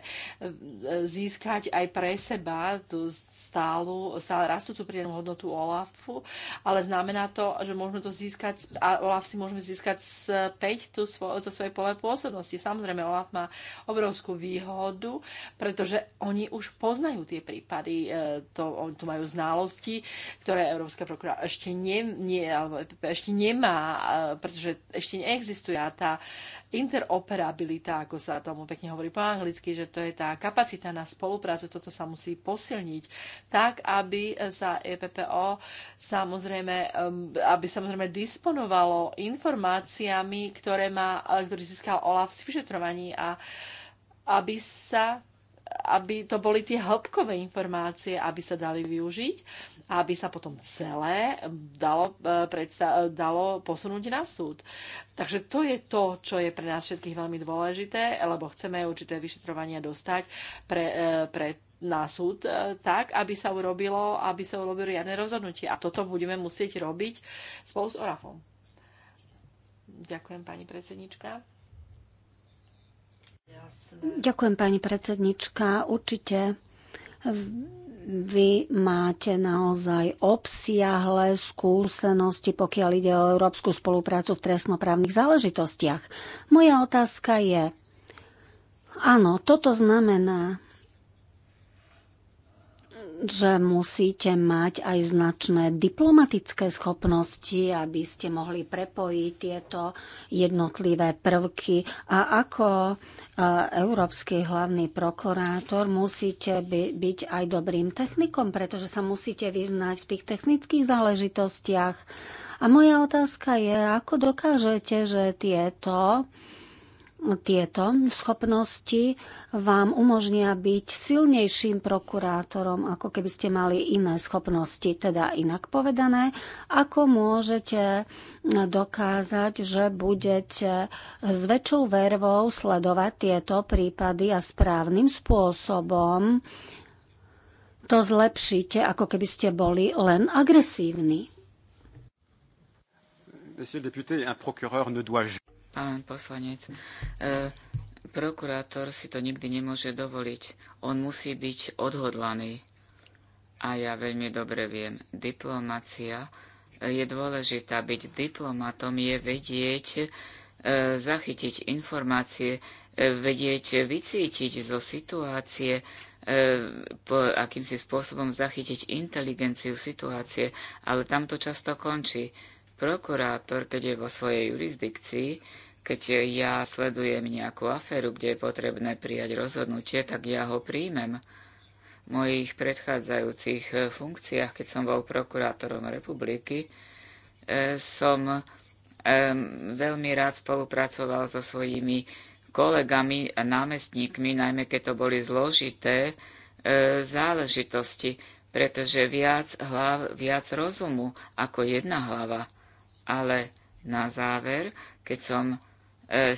získať aj pre seba tú stálu, stále rastúcu prídenú hodnotu OLAFu, ale znamená to, že môžeme to získať, a OLAF si môžeme získať späť tú svoj, to svoje pole pôsobnosti. Samozrejme, OLAF má obrovskú výhodu, pretože oni už poznajú tie prípady, e, to, oni tu majú znalosti, ktoré Európska prokuratúra ešte, nie, nie, alebo ešte nemá, pretože ešte neexistuje. A tá interoperabilita, ako sa tomu pekne hovorí po anglicky, že to je tá kapacita na spoluprácu, toto sa musí posilniť tak, aby sa EPPO samozrejme, um, aby samozrejme disponovalo informáciami, ktoré, má, ktorý získal OLAF z vyšetrovaní a aby sa aby to boli tie hĺbkové informácie, aby sa dali využiť a aby sa potom celé dalo, e, predsta- e, dalo posunúť na súd. Takže to je to, čo je pre nás všetkých veľmi dôležité, lebo chceme určité vyšetrovania dostať pre, e, pre na súd tak, aby sa urobilo, aby sa urobilo riadne rozhodnutie. A toto budeme musieť robiť spolu s ORAFom. Ďakujem, pani predsednička. Ďakujem, pani predsednička. Určite vy máte naozaj obsiahle skúsenosti, pokiaľ ide o európsku spoluprácu v trestnoprávnych záležitostiach. Moja otázka je, áno, toto znamená, že musíte mať aj značné diplomatické schopnosti, aby ste mohli prepojiť tieto jednotlivé prvky. A ako e, európsky hlavný prokurátor musíte by, byť aj dobrým technikom, pretože sa musíte vyznať v tých technických záležitostiach. A moja otázka je, ako dokážete, že tieto tieto schopnosti vám umožnia byť silnejším prokurátorom, ako keby ste mali iné schopnosti. Teda inak povedané, ako môžete dokázať, že budete s väčšou vervou sledovať tieto prípady a správnym spôsobom to zlepšíte, ako keby ste boli len agresívni. Monsieur le député, un procureur ne doit pán poslanec. E, prokurátor si to nikdy nemôže dovoliť. On musí byť odhodlaný. A ja veľmi dobre viem, diplomacia e, je dôležitá. Byť diplomatom je vedieť, e, zachytiť informácie, e, vedieť vycítiť zo situácie, e, po, akýmsi spôsobom zachytiť inteligenciu situácie, ale tam to často končí prokurátor, keď je vo svojej jurisdikcii, keď ja sledujem nejakú aféru, kde je potrebné prijať rozhodnutie, tak ja ho príjmem. V mojich predchádzajúcich eh, funkciách, keď som bol prokurátorom republiky, eh, som veľmi rád spolupracoval so svojimi kolegami a námestníkmi, najmä keď to boli zložité eh, záležitosti, pretože viac hlav, viac rozumu ako jedna hlava ale na záver, keď som e,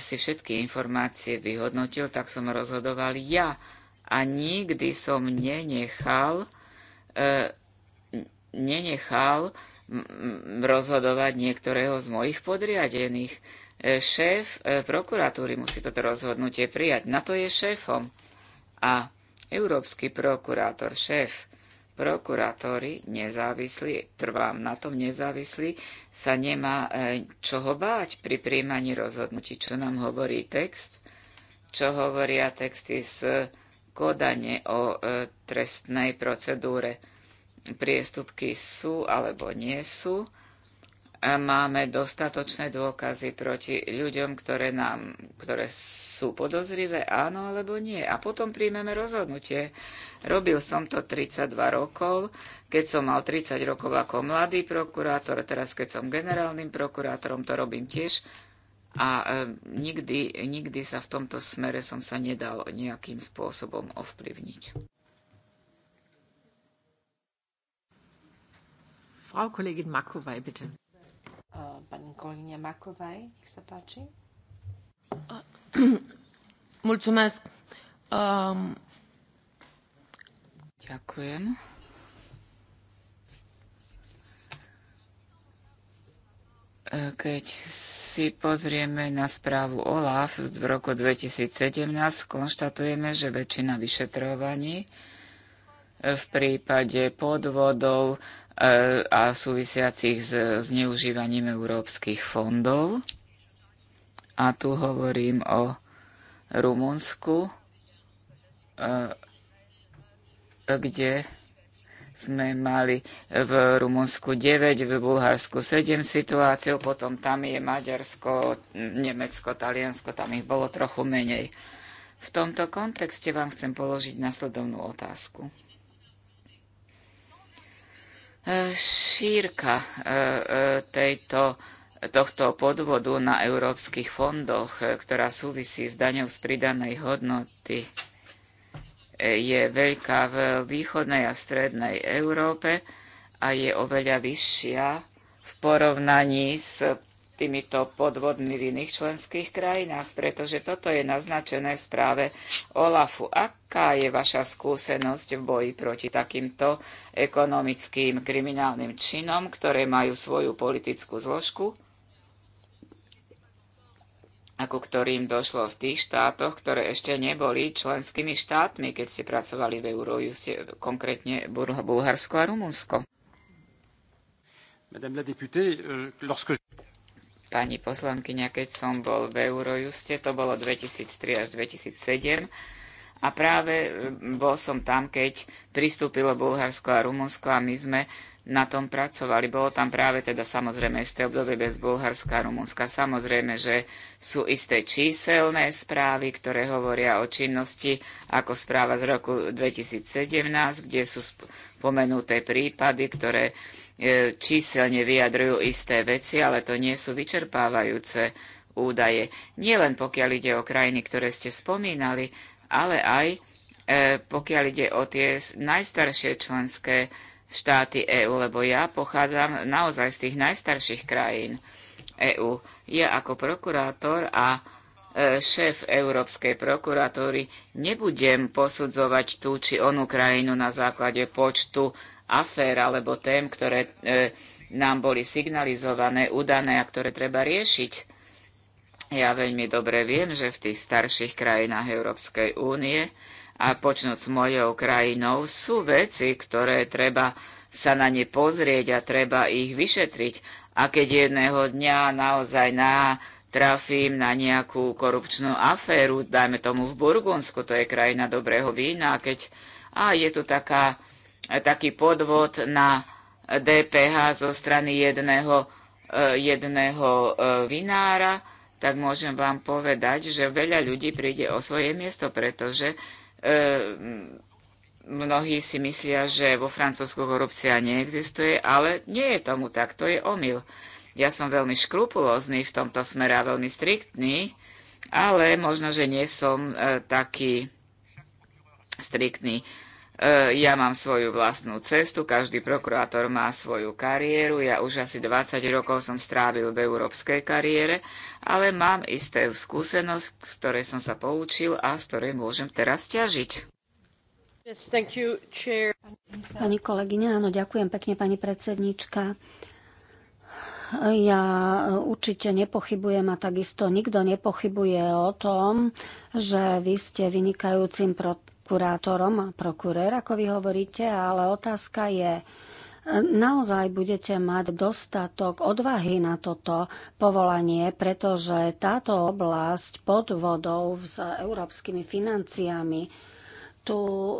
si všetky informácie vyhodnotil, tak som rozhodoval ja a nikdy som nenechal, e, nenechal rozhodovať niektorého z mojich podriadených. E, šéf e, prokuratúry musí toto rozhodnutie prijať. Na to je šéfom. A európsky prokurátor, šéf prokurátori nezávislí, trvám na tom, nezávislí, sa nemá e, čoho báť pri príjmaní rozhodnutí, čo nám hovorí text, čo hovoria texty z kodane o e, trestnej procedúre. Priestupky sú alebo nie sú. Máme dostatočné dôkazy proti ľuďom, ktoré, nám, ktoré sú podozrivé, áno alebo nie. A potom príjmeme rozhodnutie Robil som to 32 rokov, keď som mal 30 rokov ako mladý prokurátor, teraz keď som generálnym prokurátorom, to robím tiež. A e, nikdy, nikdy sa v tomto smere som sa nedal nejakým spôsobom ovplyvniť. Frau Kollegin Makovaj, bitte. Pani kolegyňa Makovaj, nech sa páči. Mulțumesc. Ďakujem. E, keď si pozrieme na správu OLAF z roku 2017, konštatujeme, že väčšina vyšetrovaní e, v prípade podvodov e, a súvisiacich s zneužívaním európskych fondov. A tu hovorím o Rumunsku, kde sme mali v Rumunsku 9, v Bulharsku 7 situáciou, potom tam je Maďarsko, Nemecko, Taliansko, tam ich bolo trochu menej. V tomto kontexte vám chcem položiť nasledovnú otázku. Šírka e, e, tejto, tohto podvodu na európskych fondoch, e, ktorá súvisí s daňou z pridanej hodnoty, je veľká v východnej a strednej Európe a je oveľa vyššia v porovnaní s týmito podvodmi v iných členských krajinách, pretože toto je naznačené v správe OLAFu. Aká je vaša skúsenosť v boji proti takýmto ekonomickým kriminálnym činom, ktoré majú svoju politickú zložku ako ktorým došlo v tých štátoch, ktoré ešte neboli členskými štátmi, keď ste pracovali v Eurojuste, konkrétne Bulharsko a Rumunsko. Euh, Pani poslankyňa, keď som bol v Eurojuste, to bolo 2003 až 2007, a práve e, bol som tam, keď pristúpilo Bulharsko a Rumunsko a my sme na tom pracovali. Bolo tam práve teda samozrejme isté obdobie bez Bulharska a Rumunska. Samozrejme, že sú isté číselné správy, ktoré hovoria o činnosti ako správa z roku 2017, kde sú spomenuté prípady, ktoré e, číselne vyjadrujú isté veci, ale to nie sú vyčerpávajúce údaje. Nie len pokiaľ ide o krajiny, ktoré ste spomínali, ale aj e, pokiaľ ide o tie najstaršie členské krajiny štáty EÚ, lebo ja pochádzam naozaj z tých najstarších krajín EÚ. Ja ako prokurátor a e, šéf Európskej prokuratúry nebudem posudzovať tú či onú krajinu na základe počtu afér alebo tém, ktoré e, nám boli signalizované, udané a ktoré treba riešiť. Ja veľmi dobre viem, že v tých starších krajinách Európskej únie a počnúť s mojou krajinou, sú veci, ktoré treba sa na ne pozrieť a treba ich vyšetriť. A keď jedného dňa naozaj na trafím na nejakú korupčnú aféru, dajme tomu v Burgundsku, to je krajina dobrého vína, keď a je tu taká, taký podvod na DPH zo strany jedného, e, jedného e, vinára, tak môžem vám povedať, že veľa ľudí príde o svoje miesto, pretože Ehm, mnohí si myslia, že vo Francúzsku korupcia neexistuje, ale nie je tomu tak, to je omyl. Ja som veľmi škrupulózny v tomto smere a veľmi striktný, ale možno, že nie som e, taký striktný. E, ja mám svoju vlastnú cestu, každý prokurátor má svoju kariéru, ja už asi 20 rokov som strávil v európskej kariére, ale mám isté skúsenosť, z ktorej som sa poučil a z ktorej môžem teraz ťažiť. Pani kolegyňa, áno, ďakujem pekne, pani predsednička. Ja určite nepochybujem a takisto nikto nepochybuje o tom, že vy ste vynikajúcim kurátorom a prokurér, ako vy hovoríte, ale otázka je, naozaj budete mať dostatok odvahy na toto povolanie, pretože táto oblasť podvodov s európskymi financiami tu eh,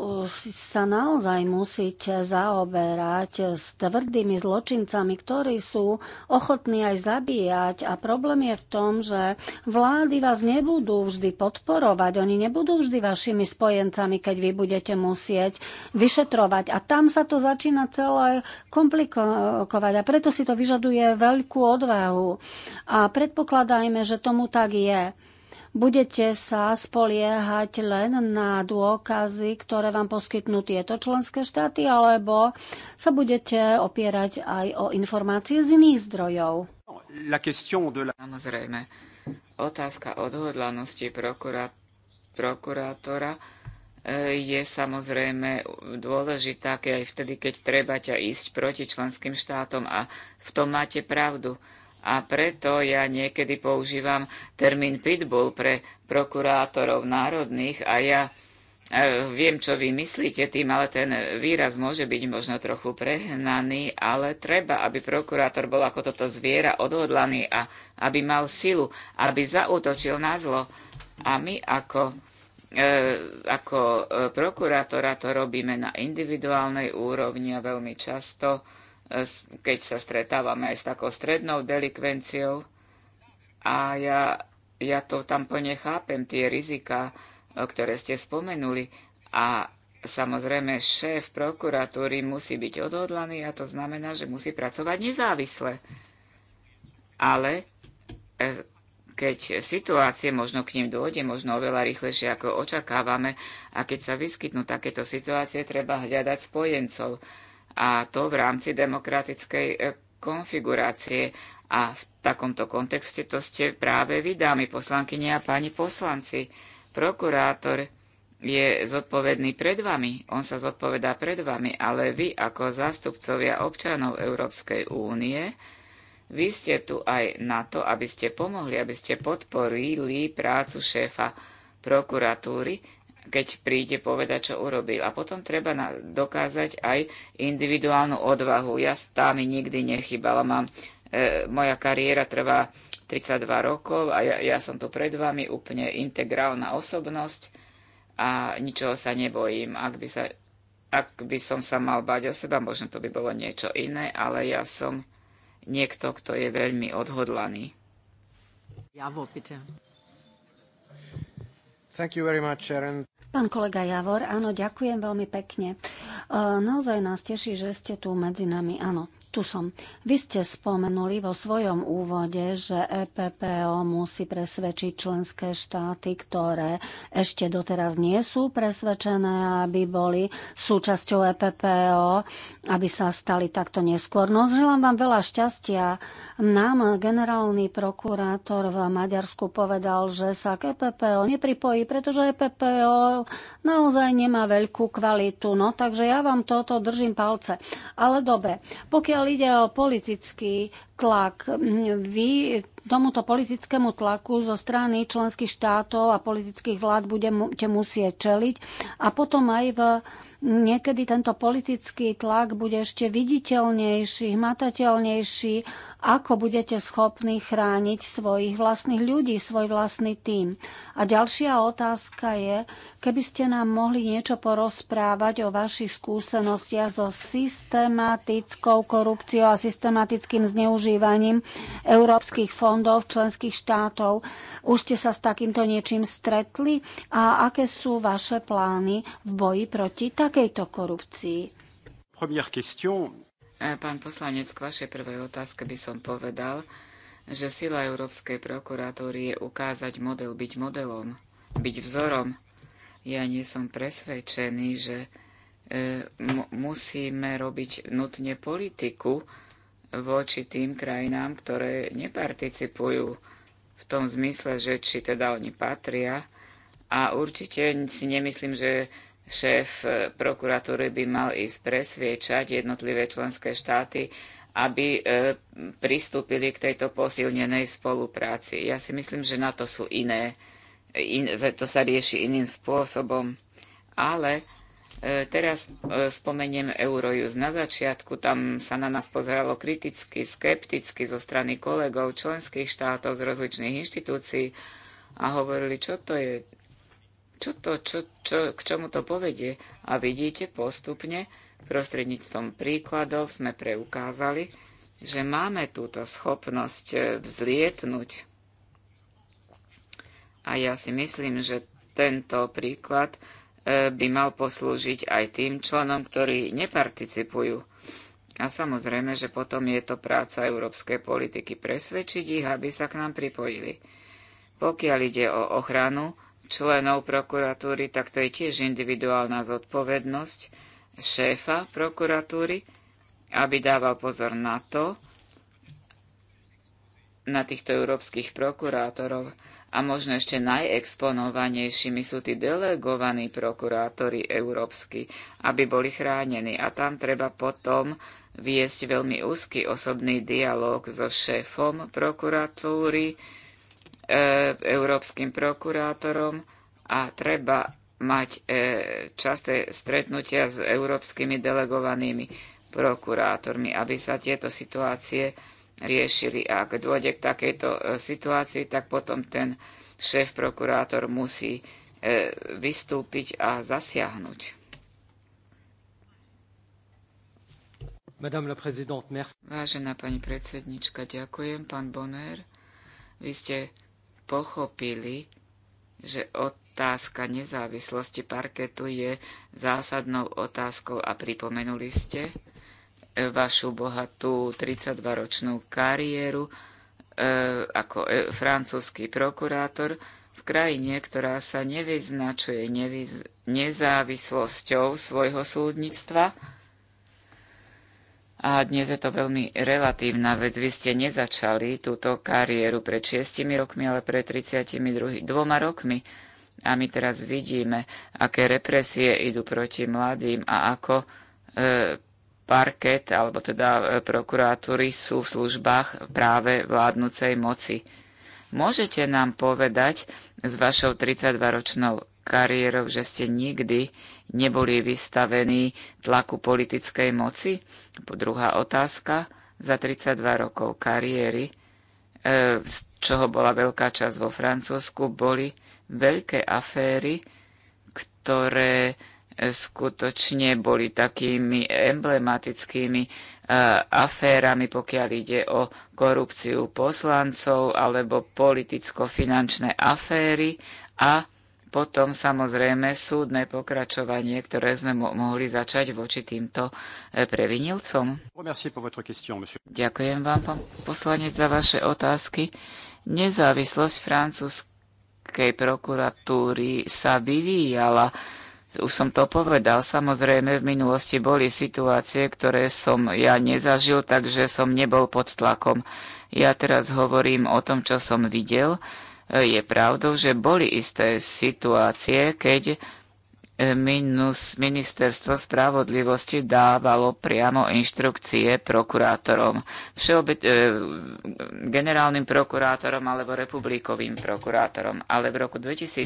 sa naozaj musíte zaoberať s tvrdými zločincami, ktorí sú ochotní aj zabíjať. A problém je v tom, že vlády vás nebudú vždy podporovať, oni nebudú vždy vašimi spojencami, keď vy budete musieť vyšetrovať. A tam sa to začína celé komplikovať. A preto si to vyžaduje veľkú odvahu. A predpokladajme, že tomu tak je budete sa spoliehať len na dôkazy, ktoré vám poskytnú tieto členské štáty, alebo sa budete opierať aj o informácie z iných zdrojov? La de la... Samozrejme, otázka odhodlanosti prokurátora prokurátora eh, je samozrejme dôležitá aj vtedy, keď treba ťa ísť proti členským štátom a v tom máte pravdu a preto ja niekedy používam termín pitbull pre prokurátorov národných a ja e, viem, čo vy myslíte tým, ale ten výraz môže byť možno trochu prehnaný, ale treba, aby prokurátor bol ako toto zviera odhodlaný a aby mal silu, aby zautočil na zlo. A my ako, e, ako e, prokurátora to robíme na individuálnej úrovni a veľmi často E, keď sa stretávame aj s takou strednou delikvenciou. A ja, ja to tam plne chápem, tie rizika, e, ktoré ste spomenuli. A samozrejme, šéf prokuratúry musí byť odhodlaný a to znamená, že musí pracovať nezávisle. Ale e, keď situácie, možno k ním dôjde, možno oveľa rýchlejšie, ako očakávame, a keď sa vyskytnú takéto situácie, treba hľadať spojencov a to v rámci demokratickej e, konfigurácie. A v takomto kontexte to ste práve vy, dámy poslankyne a páni poslanci. Prokurátor je zodpovedný pred vami, on sa zodpovedá pred vami, ale vy ako zástupcovia občanov Európskej únie, vy ste tu aj na to, aby ste pomohli, aby ste podporili prácu šéfa prokuratúry keď príde povedať, čo urobil. A potom treba na, dokázať aj individuálnu odvahu. Ja s tami nikdy nechybala. Mám, e, moja kariéra trvá 32 rokov a ja, ja som tu pred vami úplne integrálna osobnosť a ničoho sa nebojím. Ak by, sa, ak by som sa mal báť o seba, možno to by bolo niečo iné, ale ja som niekto, kto je veľmi odhodlaný. Ja bitte. Thank you very much, Sharon. Pán kolega Javor, áno, ďakujem veľmi pekne. E, naozaj nás teší, že ste tu medzi nami. Áno, tu som. Vy ste spomenuli vo svojom úvode, že EPPO musí presvedčiť členské štáty, ktoré ešte doteraz nie sú presvedčené, aby boli súčasťou EPPO, aby sa stali takto neskôr. No, želám vám veľa šťastia. Nám generálny prokurátor v Maďarsku povedal, že sa k EPPO nepripojí, pretože EPPO naozaj nemá veľkú kvalitu. No, takže ja vám toto držím palce. Ale dobre, pokiaľ pokiaľ ide o politický tlak, vy tomuto politickému tlaku zo strany členských štátov a politických vlád budete musieť čeliť a potom aj v niekedy tento politický tlak bude ešte viditeľnejší, hmatateľnejší ako budete schopní chrániť svojich vlastných ľudí, svoj vlastný tým. A ďalšia otázka je, keby ste nám mohli niečo porozprávať o vašich skúsenostiach so systematickou korupciou a systematickým zneužívaním európskych fondov členských štátov. Už ste sa s takýmto niečím stretli a aké sú vaše plány v boji proti takejto korupcii? Première question. E, pán poslanec, k vašej prvej otázke by som povedal, že sila Európskej prokuratúry je ukázať model, byť modelom, byť vzorom. Ja nie som presvedčený, že e, musíme robiť nutne politiku voči tým krajinám, ktoré neparticipujú v tom zmysle, že či teda oni patria. A určite si nemyslím, že šéf e, prokuratúry by mal ísť presviečať jednotlivé členské štáty, aby e, pristúpili k tejto posilnenej spolupráci. Ja si myslím, že na to sú iné, in, to sa rieši iným spôsobom. Ale e, teraz spomeniem Eurojust. Na začiatku tam sa na nás pozeralo kriticky, skepticky zo strany kolegov členských štátov z rozličných inštitúcií a hovorili, čo to je, čo to, čo, čo, k čomu to povedie? A vidíte, postupne prostredníctvom príkladov sme preukázali, že máme túto schopnosť e, vzlietnúť. A ja si myslím, že tento príklad e, by mal poslúžiť aj tým členom, ktorí neparticipujú. A samozrejme, že potom je to práca európskej politiky presvedčiť ich, aby sa k nám pripojili. Pokiaľ ide o ochranu členov prokuratúry, tak to je tiež individuálna zodpovednosť šéfa prokuratúry, aby dával pozor na to, na týchto európskych prokurátorov. A možno ešte najexponovanejšími sú tí delegovaní prokurátori európsky, aby boli chránení. A tam treba potom viesť veľmi úzky osobný dialog so šéfom prokuratúry, E, európskym prokurátorom a treba mať e, časté stretnutia s európskymi delegovanými prokurátormi, aby sa tieto situácie riešili. Ak dôjde k takejto e, situácii, tak potom ten šéf prokurátor musí vystúpiť a zasiahnuť. Vážená pani predsednička, ďakujem. Pán Bonner, vy ste pochopili, že otázka nezávislosti parketu je zásadnou otázkou a pripomenuli ste e, vašu bohatú 32-ročnú kariéru e, ako e, francúzsky prokurátor v krajine, ktorá sa nevyznačuje nevyz- nezávislosťou svojho súdnictva a dnes je to veľmi relatívna vec. Vy ste nezačali túto kariéru pred šiestimi rokmi, ale pred 32 dvoma rokmi. A my teraz vidíme, aké represie idú proti mladým a ako e, parket, alebo teda e, prokuratúry sú v službách práve vládnucej moci. Môžete nám povedať s vašou 32-ročnou kariérou, že ste nikdy neboli vystavení tlaku politickej moci? Druhá otázka. Za 32 rokov kariéry, e, z čoho bola veľká časť vo Francúzsku, boli veľké aféry, ktoré e, skutočne boli takými emblematickými e, aférami, pokiaľ ide o korupciu poslancov alebo politicko-finančné aféry a potom samozrejme súdne pokračovanie, ktoré sme mo mohli začať voči týmto e, previnilcom. Ďakujem vám, pán poslanec, za vaše otázky. Nezávislosť francúzskej prokuratúry sa vyvíjala. Už som to povedal, samozrejme v minulosti boli situácie, ktoré som ja nezažil, takže som nebol pod tlakom. Ja teraz hovorím o tom, čo som videl je pravdou, že boli isté situácie, keď eh, minus ministerstvo spravodlivosti dávalo priamo inštrukcie prokurátorom, e, generálnym prokurátorom alebo republikovým prokurátorom. Ale v roku 2013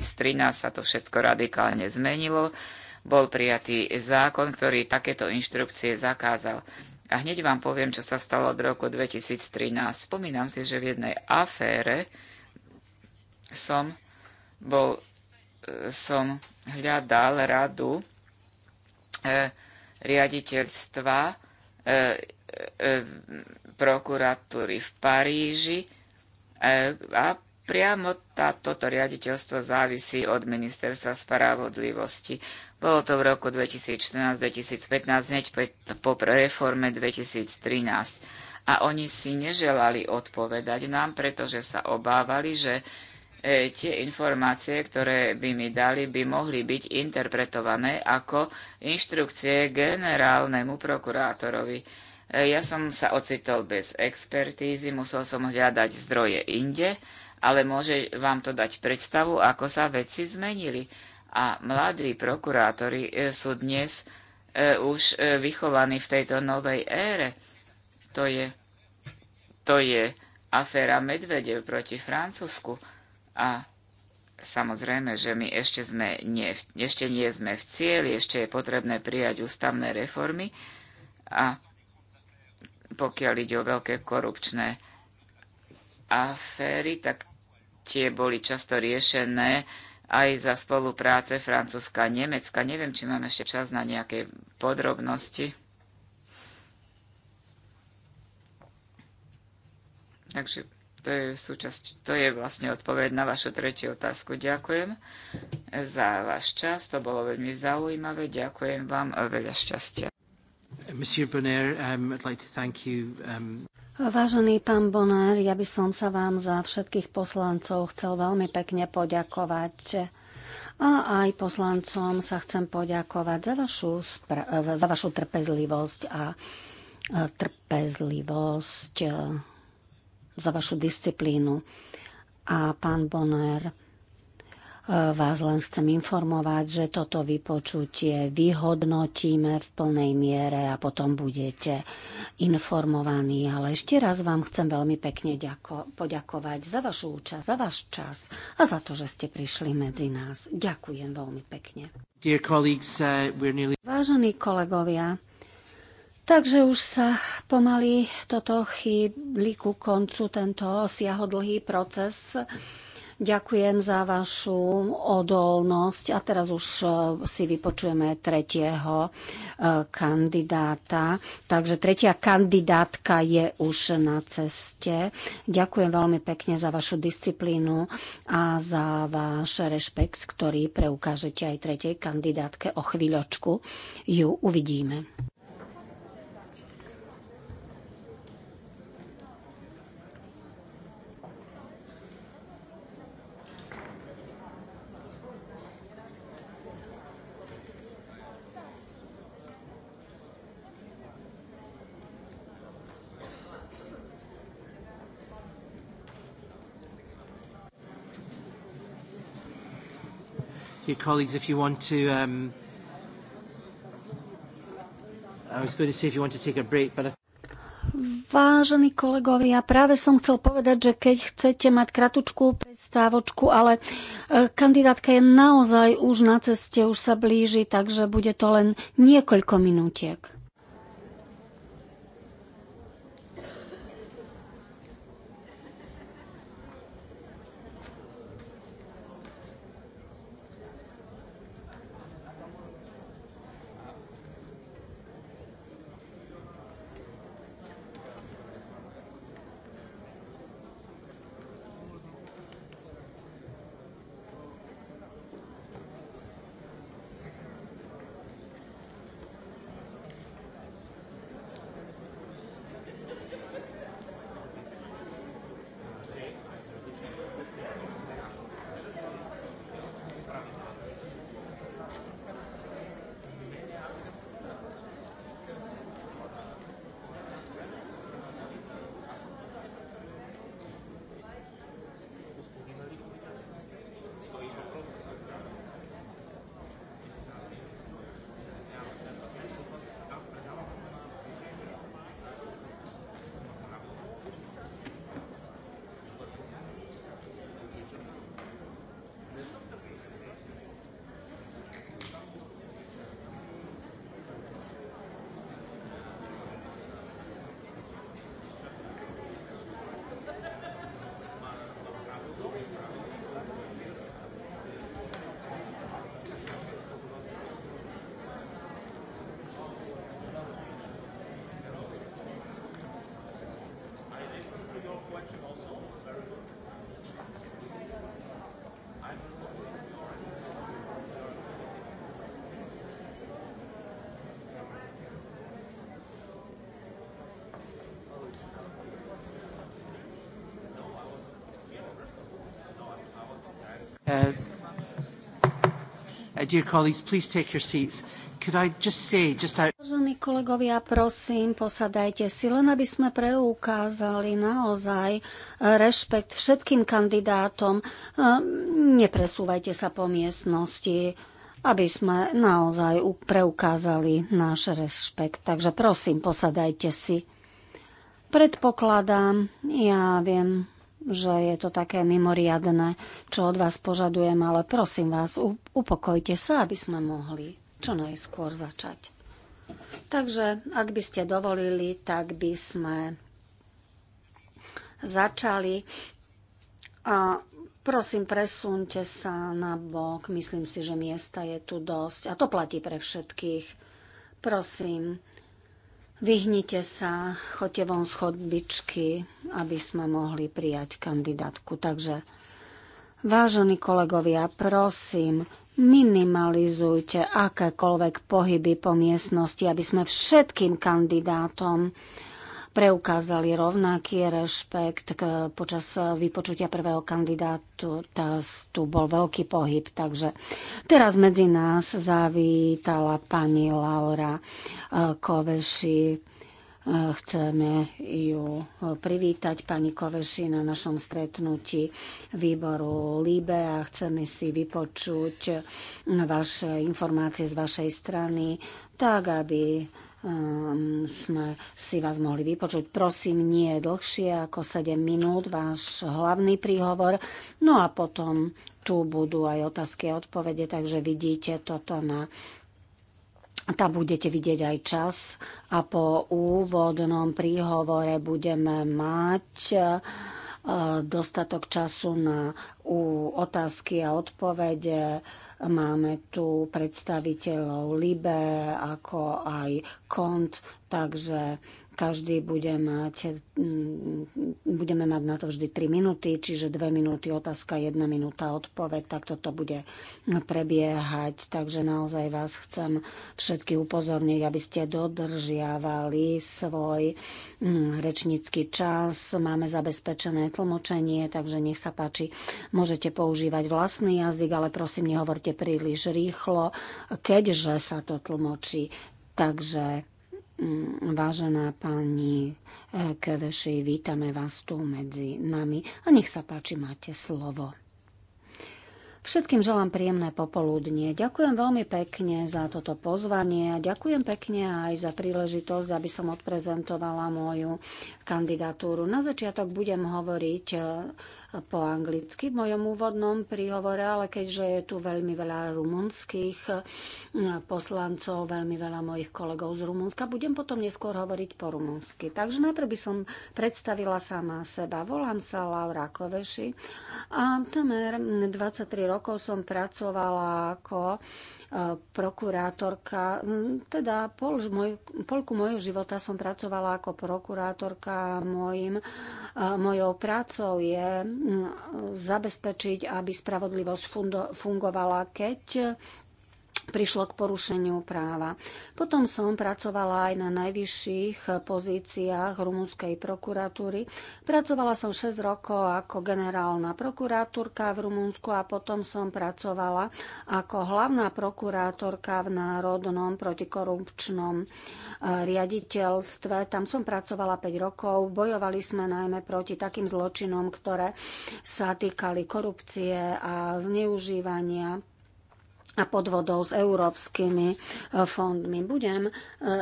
sa to všetko radikálne zmenilo. Bol prijatý zákon, ktorý takéto inštrukcie zakázal. A hneď vám poviem, čo sa stalo od roku 2013. Spomínam si, že v jednej afére, som, bol, e, som hľadal radu e, riaditeľstva e, e, prokuratúry v Paríži e, a priamo toto riaditeľstvo závisí od Ministerstva spravodlivosti. Bolo to v roku 2014-2015, hneď po reforme 2013. A oni si neželali odpovedať nám, pretože sa obávali, že E, tie informácie, ktoré by mi dali, by mohli byť interpretované ako inštrukcie generálnemu prokurátorovi. E, ja som sa ocitol bez expertízy, musel som hľadať zdroje inde, ale môže vám to dať predstavu, ako sa veci zmenili. A mladí prokurátori e, sú dnes už vychovaní v tejto novej ére. To je, to je aféra Medvedev proti Francúzsku a samozrejme, že my ešte, sme nie, ešte nie sme v cieli, ešte je potrebné prijať ústavné reformy a pokiaľ ide o veľké korupčné aféry, tak tie boli často riešené aj za spolupráce Francúzska a Nemecka. Neviem, či mám ešte čas na nejaké podrobnosti. Takže to je, súčasť, to je vlastne odpoveď na vašu tretiu otázku. Ďakujem za váš čas, to bolo veľmi zaujímavé. Ďakujem vám a veľa šťastia. Bonner, um, like you, um... Vážený pán Bonner, ja by som sa vám za všetkých poslancov chcel veľmi pekne poďakovať. A aj poslancom sa chcem poďakovať za vašu, za vašu trpezlivosť a trpezlivosť za vašu disciplínu. A pán Bonner, e, vás len chcem informovať, že toto vypočutie vyhodnotíme v plnej miere a potom budete informovaní. Ale ešte raz vám chcem veľmi pekne ďako- poďakovať za vašu účasť, za váš čas a za to, že ste prišli medzi nás. Ďakujem veľmi pekne. Uh, Vážení kolegovia, Takže už sa pomaly toto chýbli ku koncu, tento siahodlhý proces. Ďakujem za vašu odolnosť a teraz už e, si vypočujeme tretieho e, kandidáta. Takže tretia kandidátka je už na ceste. Ďakujem veľmi pekne za vašu disciplínu a za váš rešpekt, ktorý preukážete aj tretej kandidátke. O chvíľočku ju uvidíme. your colleagues if you want to. Um, I was going to say if you want to take a break, but. I... Vážení kolegovia, práve som chcel povedať, že keď chcete mať kratučkú prestávočku, ale e, kandidátka je naozaj už na ceste, už sa blíži, takže bude to len niekoľko minútiek. dear colleagues, please take your seats. Could I just say, just out... Vážení kolegovia, prosím, posadajte si, len aby sme preukázali naozaj eh, rešpekt všetkým kandidátom. Eh, nepresúvajte sa po miestnosti, aby sme naozaj preukázali náš rešpekt. Takže prosím, posadajte si. Predpokladám, ja viem, že je to také mimoriadné, čo od vás požadujem, ale prosím vás, upokojte sa, aby sme mohli čo najskôr začať. Takže, ak by ste dovolili, tak by sme začali. A prosím, presunte sa na bok. Myslím si, že miesta je tu dosť. A to platí pre všetkých. Prosím, Vyhnite sa, choďte von z chodbičky, aby sme mohli prijať kandidátku. Takže, vážení kolegovia, prosím, minimalizujte akékoľvek pohyby po miestnosti, aby sme všetkým kandidátom preukázali rovnaký rešpekt. Počas vypočutia prvého kandidátu tu bol veľký pohyb. Takže teraz medzi nás zavítala pani Laura eh, Koveši. Eh, chceme ju privítať, pani Koveši, na našom stretnutí výboru LIBE a chceme si vypočuť vaše informácie z vašej strany, tak aby um, sme si vás mohli vypočuť. Prosím, nie dlhšie ako 7 minút, váš hlavný príhovor. No a potom tu budú aj otázky a odpovede, takže vidíte toto na tam budete vidieť aj čas a po úvodnom príhovore budeme mať e, dostatok času na otázky a odpovede Máme tu predstaviteľov LIBE, ako aj KONT, takže každý bude mať, mm, budeme mať na to vždy 3 minúty, čiže 2 minúty otázka, 1 minúta odpoveď, tak toto bude prebiehať. Takže naozaj vás chcem všetky upozorniť, aby ste dodržiavali svoj mm, rečnícky čas. Máme zabezpečené tlmočenie, takže nech sa páči, môžete používať vlastný jazyk, ale prosím, nehovorte príliš rýchlo, keďže sa to tlmočí. Takže Mm, vážená pani eh, Keveši, vítame vás tu medzi nami a nech sa páči, máte slovo. Všetkým želám príjemné popoludnie. Ďakujem veľmi pekne za toto pozvanie a ďakujem pekne aj za príležitosť, aby som odprezentovala moju kandidatúru. Na začiatok budem hovoriť eh, po anglicky v mojom úvodnom príhovore, ale keďže je tu veľmi veľa rumunských eh, poslancov, veľmi veľa mojich kolegov z Rumunska, budem potom neskôr hovoriť po rumunsky. Takže najprv by som predstavila sama seba. Volám sa Laura Koveši a tamer 23 rokov som pracovala ako prokurátorka. Mm, teda pol, môj, polku mojho života som pracovala ako prokurátorka. Mojim, mojou prácou je mm, zabezpečiť, aby spravodlivosť fungovala, keď prišlo k porušeniu práva. Potom som pracovala aj na najvyšších pozíciách rumúnskej prokuratúry. Pracovala som 6 rokov ako generálna prokurátorka v Rumúnsku a potom som pracovala ako hlavná prokurátorka v Národnom protikorupčnom eh, riaditeľstve. Tam som pracovala 5 rokov. Bojovali sme najmä proti takým zločinom, ktoré sa týkali korupcie a zneužívania a podvodov s európskymi e, fondmi. Budem, e,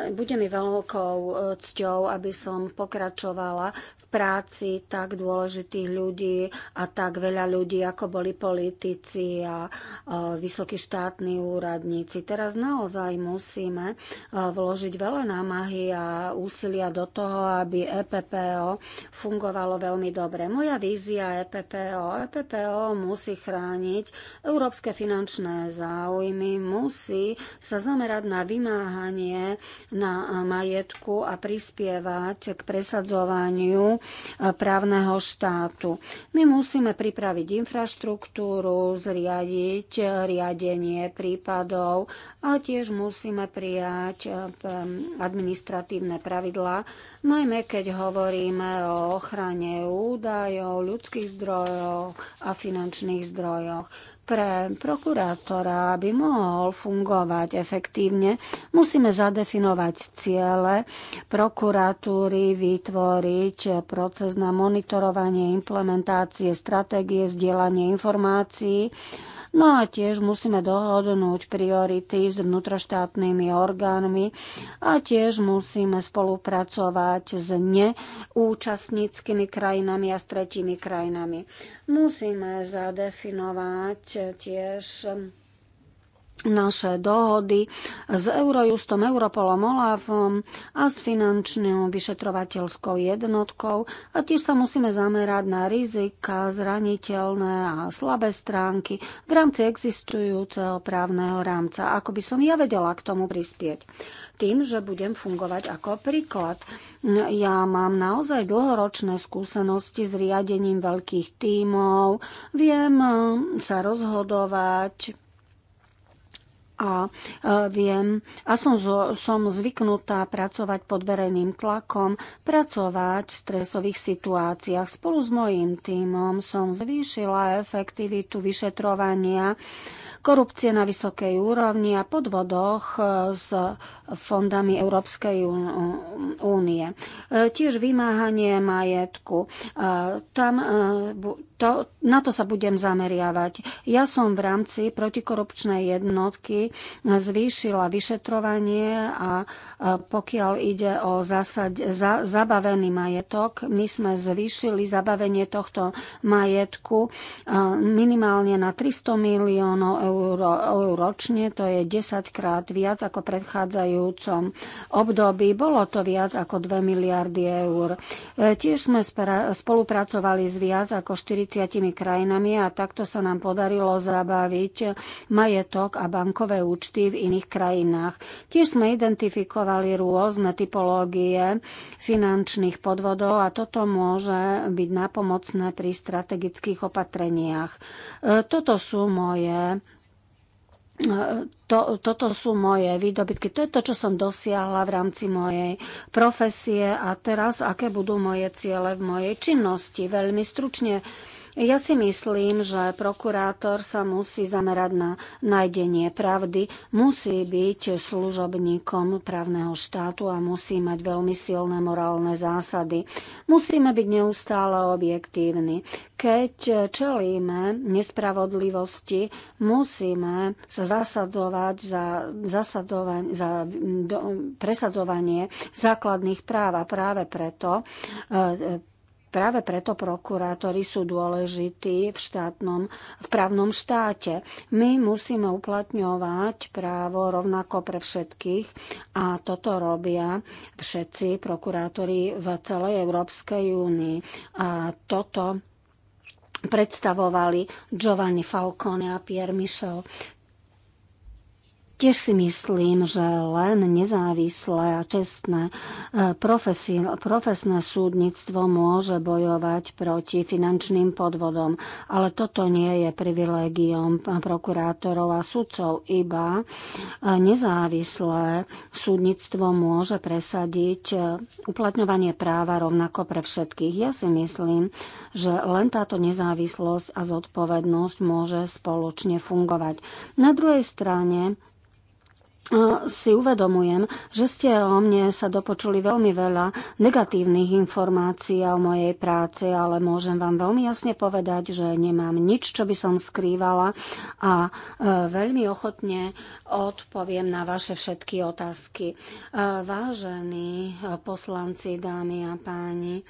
bude mi veľkou e, cťou, aby som pokračovala v práci tak dôležitých ľudí a tak veľa ľudí, ako boli politici a vysokí štátni úradníci. Teraz naozaj musíme vložiť veľa námahy a úsilia do toho, aby EPPO fungovalo veľmi dobre. Moja vízia EPPO. EPPO musí chrániť európske finančné záujmy záujmy, musí sa zamerať na vymáhanie na majetku a prispievať k presadzovaniu e, právneho štátu. My musíme pripraviť infraštruktúru, zriadiť e, riadenie prípadov a tiež musíme prijať e, administratívne pravidlá, najmä keď hovoríme o ochrane údajov, ľudských zdrojov a finančných zdrojoch pre prokurátora, aby mohol fungovať efektívne, musíme zadefinovať ciele prokuratúry, vytvoriť proces na monitorovanie implementácie stratégie, zdieľanie informácií No a tiež musíme dohodnúť priority s vnútroštátnymi orgánmi a tiež musíme spolupracovať s neúčastníckými krajinami a s tretími krajinami. Musíme zadefinovať tiež naše dohody s Eurojustom, Europolom, Olafom a s finančnou vyšetrovateľskou jednotkou a tiež sa musíme zamerať na rizika, zraniteľné a slabé stránky v rámci existujúceho právneho rámca, ako by som ja vedela k tomu prispieť tým, že budem fungovať ako príklad. Ja mám naozaj dlhoročné skúsenosti s riadením veľkých tímov, viem sa rozhodovať, a e, viem a som, som zvyknutá pracovať pod verejným tlakom, pracovať v stresových situáciách. Spolu s mojím tímom som zvýšila efektivitu vyšetrovania korupcie na vysokej úrovni a podvodoch e, s fondami Európskej únie. E, tiež vymáhanie majetku. E, tam, e, to, na to sa budem zameriavať. Ja som v rámci protikorupčnej jednotky zvýšila vyšetrovanie a pokiaľ ide o zásad, za, zabavený majetok, my sme zvýšili zabavenie tohto majetku minimálne na 300 miliónov eur ročne, to je 10 krát viac ako predchádzajú predchádzajúcom období. Bolo to viac ako 2 miliardy eur. E, tiež sme spolupracovali s viac ako 40 krajinami a takto sa nám podarilo zabaviť majetok a bankové účty v iných krajinách. Tiež sme identifikovali rôzne typológie finančných podvodov a toto môže byť napomocné pri strategických opatreniach. E, toto sú moje to, toto sú moje výdobytky. To je to, čo som dosiahla v rámci mojej profesie a teraz, aké budú moje ciele v mojej činnosti. Veľmi stručne ja si myslím, že prokurátor sa musí zamerať na nájdenie pravdy, musí byť služobníkom právneho štátu a musí mať veľmi silné morálne zásady. Musíme byť neustále objektívni. Keď čelíme nespravodlivosti, musíme sa zasadzovať za, zasadzovanie, za do, presadzovanie základných práv a práve preto e, e Práve preto prokurátori sú dôležití v, štátnom, v právnom štáte. My musíme uplatňovať právo rovnako pre všetkých a toto robia všetci prokurátori v celej Európskej únii. A toto predstavovali Giovanni Falcone a Pierre Michel. Tiež si myslím, že len nezávislé a čestné e, profesné súdnictvo môže bojovať proti finančným podvodom, ale toto nie je privilégiom prokurátorov a sudcov. Iba e, nezávislé súdnictvo môže presadiť e, uplatňovanie práva rovnako pre všetkých. Ja si myslím, že len táto nezávislosť a zodpovednosť môže spoločne fungovať. Na druhej strane, si uvedomujem, že ste o mne sa dopočuli veľmi veľa negatívnych informácií o mojej práci, ale môžem vám veľmi jasne povedať, že nemám nič, čo by som skrývala a e, veľmi ochotne odpoviem na vaše všetky otázky. E, vážení e, poslanci, dámy a páni,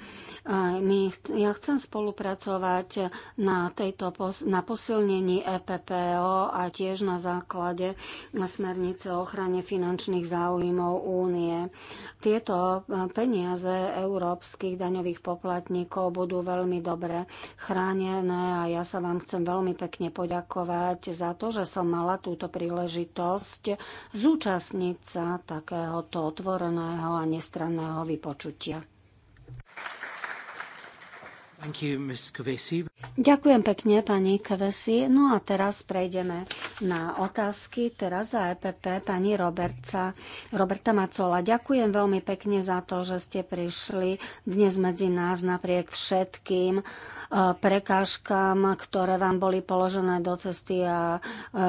my, ja chcem spolupracovať na, tejto, na posilnení EPPO a tiež na základe smernice o ochrane finančných záujmov únie. Tieto e, peniaze európskych daňových poplatníkov budú veľmi dobre chránené a ja sa vám chcem veľmi pekne poďakovať za to, že som mala túto príležitosť zúčastniť sa takéhoto otvoreného a nestranného vypočutia. Ďakujem pekne, pani Kvesi. No a teraz prejdeme na otázky. Teraz za EPP pani Roberta, Roberta Macola. Ďakujem veľmi pekne za to, že ste prišli dnes medzi nás napriek všetkým prekážkam, ktoré vám boli položené do cesty a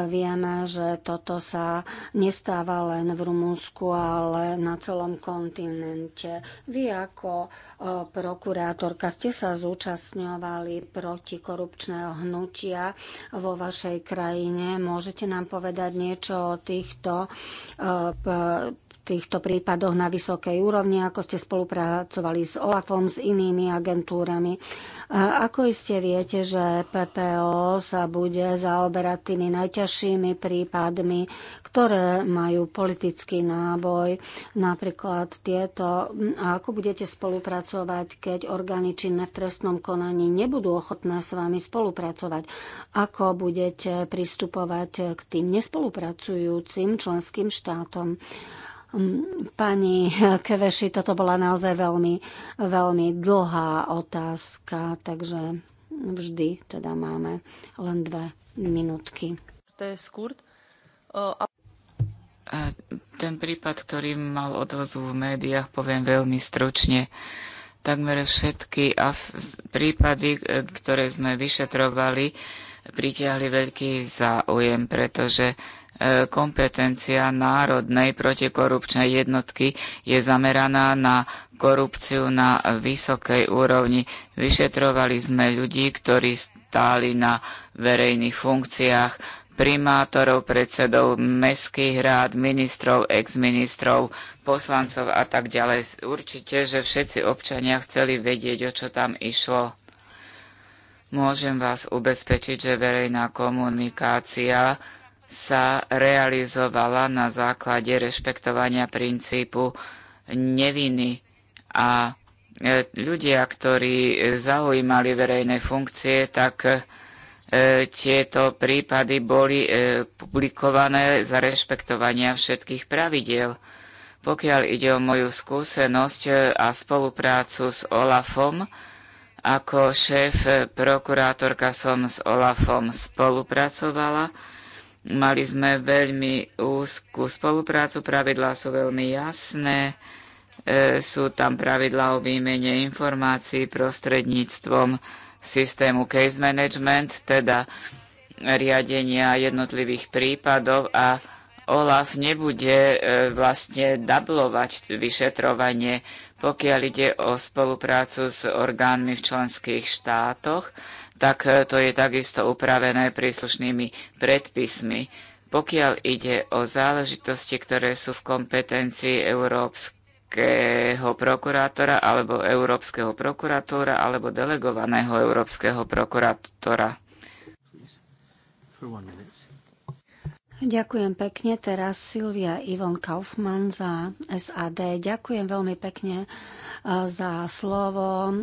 vieme, že toto sa nestáva len v Rumúnsku, ale na celom kontinente. Vy ako prokurátorka ste sa zúčastňovali protikorupčného hnutia vo vašej krajine. Môžete nám povedať niečo o týchto týchto prípadoch na vysokej úrovni, ako ste spolupracovali s OLAFom, s inými agentúrami. Ako iste viete, že PPO sa bude zaoberať tými najťažšími prípadmi, ktoré majú politický náboj, napríklad tieto. A ako budete spolupracovať, keď orgány činné v trestnom konaní nebudú ochotné s vami spolupracovať? Ako budete pristupovať k tým nespolupracujúcim členským štátom? Mm, pani Keveši, toto bola naozaj veľmi, veľmi dlhá otázka, takže vždy teda máme len dve minútky. To je skurt. A ten prípad, ktorý mal odvozu v médiách, poviem veľmi stručne. Takmer všetky prípady, e, ktoré sme vyšetrovali, pritiahli veľký záujem, pretože kompetencia národnej protikorupčnej jednotky je zameraná na korupciu na vysokej úrovni. Vyšetrovali sme ľudí, ktorí stáli na verejných funkciách, primátorov, predsedov mestských rád, ministrov, exministrov, poslancov a tak ďalej. Určite, že všetci občania chceli vedieť, o čo tam išlo. Môžem vás ubezpečiť, že verejná komunikácia sa realizovala na základe rešpektovania princípu neviny a e, ľudia, ktorí zaujímali verejné funkcie, tak e, tieto prípady boli e, publikované za rešpektovania všetkých pravidiel. Pokiaľ ide o moju skúsenosť a spoluprácu s OLAFom, ako šéf prokurátorka som s OLAFom spolupracovala, Mali sme veľmi úzkú spoluprácu, pravidlá sú veľmi jasné, e, sú tam pravidlá o výmene informácií prostredníctvom systému case management, teda riadenia jednotlivých prípadov a OLAF nebude e, vlastne dublovať vyšetrovanie, pokiaľ ide o spoluprácu s orgánmi v členských štátoch tak e, to je takisto upravené príslušnými predpismi. Pokiaľ ide o záležitosti, ktoré sú v kompetencii európskeho prokurátora alebo európskeho prokurátora alebo delegovaného európskeho prokurátora. Ďakujem pekne. Teraz Silvia Ivon Kaufmann za SAD. Ďakujem veľmi pekne e, za slovo. E,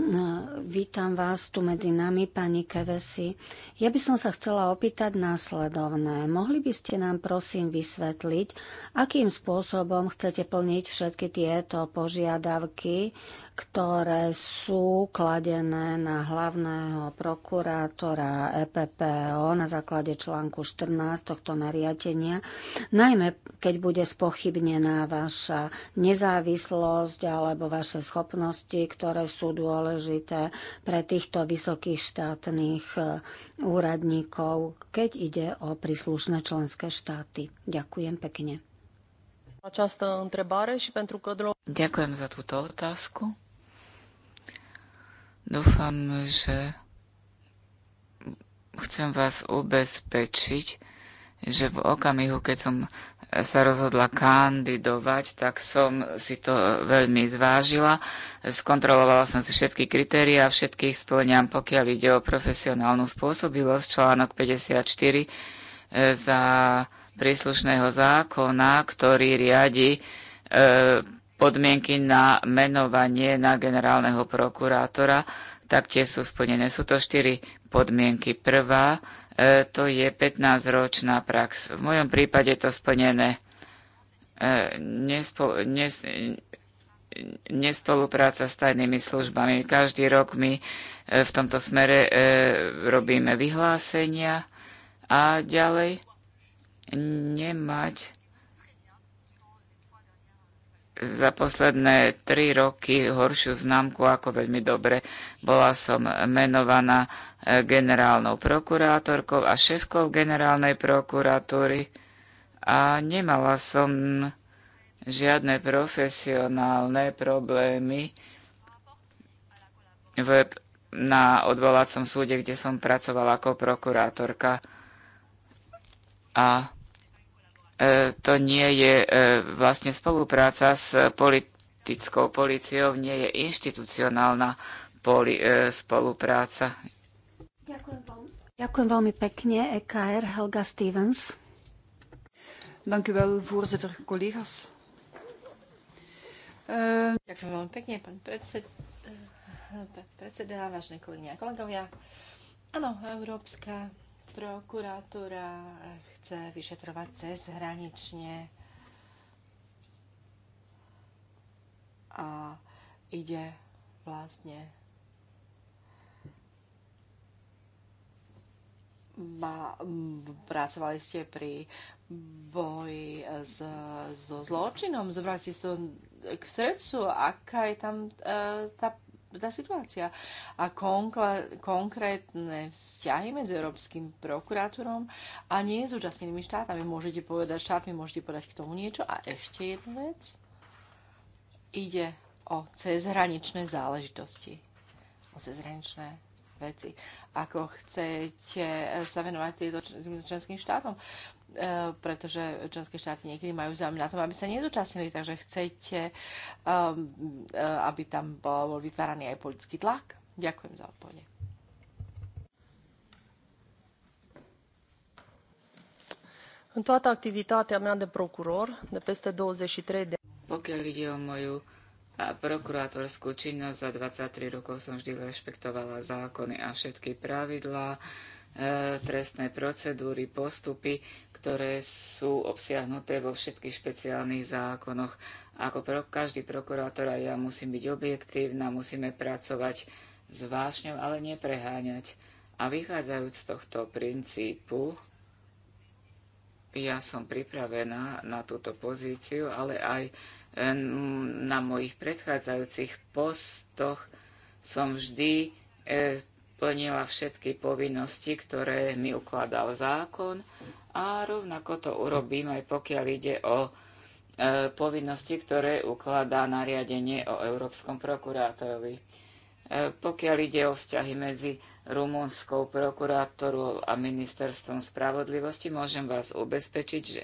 vítam vás tu medzi nami, pani Kevesi. Ja by som sa chcela opýtať následovné. Mohli by ste nám prosím vysvetliť, akým spôsobom chcete plniť všetky tieto požiadavky ktoré sú kladené na hlavného prokurátora EPPO na základe článku 14 tohto nariadenia, najmä keď bude spochybnená vaša nezávislosť alebo vaše schopnosti, ktoré sú dôležité pre týchto vysokých štátnych e, úradníkov, keď ide o príslušné členské štáty. Ďakujem pekne. Ďakujem za túto otázku. Dúfam, že chcem vás ubezpečiť, že v okamihu, keď som sa rozhodla kandidovať, tak som si to veľmi zvážila. Skontrolovala som si všetky kritéria, všetkých splňam, pokiaľ ide o profesionálnu spôsobilosť, článok 54 e, za príslušného zákona, ktorý riadi e, podmienky na menovanie na generálneho prokurátora, taktiež sú splnené. Sú to štyri podmienky. Prvá, e, to je 15-ročná prax. V mojom prípade je to splnené. E, nespo, nes, nespolupráca s tajnými službami. Každý rok my e, v tomto smere e, robíme vyhlásenia a ďalej nemať za posledné tri roky horšiu známku ako veľmi dobre. Bola som menovaná e, generálnou prokurátorkou a šéfkou generálnej prokuratúry a nemala som žiadne profesionálne problémy v, na odvolacom súde, kde som pracovala ako prokurátorka. A E, to nie je e, vlastne spolupráca s politickou policiou, nie je inštitucionálna poli, e, spolupráca. Ďakujem veľmi, Ďakujem veľmi pekne, EKR Helga Stevens. Dank u wel, voorzitter, collega's. Eh, ďakujem veľmi pekne, eh, pán predseda, vážne kolegyne a kolegovia. Áno, Európska Prokuratúra chce vyšetrovať cez hranične a ide vlastne ma, pracovali ste pri boji s, so zločinom, zobrali ste to k srdcu, aká je tam e, tá tá situácia a konkrétne vzťahy medzi Európskym prokurátorom a nie s účastnenými štátami. Môžete povedať štátmi, môžete povedať k tomu niečo. A ešte jednu vec. Ide o cezhraničné záležitosti. O cezhraničné veci, ako chcete sa venovať týmto členským štátom. E, pretože členské štáty niekedy majú záujem na tom, aby sa nezúčastnili, takže chcete, e, e, aby tam bol vytváraný aj politický tlak? Ďakujem za odpovede. În toată activitatea mea de procuror, de peste 23 de Pokiaľ ide o moju prokurátorskú činnosť, za 23 rokov som vždy rešpektovala zákony a všetky pravidlá, e, trestné procedúry, postupy ktoré sú obsiahnuté vo všetkých špeciálnych zákonoch. Ako pro každý prokurátor aj ja musím byť objektívna, musíme pracovať s vášňou, ale nepreháňať. A vychádzajúc z tohto princípu, ja som pripravená na túto pozíciu, ale aj na mojich predchádzajúcich postoch som vždy eh, plnila všetky povinnosti, ktoré mi ukladal zákon a rovnako to urobím aj pokiaľ ide o e, povinnosti, ktoré ukladá nariadenie o Európskom prokurátorovi. E, pokiaľ ide o vzťahy medzi rumunskou prokurátorou a ministerstvom spravodlivosti, môžem vás ubezpečiť, že,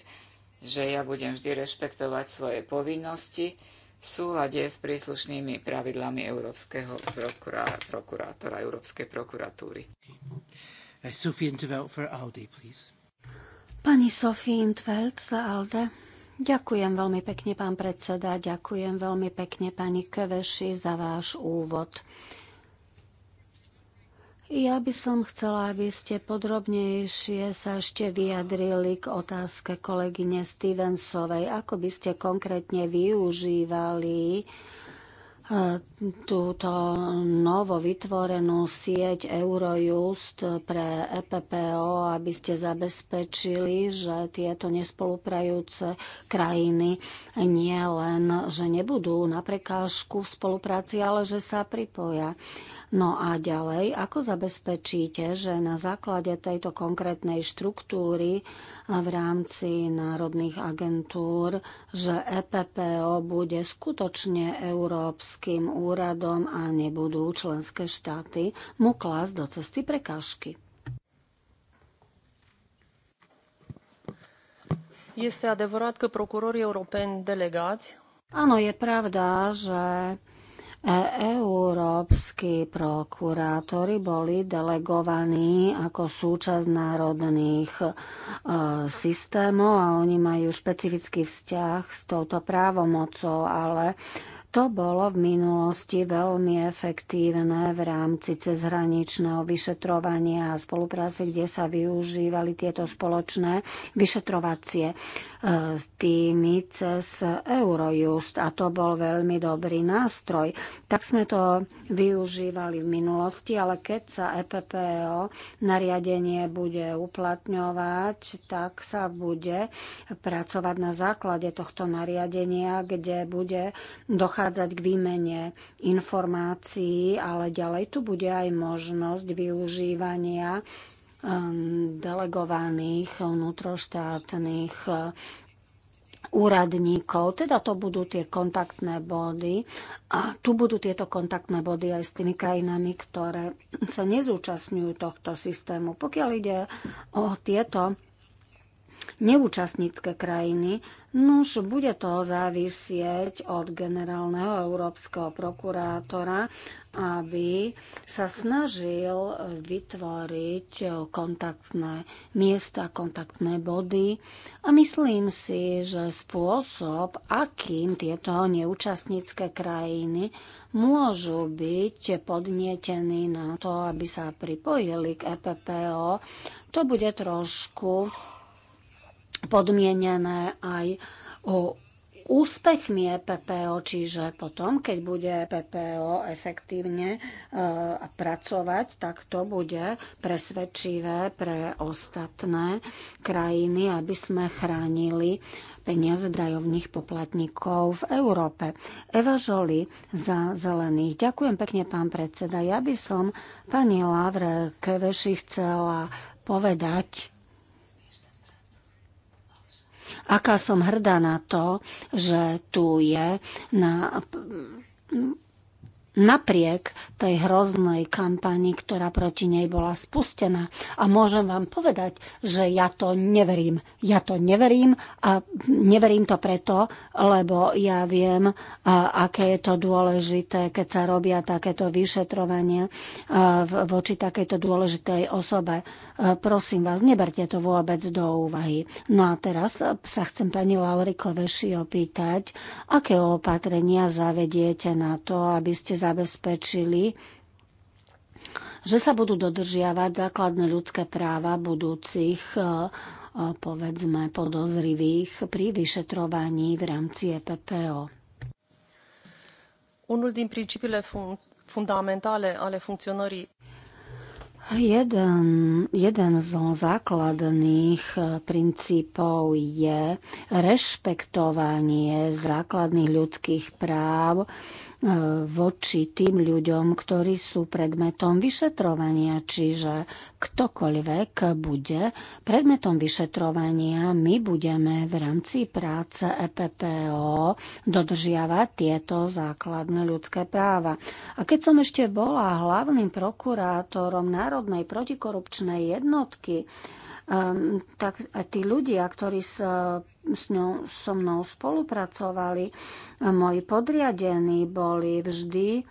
že ja budem vždy rešpektovať svoje povinnosti v súlade s príslušnými pravidlami Európskeho prokurá- prokurátora, Európskej prokuratúry. Uh, Sophie Intveld for Aldi, please. Pani Sophie Intveld za Alde. Ďakujem veľmi pekne, pán predseda. Ďakujem veľmi pekne, pani Kveši, za váš úvod. Ja by som chcela, aby ste podrobnejšie sa ešte vyjadrili k otázke kolegyne Stevensovej. Ako by ste konkrétne využívali e, túto novo vytvorenú sieť Eurojust pre EPPO, aby ste zabezpečili, že tieto nespoluprajúce krajiny nie len, že nebudú na prekážku v spolupráci, ale že sa pripoja. No a ďalej, ako zabezpečíte, že na základe tejto konkrétnej štruktúry eh, v rámci národných agentúr, že EPPO bude skutočne Európskym úradom a nebudú členské štáty mu klásť do cesty prekážky? Este adevărat că procurorii europeni delegați Áno, je pravda, že E, európsky prokurátori boli delegovaní ako súčasť národných e, systémov a oni majú špecifický vzťah s touto právomocou, ale to bolo v minulosti veľmi efektívne v rámci cezhraničného vyšetrovania a spolupráce, kde sa využívali tieto spoločné vyšetrovacie s e, týmy cez Eurojust a to bol veľmi dobrý nástroj. Tak sme to využívali v minulosti, ale keď sa EPPO nariadenie bude uplatňovať, tak sa bude pracovať na základe tohto nariadenia, kde bude dochádzať dochádzať k výmene informácií, ale ďalej tu bude aj možnosť využívania um, delegovaných vnútroštátnych uh, úradníkov, teda to budú tie kontaktné body a tu budú tieto kontaktné body aj s tými krajinami, ktoré sa nezúčastňujú tohto systému. Pokiaľ ide o tieto neúčastnícke krajiny, Nuž, bude to závisieť od generálneho európskeho prokurátora, aby sa snažil vytvoriť kontaktné miesta, kontaktné body. A myslím si, že spôsob, akým tieto neúčastnícke krajiny môžu byť podnietení na to, aby sa pripojili k EPPO, to bude trošku podmienené aj o úspechmi e PPO, čiže potom, keď bude e PPO efektívne e, pracovať, tak to bude presvedčivé pre ostatné krajiny, aby sme chránili peniaze drajovných poplatníkov v Európe. Eva Žoli za zelených. Ďakujem pekne, pán predseda. Ja by som pani Lavre Keveši chcela povedať, aká som hrdá na to, že tu je na napriek tej hroznej kampani, ktorá proti nej bola spustená. A môžem vám povedať, že ja to neverím. Ja to neverím a neverím to preto, lebo ja viem, aké je to dôležité, keď sa robia takéto vyšetrovanie voči takejto dôležitej osobe. Prosím vás, neberte to vôbec do úvahy. No a teraz sa chcem pani veši opýtať, aké opatrenia zavediete na to, aby ste zabezpečili, že sa budú dodržiavať základné ľudské práva budúcich e, e, povedzme podozrivých pri vyšetrovaní v rámci EPPO. Unul din principiile fundamentale ale funcționării Jeden, jeden z základných e, princípov je rešpektovanie základných ľudských práv voči tým ľuďom, ktorí sú predmetom vyšetrovania. Čiže ktokoľvek bude predmetom vyšetrovania, my budeme v rámci práce EPPO dodržiavať tieto základné ľudské práva. A keď som ešte bola hlavným prokurátorom Národnej protikorupčnej jednotky, um, tak tí ľudia, ktorí sa s ňou, so mnou spolupracovali. Moji podriadení boli vždy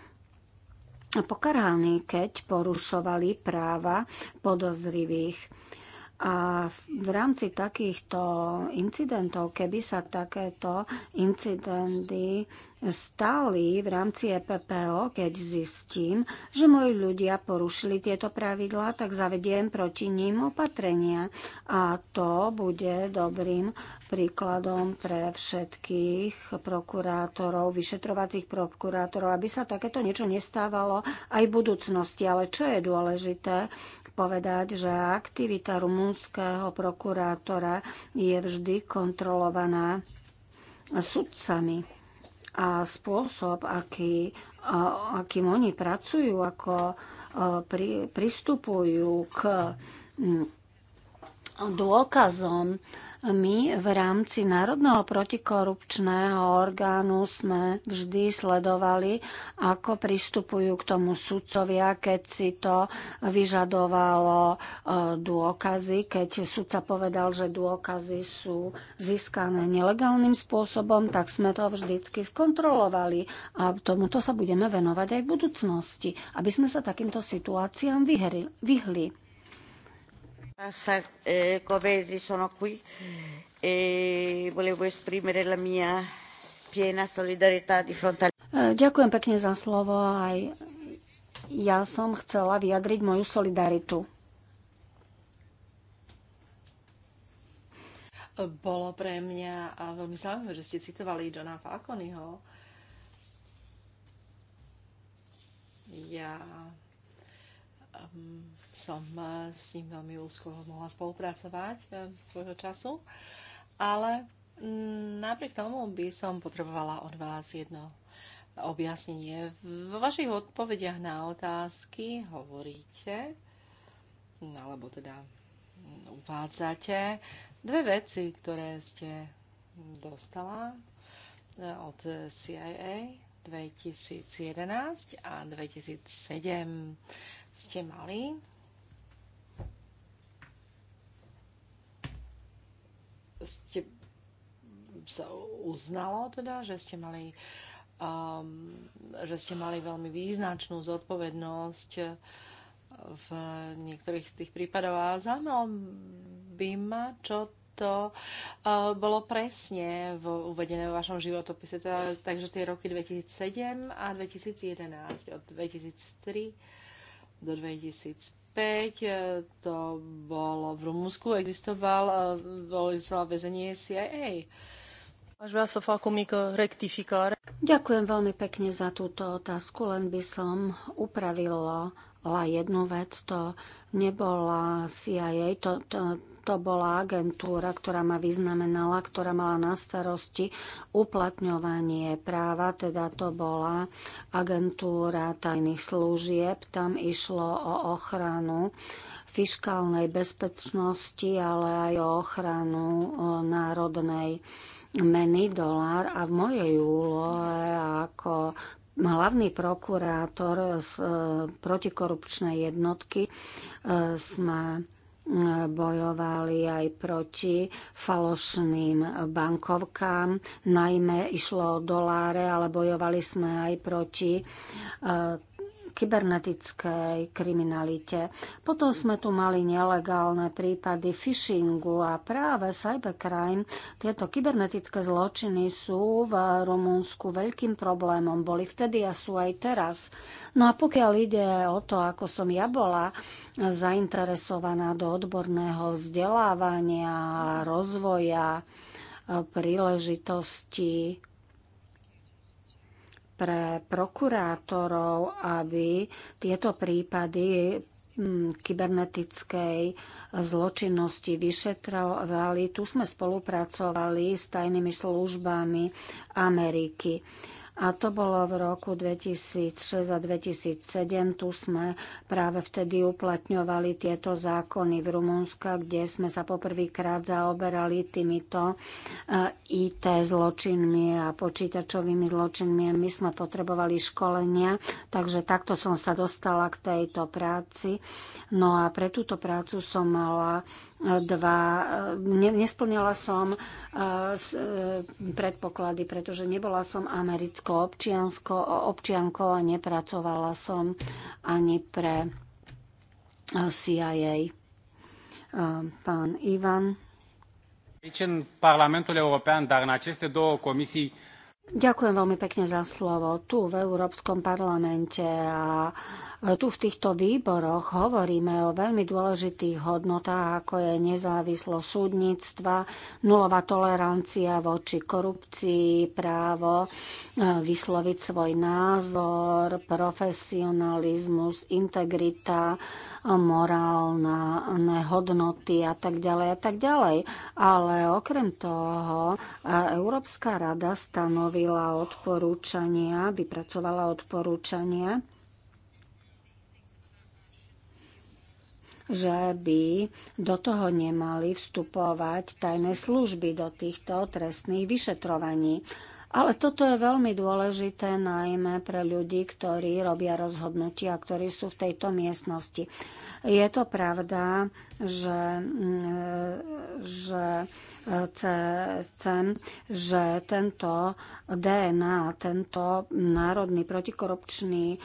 pokarhaní, keď porušovali práva podozrivých. A v rámci takýchto incidentov, keby sa takéto incidenty stali v rámci EPPO, keď zistím, že moji ľudia porušili tieto pravidlá, tak zavediem proti ním opatrenia. A to bude dobrým príkladom pre všetkých prokurátorov, vyšetrovacích prokurátorov, aby sa takéto niečo nestávalo aj v budúcnosti. Ale čo je dôležité, povedať, že aktivita rumúnskeho prokurátora je vždy kontrolovaná sudcami. A spôsob, aký, akým oni pracujú, ako pristupujú k dôkazom. My v rámci Národného protikorupčného orgánu sme vždy sledovali, ako pristupujú k tomu sudcovia, keď si to vyžadovalo e, dôkazy, keď sudca povedal, že dôkazy sú získané nelegálnym spôsobom, tak sme to vždycky skontrolovali a tomuto sa budeme venovať aj v budúcnosti, aby sme sa takýmto situáciám vyhli eh, Covesi sono qui e volevo esprimere la mia piena solidarietà di fronte e, Ďakujem pekne za slovo. Aj ja som chcela vyjadriť moju solidaritu. Bolo pre mňa veľmi zaujímavé, že ste citovali Johna Falconyho. Ja um, som eh, s ním veľmi úzko mohla spolupracovať eh, svojho času, ale mm, napriek tomu by som potrebovala od vás jedno objasnenie. Vo vašich odpovediach na otázky hovoríte, no, alebo teda uvádzate dve veci, ktoré ste dostala eh, od CIA 2011 a 2007 ste mali ste sa uznalo teda, že ste mali um, že ste mali veľmi význačnú zodpovednosť v niektorých z tých prípadov a zaujímalo by ma, čo to uh, bolo presne v, uvedené vo vašom životopise, teda, takže tie roky 2007 a 2011, od 2003 do 2005 2005, e, to bolo v Rumúnsku, existoval, existoval väzenie CIA. Ďakujem veľmi pekne za túto otázku, len by som upravila jednu vec. To nebola CIA, to, to, to bola agentúra, ktorá ma vyznamenala, ktorá mala na starosti uplatňovanie práva, teda to bola agentúra tajných služieb. Tam išlo o ochranu fiskálnej bezpečnosti, ale aj o ochranu národnej meny dolár a v mojej úlohe ako hlavný prokurátor z e, protikorupčnej jednotky e, sme bojovali aj proti falošným bankovkám. Najmä išlo o doláre, ale bojovali sme aj proti eh, kybernetickej kriminalite. Potom sme tu mali nelegálne prípady phishingu a práve cybercrime. Tieto kybernetické zločiny sú v Rumunsku veľkým problémom. Boli vtedy a sú aj teraz. No a pokiaľ ide o to, ako som ja bola zainteresovaná do odborného vzdelávania, rozvoja, príležitosti pre prokurátorov, aby tieto prípady mm, kybernetickej zločinnosti vyšetrovali. Tu sme spolupracovali s tajnými službami Ameriky. A to bolo v roku 2006 a 2007. Tu sme práve vtedy uplatňovali tieto zákony v Rumunsku, kde sme sa poprvýkrát zaoberali týmito IT e, zločinmi a počítačovými zločinmi. My sme potrebovali školenia, takže takto som sa dostala k tejto práci. No a pre túto prácu som mala dva. Nesplnila som e, e, predpoklady, pretože nebola som americkou občiankou a nepracovala som ani pre e, CIA. Pán Ivan. Aici, în Parlamentul European, dar în aceste două comisii Ďakujem veľmi pekne za slovo. Tu v Európskom parlamente a tu v týchto výboroch hovoríme o veľmi dôležitých hodnotách, ako je nezávislosť súdnictva, nulová tolerancia voči korupcii, právo e, vysloviť svoj názor, profesionalizmus, integrita, morálne hodnoty a tak ďalej a tak ďalej. Ale okrem toho e, Európska rada stanovila odporúčania, vypracovala odporúčania že by do toho nemali vstupovať tajné služby do týchto trestných vyšetrovaní. Ale toto je veľmi dôležité najmä pre ľudí, ktorí robia rozhodnutia, ktorí sú v tejto miestnosti. Je to pravda, že, mm, e, že e, CSCM, že tento DNA, tento Národný protikorupčný e,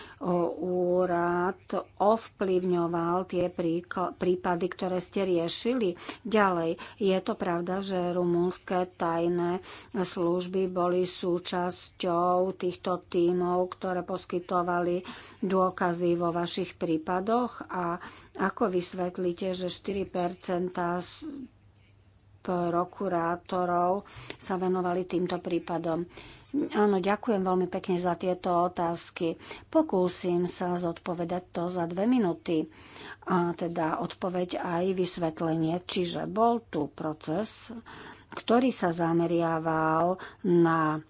úrad ovplyvňoval tie prípady, ktoré ste riešili. Ďalej, je to pravda, že rumúnske tajné služby boli súčasťou týchto tímov, ktoré poskytovali dôkazy vo vašich prípadoch a ako vysvetlíte, že 4 prokurátorov sa venovali týmto prípadom. Áno, ďakujem veľmi pekne za tieto otázky. Pokúsim sa zodpovedať to za dve minúty. A teda odpoveď aj vysvetlenie. Čiže bol tu proces, ktorý sa zameriaval na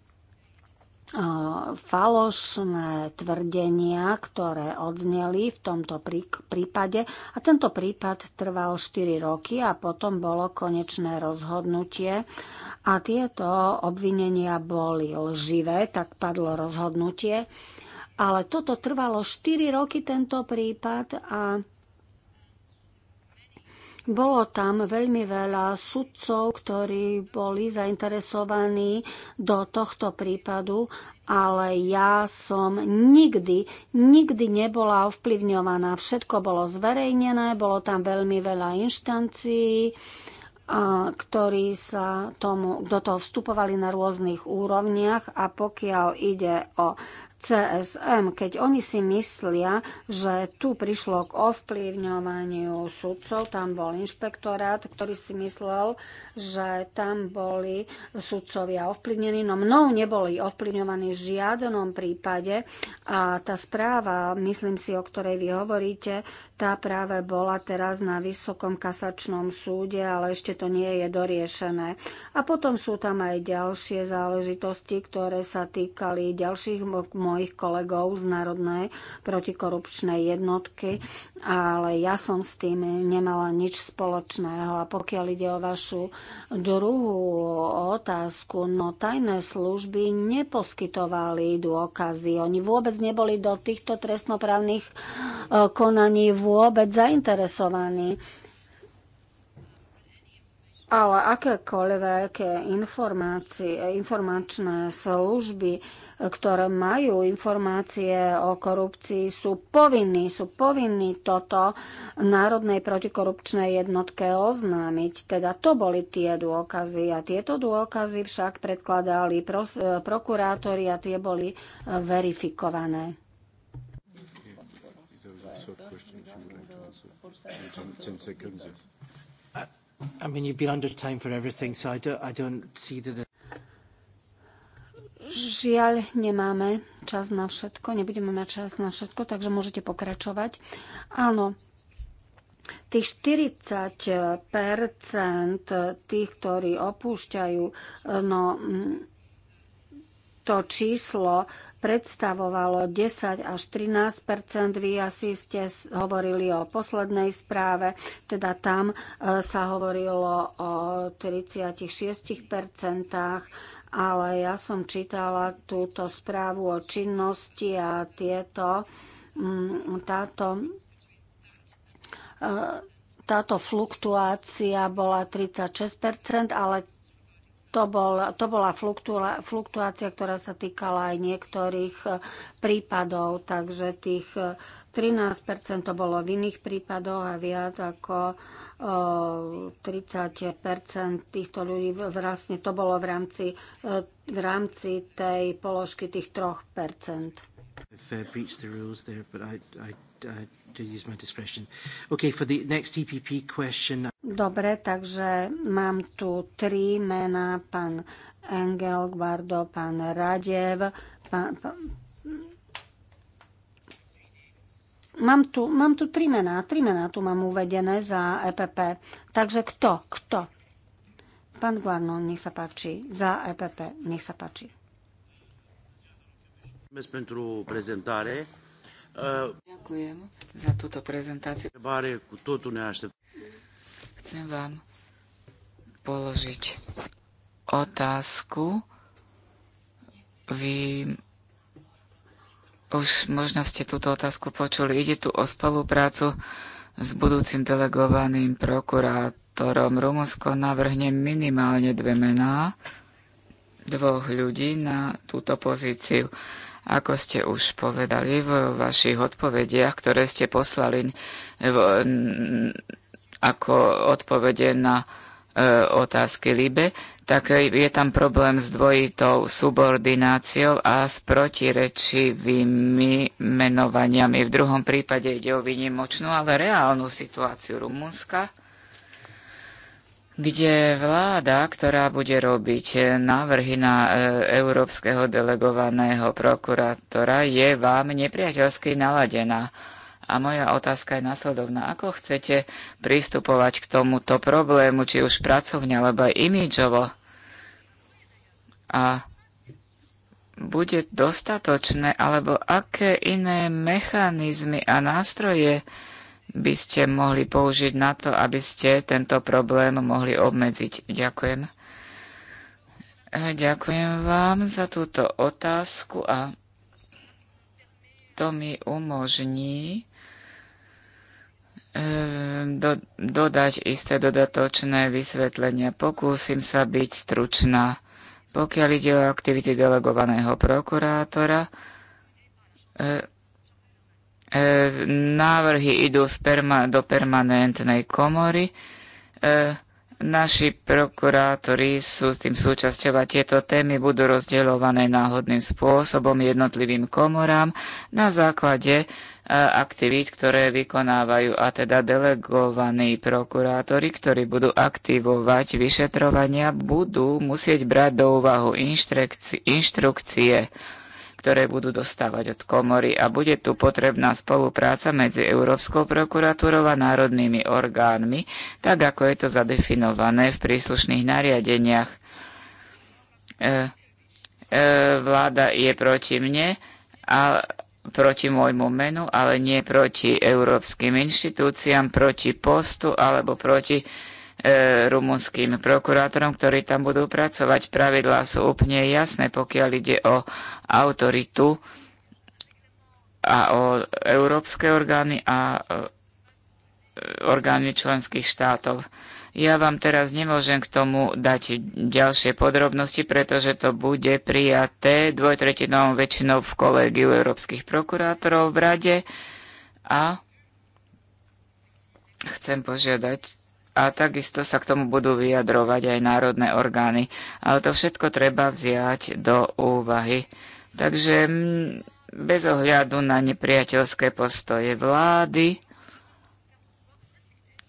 falošné tvrdenia, ktoré odzneli v tomto prípade. A tento prípad trval 4 roky a potom bolo konečné rozhodnutie. A tieto obvinenia boli lživé, tak padlo rozhodnutie. Ale toto trvalo 4 roky, tento prípad, a bolo tam veľmi veľa sudcov, ktorí boli zainteresovaní do tohto prípadu, ale ja som nikdy, nikdy nebola ovplyvňovaná. Všetko bolo zverejnené, bolo tam veľmi veľa inštancií a, ktorí sa tomu, do toho vstupovali na rôznych úrovniach a pokiaľ ide o CSM, keď oni si myslia, že tu prišlo k ovplyvňovaniu sudcov, tam bol inšpektorát, ktorý si myslel, že tam boli sudcovia ovplyvnení, no mnou neboli ovplyvňovaní v žiadnom prípade a tá správa, myslím si, o ktorej vy hovoríte, tá práve bola teraz na Vysokom kasačnom súde, ale ešte to nie je doriešené. A potom sú tam aj ďalšie záležitosti, ktoré sa týkali ďalších mojich kolegov z Národnej protikorupčnej jednotky, ale ja som s tým nemala nič spoločného. A pokiaľ ide o vašu druhú otázku, no tajné služby neposkytovali dôkazy. Oni vôbec neboli do týchto trestnoprávnych e, konaní vôbec zainteresovaní. Ale akékoľvek informácie, informačné služby ktoré majú informácie o korupcii, sú povinní, sú povinní toto Národnej protikorupčnej jednotke oznámiť. Teda to boli tie dôkazy a tieto dôkazy však predkladali pros- e, prokurátori a tie boli e, verifikované. I mean, you've been under time for everything, so I don't, I don't see the... Žiaľ, nemáme čas na všetko, nebudeme mať čas na všetko, takže môžete pokračovať. Áno, Tých 40 tých, ktorí opúšťajú, no, to číslo predstavovalo 10 až 13 Vy asi ste hovorili o poslednej správe, teda tam e, sa hovorilo o 36 ale ja som čítala túto správu o činnosti a tieto, mm, táto, e, táto fluktuácia bola 36%, ale to, bol, to bola fluktuácia, ktorá sa týkala aj niektorých e, prípadov, takže tých 13% e, to bolo v iných prípadoch a viac ako 30 týchto ľudí vlastne to bolo v rámci, e, v rámci tej položky tých 3 e Dobre, takže mám tu tri mená, pán Engel, Gvardo, pán Radev, pán, pán Mám tu, mám tu tri mená, tri mená tu mám uvedené za EPP. Takže kto, kto? Pán Guarno, nech sa páči, za EPP, nech sa páči. Ďakujem za túto prezentáciu. Chcem vám položiť otázku. Vy už možno ste túto otázku počuli. Ide tu o spoluprácu s budúcim delegovaným prokurátorom. Rumunsko navrhne minimálne dve mená dvoch ľudí na túto pozíciu. Ako ste už povedali v vašich odpovediach, ktoré ste poslali v, ako odpovede na E, otázky LIBE, tak je tam problém s dvojitou subordináciou a s protirečivými menovaniami. V druhom prípade ide o vynimočnú, ale reálnu situáciu Rumunska, kde vláda, ktorá bude robiť návrhy na e, európskeho delegovaného prokurátora, je vám nepriateľsky naladená. A moja otázka je následovná. Ako chcete pristupovať k tomuto problému, či už pracovne, alebo aj imidžovo? A bude dostatočné, alebo aké iné mechanizmy a nástroje by ste mohli použiť na to, aby ste tento problém mohli obmedziť? Ďakujem. Eh, ďakujem vám za túto otázku a to mi umožní Ehm, do, dodať isté dodatočné vysvetlenia. Pokúsim sa byť stručná. Pokiaľ ide o aktivity delegovaného prokurátora, e, e, návrhy idú perma, do permanentnej komory. E, naši prokurátori sú s tým súčasťou a tieto témy budú rozdeľované náhodným spôsobom jednotlivým komorám na základe aktivít, ktoré vykonávajú, a teda delegovaní prokurátori, ktorí budú aktivovať vyšetrovania, budú musieť brať do úvahu inštrukcie, ktoré budú dostávať od komory a bude tu potrebná spolupráca medzi Európskou prokuratúrou a národnými orgánmi, tak ako je to zadefinované v príslušných nariadeniach. E, e, vláda je proti mne, a proti môjmu menu, ale nie proti európskym inštitúciám, proti postu alebo proti e, rumunským prokurátorom, ktorí tam budú pracovať. Pravidlá sú úplne jasné, pokiaľ ide o autoritu a o európske orgány a e, orgány členských štátov. Ja vám teraz nemôžem k tomu dať ďalšie podrobnosti, pretože to bude prijaté dvojtretinovou väčšinou v kolégiu európskych prokurátorov v rade a chcem požiadať a takisto sa k tomu budú vyjadrovať aj národné orgány. Ale to všetko treba vziať do úvahy. Takže bez ohľadu na nepriateľské postoje vlády,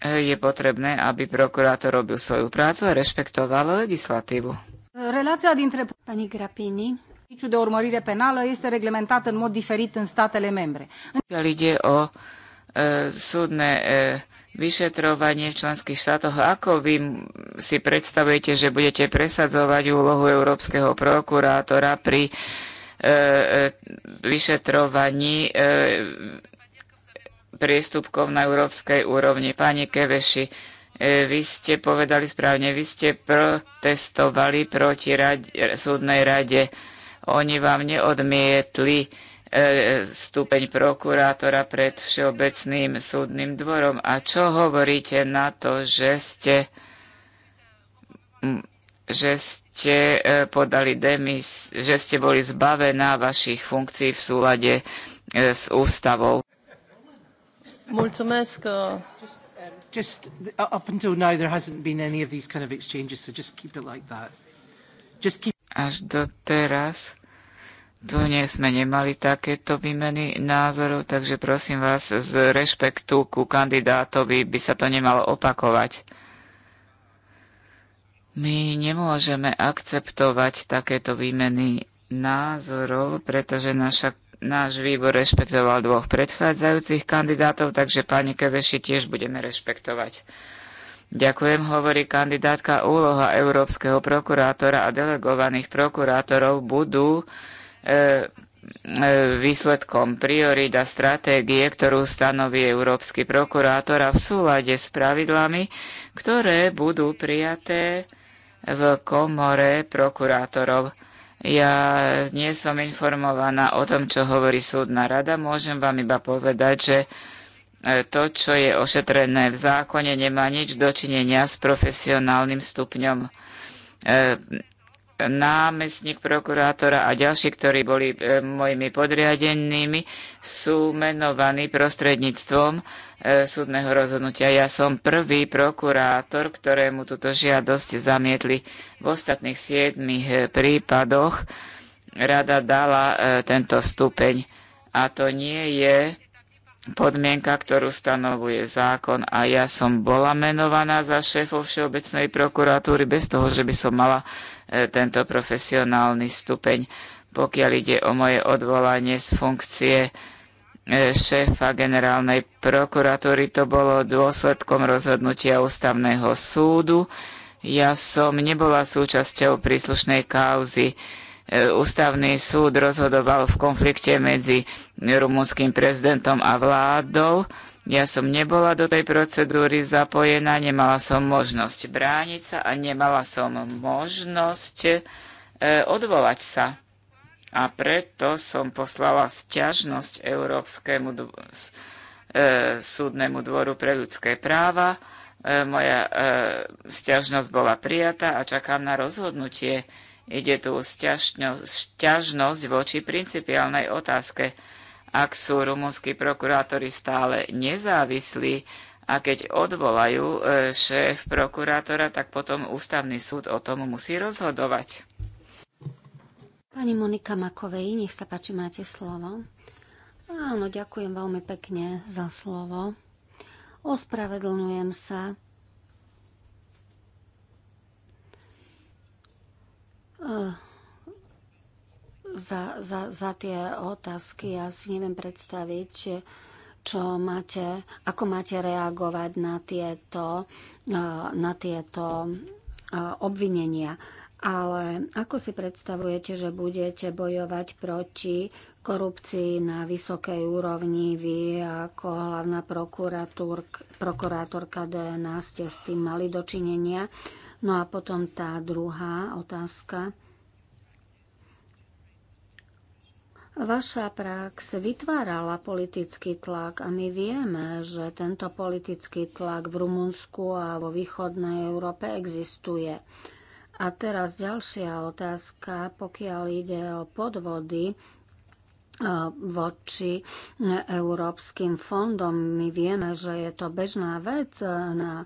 je potrebné, aby prokurátor robil svoju prácu a rešpektoval legislatívu. Relácia dintre pani Grapini Serviciul de urmărire penală este reglementat în mod diferit în statele membre. Ide o e, súdne e, vyšetrovanie v členských štátoch. Ako vy si predstavujete, že budete presadzovať úlohu európskeho prokurátora pri e, e vyšetrovaní e, priestupkov na európskej úrovni. Pani Keveši, e, vy ste povedali správne, vy ste protestovali proti rade, súdnej rade. Oni vám neodmietli e, stupeň prokurátora pred Všeobecným súdnym dvorom. A čo hovoríte na to, že ste, že ste e, podali demis, že ste boli zbavená vašich funkcií v súlade s ústavou? Mulțumesc. Uh, just um, uh, up until now there hasn't been any of these kind of exchanges, so just keep it like that. Just keep... Až do teraz tu nie sme nemali takéto výmeny názorov, takže prosím vás, z rešpektu ku kandidátovi by sa to nemalo opakovať. My nemôžeme akceptovať takéto výmeny názorov, pretože naša náš výbor rešpektoval dvoch predchádzajúcich kandidátov, takže pani Keveši tiež budeme rešpektovať. Ďakujem, hovorí kandidátka. Úloha európskeho prokurátora a delegovaných prokurátorov budú e, e výsledkom priorita stratégie, ktorú stanoví Európsky prokurátor a v súlade s pravidlami, ktoré budú prijaté v komore prokurátorov. Ja nie som informovaná o tom, čo hovorí súdna rada. Môžem vám iba povedať, že e, to, čo je ošetrené v zákone, nemá nič dočinenia s profesionálnym stupňom e, námestník prokurátora a ďalší, ktorí boli e, mojimi podriadenými, sú menovaní prostredníctvom e, súdneho rozhodnutia. Ja som prvý prokurátor, ktorému túto žiadosť zamietli v ostatných siedmých e, prípadoch. Rada dala e, tento stupeň a to nie je podmienka, ktorú stanovuje zákon a ja som bola menovaná za šéfov Všeobecnej prokuratúry bez toho, že by som mala E, tento profesionálny stupeň. Pokiaľ ide o moje odvolanie z funkcie e, šéfa generálnej prokuratúry, to bolo dôsledkom rozhodnutia ústavného súdu. Ja som nebola súčasťou príslušnej kauzy. E, ústavný súd rozhodoval v konflikte medzi rumunským prezidentom a vládou ja som nebola do tej procedúry zapojená, nemala som možnosť brániť sa a nemala som možnosť e, odvolať sa. A preto som poslala sťažnosť Európskemu e, súdnemu dvoru pre ľudské práva. E, moja e, sťažnosť bola prijatá a čakám na rozhodnutie. Ide tu sťažnosť voči principiálnej otázke ak sú rumúnsky prokurátori stále nezávislí a keď odvolajú e, šéf prokurátora, tak potom ústavný súd o tom musí rozhodovať. Pani Monika Makovej, nech sa páči, máte slovo. Áno, ďakujem veľmi pekne za slovo. Ospravedlňujem sa. Uh za, za, za tie otázky. Ja si neviem predstaviť, čo máte, ako máte reagovať na tieto, na tieto obvinenia. Ale ako si predstavujete, že budete bojovať proti korupcii na vysokej úrovni? Vy ako hlavná prokurátorka DNA ste s tým mali dočinenia. No a potom tá druhá otázka. Vaša prax vytvárala politický tlak a my vieme, že tento politický tlak v Rumunsku a vo východnej Európe existuje. A teraz ďalšia otázka, pokiaľ ide o podvody e, voči európskym fondom. My vieme, že je to bežná vec e, na, e,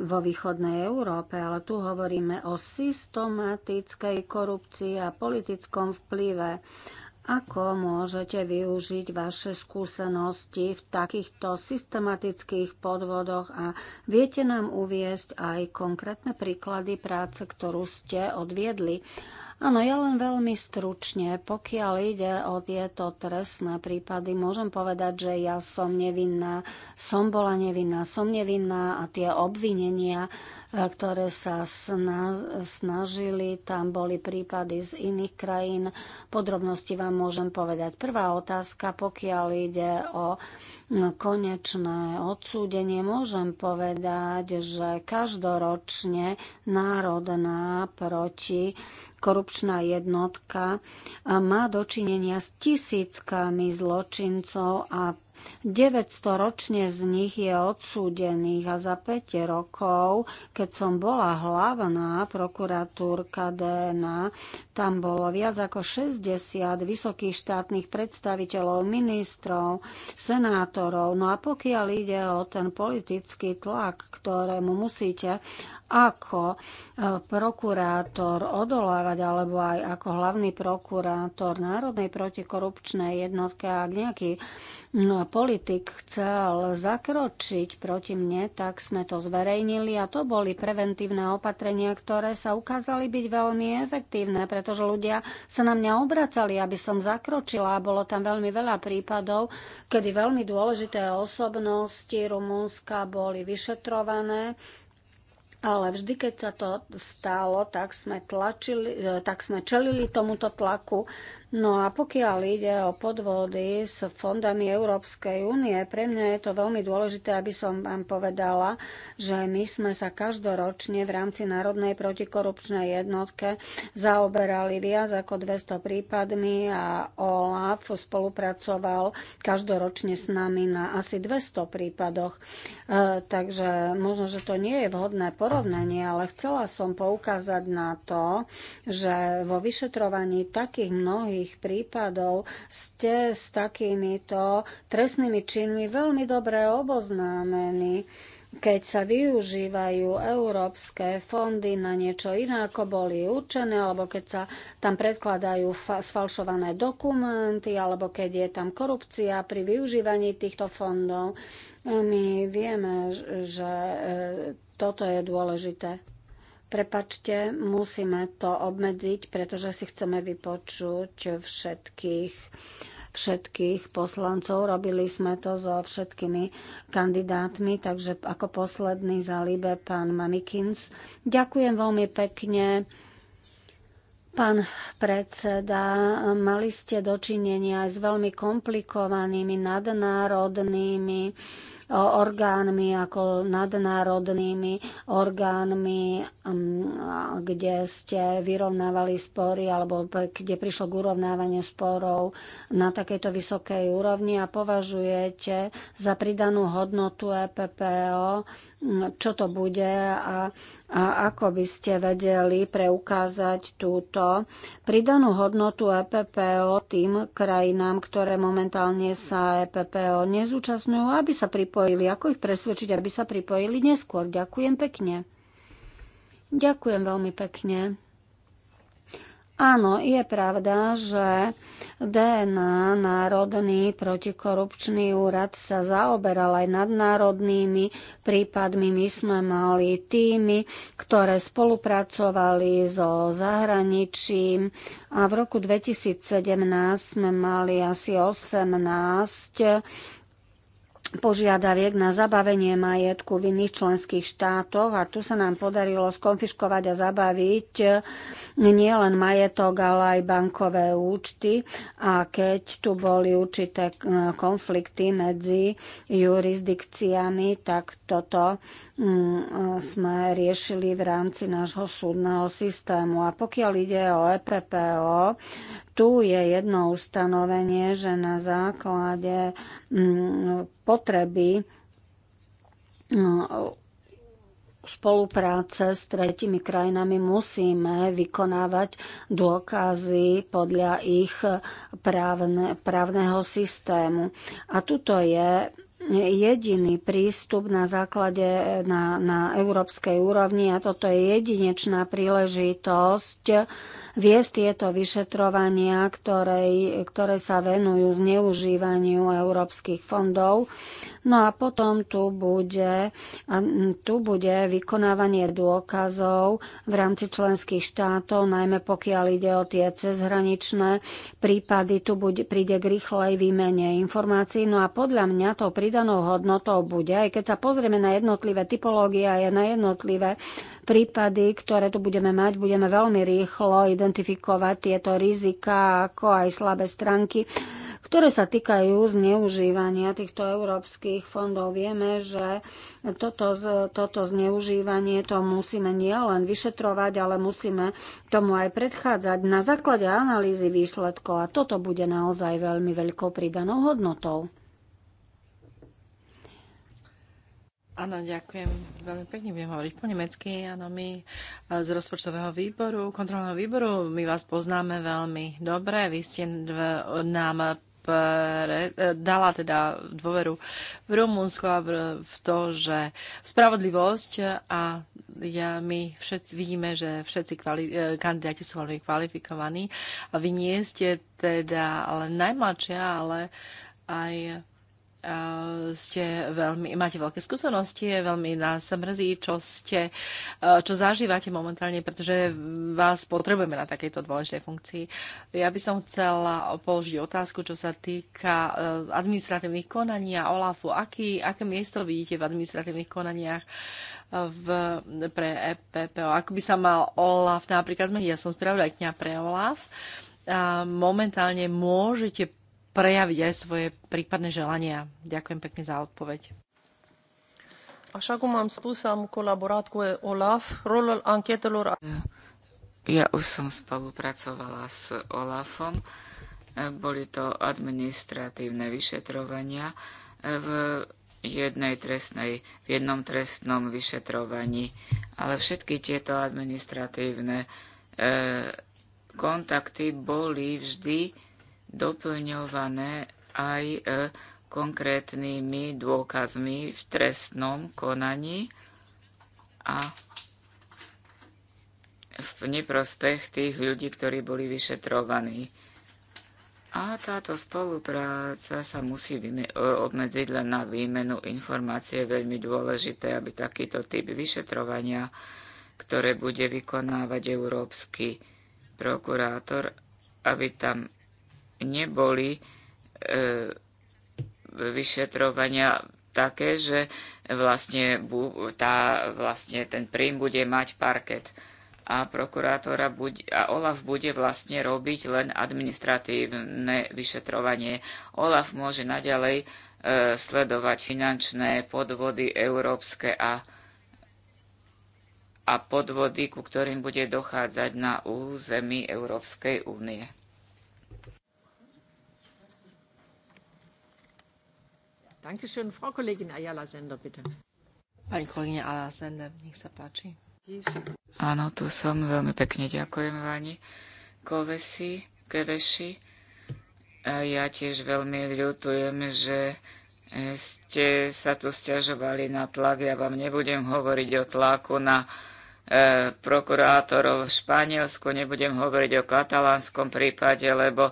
vo východnej Európe, ale tu hovoríme o systematickej korupcii a politickom vplyve. Ako môžete využiť vaše skúsenosti v takýchto systematických podvodoch a viete nám uviesť aj konkrétne príklady práce, ktorú ste odviedli? Áno, ja len veľmi stručne. Pokiaľ ide o tieto trestné prípady, môžem povedať, že ja som nevinná, som bola nevinná, som nevinná a tie obvinenia ktoré sa snažili. Tam boli prípady z iných krajín. Podrobnosti vám môžem povedať. Prvá otázka, pokiaľ ide o konečné odsúdenie, môžem povedať, že každoročne Národná proti korupčná jednotka má dočinenia s tisíckami zločincov a 900 ročne z nich je odsúdených a za 5 rokov, keď som bola hlavná prokuratúrka DNA, tam bolo viac ako 60 vysokých štátnych predstaviteľov, ministrov, senátorov. No a pokiaľ ide o ten politický tlak, ktorému musíte ako e, prokurátor odolávať, alebo aj ako hlavný prokurátor Národnej protikorupčnej jednotky, ak nejaký politik chcel zakročiť proti mne, tak sme to zverejnili a to boli preventívne opatrenia, ktoré sa ukázali byť veľmi efektívne, pretože ľudia sa na mňa obracali, aby som zakročila. Bolo tam veľmi veľa prípadov, kedy veľmi dôležité osobnosti Rumunska boli vyšetrované. Ale vždy, keď sa to stalo, tak sme, tlačili, e, tak sme čelili tomuto tlaku No a pokiaľ ide o podvody s fondami Európskej únie, pre mňa je to veľmi dôležité, aby som vám povedala, že my sme sa každoročne v rámci Národnej protikorupčnej jednotke zaoberali viac ako 200 prípadmi a OLAF spolupracoval každoročne s nami na asi 200 prípadoch. E, takže možno, že to nie je vhodné porovnanie, ale chcela som poukázať na to, že vo vyšetrovaní takých mnohých mnohých prípadov ste s takýmito trestnými činmi veľmi dobre oboznámení keď sa využívajú európske fondy na niečo iné, ako boli určené, alebo keď sa tam predkladajú sfalšované dokumenty, alebo keď je tam korupcia pri využívaní týchto fondov. My vieme, že e, toto je dôležité. Prepačte, musíme to obmedziť, pretože si chceme vypočuť všetkých všetkých poslancov. Robili sme to so všetkými kandidátmi, takže ako posledný za Libe pán Mamikins. Ďakujem veľmi pekne. Pán predseda, mali ste dočinenia aj s veľmi komplikovanými nadnárodnými orgánmi ako nadnárodnými orgánmi, mm, kde ste vyrovnávali spory alebo kde prišlo k urovnávaniu sporov na takejto vysokej úrovni a považujete za pridanú hodnotu EPPO, mm, čo to bude a, a ako by ste vedeli preukázať túto pridanú hodnotu EPPO tým krajinám, ktoré momentálne sa EPPO nezúčastňujú, aby sa pripravili pripojili, ako ich presvedčiť, aby sa pripojili neskôr. Ďakujem pekne. Ďakujem veľmi pekne. Áno, je pravda, že DNA, Národný protikorupčný úrad, sa zaoberal aj nadnárodnými prípadmi. My sme mali týmy, ktoré spolupracovali so zahraničím a v roku 2017 sme mali asi 18 požiadaviek na zabavenie majetku v iných členských štátoch a tu sa nám podarilo skonfiškovať a zabaviť nielen majetok, ale aj bankové účty a keď tu boli určité eh, konflikty medzi jurisdikciami, tak toto mm, eh, sme riešili v rámci nášho súdneho systému. A pokiaľ ide o EPPO, tu je jedno ustanovenie, že na základe mm, potreby mm, spolupráce s tretimi krajinami musíme vykonávať dôkazy podľa ich právne, právneho systému. A tuto je jediný prístup na základe na, na európskej úrovni a toto je jedinečná príležitosť viesť tieto vyšetrovania, ktoré, ktoré sa venujú zneužívaniu európskych fondov. No a potom tu bude, tu bude vykonávanie dôkazov v rámci členských štátov, najmä pokiaľ ide o tie cezhraničné prípady, tu bude, príde k rýchlej výmene informácií. No a podľa mňa tou pridanou hodnotou bude, aj keď sa pozrieme na jednotlivé typológie a na jednotlivé prípady, ktoré tu budeme mať, budeme veľmi rýchlo identifikovať tieto rizika, ako aj slabé stránky ktoré sa týkajú zneužívania týchto európskych fondov. Vieme, že toto, toto zneužívanie to musíme nielen vyšetrovať, ale musíme tomu aj predchádzať na základe analýzy výsledkov a toto bude naozaj veľmi veľkou pridanou hodnotou. Áno, ďakujem veľmi pekne. Budem hovoriť po nemecky. Áno, my e, z rozpočtového výboru, kontrolného výboru, my vás poznáme veľmi dobre. Vy ste nám pre, e, dala teda dôveru v Rumunsku a v, v to, že spravodlivosť a ja, my všetci vidíme, že všetci kvali, e, kandidáti sú veľmi kvalifikovaní a vy nie ste teda ale najmladšia, ale aj Eh, ste veľmi, máte veľké skúsenosti, veľmi nás mrzí, čo, ste, eh, čo zažívate momentálne, pretože vás potrebujeme na takejto dôležitej funkcii. Ja by som chcela položiť otázku, čo sa týka eh, administratívnych konaní a OLAFu. Aký, aké miesto vidíte v administratívnych konaniach v, pre EPPO? Ako by sa mal OLAF napríklad zmeniť? Ja som spravodajkňa pre OLAF. Momentálne môžete prejaviť aj svoje prípadné želania. Ďakujem pekne za odpoveď. Așa cum am spus, am colaborat cu OLAF. Rolul anchetelor... Ja už som spolupracovala s OLAFom. Boli to administratívne vyšetrovania v jednej trestnej, v jednom trestnom vyšetrovaní. Ale všetky tieto administratívne eh, kontakty boli vždy doplňované aj e, konkrétnymi dôkazmi v trestnom konaní a v neprospech tých ľudí, ktorí boli vyšetrovaní. A táto spolupráca sa musí e, obmedziť len na výmenu informácie. Je veľmi dôležité, aby takýto typ vyšetrovania, ktoré bude vykonávať európsky prokurátor, aby tam neboli e, vyšetrovania také, že vlastne bu, tá, vlastne ten príjm bude mať parket a prokurátora a OLAF bude vlastne robiť len administratívne vyšetrovanie. OLAF môže naďalej e, sledovať finančné podvody európske a, a podvody, ku ktorým bude dochádzať na území Európskej únie. Dankeschön. Frau Kollegin Ayala Sender, bitte. Pani kolegyňa Ayala Sender, nech sa páči. Áno, tu som. Veľmi pekne ďakujem, Vani. Kovesi, Keveši. A ja tiež veľmi ľutujem, že e, ste sa tu stiažovali na tlak. Ja vám nebudem hovoriť o tlaku na e, prokurátorov v Španielsku, nebudem hovoriť o katalánskom prípade, lebo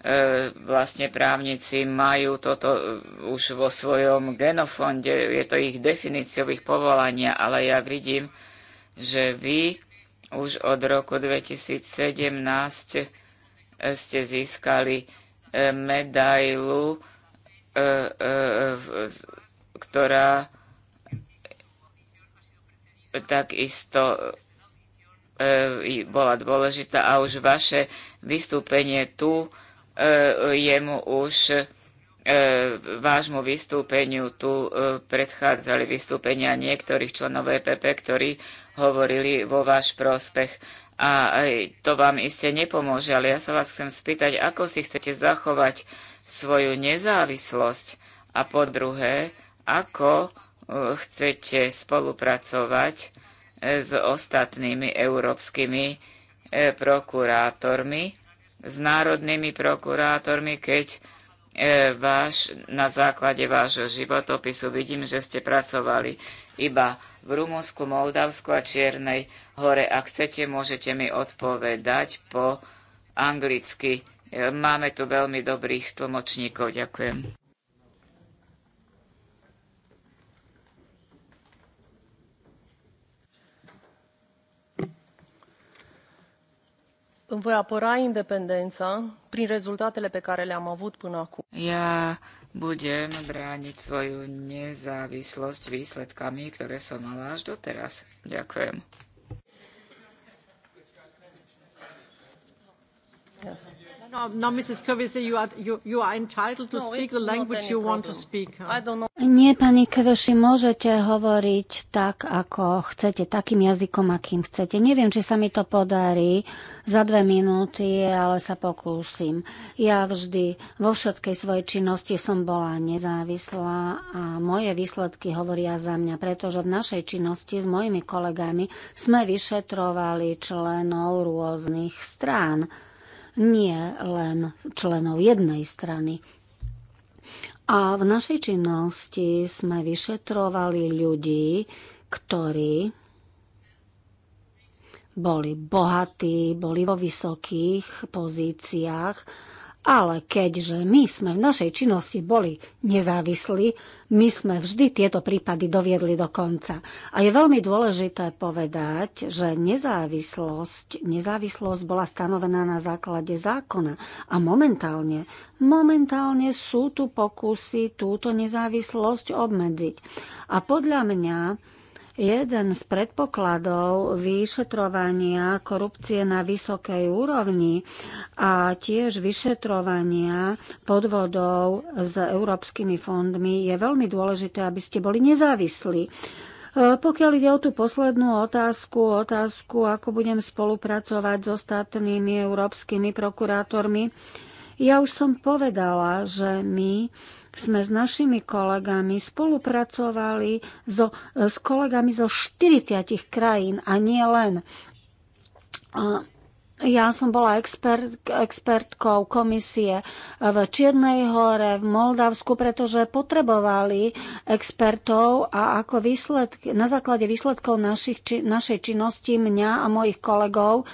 E, vlastne právnici majú toto e, už vo svojom genofonde, je to ich definíciových ich povolania, ale ja vidím, že vy už od roku 2017 e, ste získali medailu, ktorá takisto bola dôležitá a už vaše vystúpenie tu E, jemu už e, vášmu vystúpeniu tu e, predchádzali vystúpenia niektorých členov EPP, ktorí hovorili vo váš prospech. A to vám iste nepomôže, ale ja sa vás chcem spýtať, ako si chcete zachovať svoju nezávislosť a po druhé, ako chcete spolupracovať s ostatnými európskymi prokurátormi, s národnými prokurátormi, keď e, váš, na základe vášho životopisu vidím, že ste pracovali iba v Rumunsku, Moldavsku a Čiernej hore. Ak chcete, môžete mi odpovedať po anglicky. E, máme tu veľmi dobrých tlmočníkov. Ďakujem. Îmi voi apăra independența prin rezultatele pe care le-am avut până acum. Ja budem brániť svoju nezávislosť výsledkami, ktoré som mala až doteraz. Ďakujem. Yes. No, no, Mrs. Kovice, you are, you, you are entitled to no, speak the language you want to speak. Huh? I don't know. Nie, pani Kveši, môžete hovoriť tak, ako chcete, takým jazykom, akým chcete. Neviem, či sa mi to podarí za dve minúty, ale sa pokúsim. Ja vždy vo všetkej svojej činnosti som bola nezávislá a moje výsledky hovoria za mňa, pretože v našej činnosti s mojimi kolegami sme vyšetrovali členov rôznych strán, nie len členov jednej strany. A v našej činnosti sme vyšetrovali ľudí, ktorí boli bohatí, boli vo vysokých pozíciách ale keďže my sme v našej činnosti boli nezávislí, my sme vždy tieto prípady doviedli do konca. A je veľmi dôležité povedať, že nezávislosť, nezávislosť bola stanovená na základe zákona. A momentálne, momentálne sú tu pokusy túto nezávislosť obmedziť. A podľa mňa Jeden z predpokladov vyšetrovania korupcie na vysokej úrovni a tiež vyšetrovania podvodov s európskymi fondmi je veľmi dôležité, aby ste boli nezávislí. E, pokiaľ ide o tú poslednú otázku, otázku, ako budem spolupracovať s ostatnými európskymi prokurátormi, ja už som povedala, že my sme s našimi kolegami spolupracovali so, e, s kolegami zo 40 krajín a nie len. Ja som bola expert, expertkou komisie v Čiernej hore, v Moldavsku, pretože potrebovali expertov a ako výsledk, na základe výsledkov našich, či, našej činnosti mňa a mojich kolegov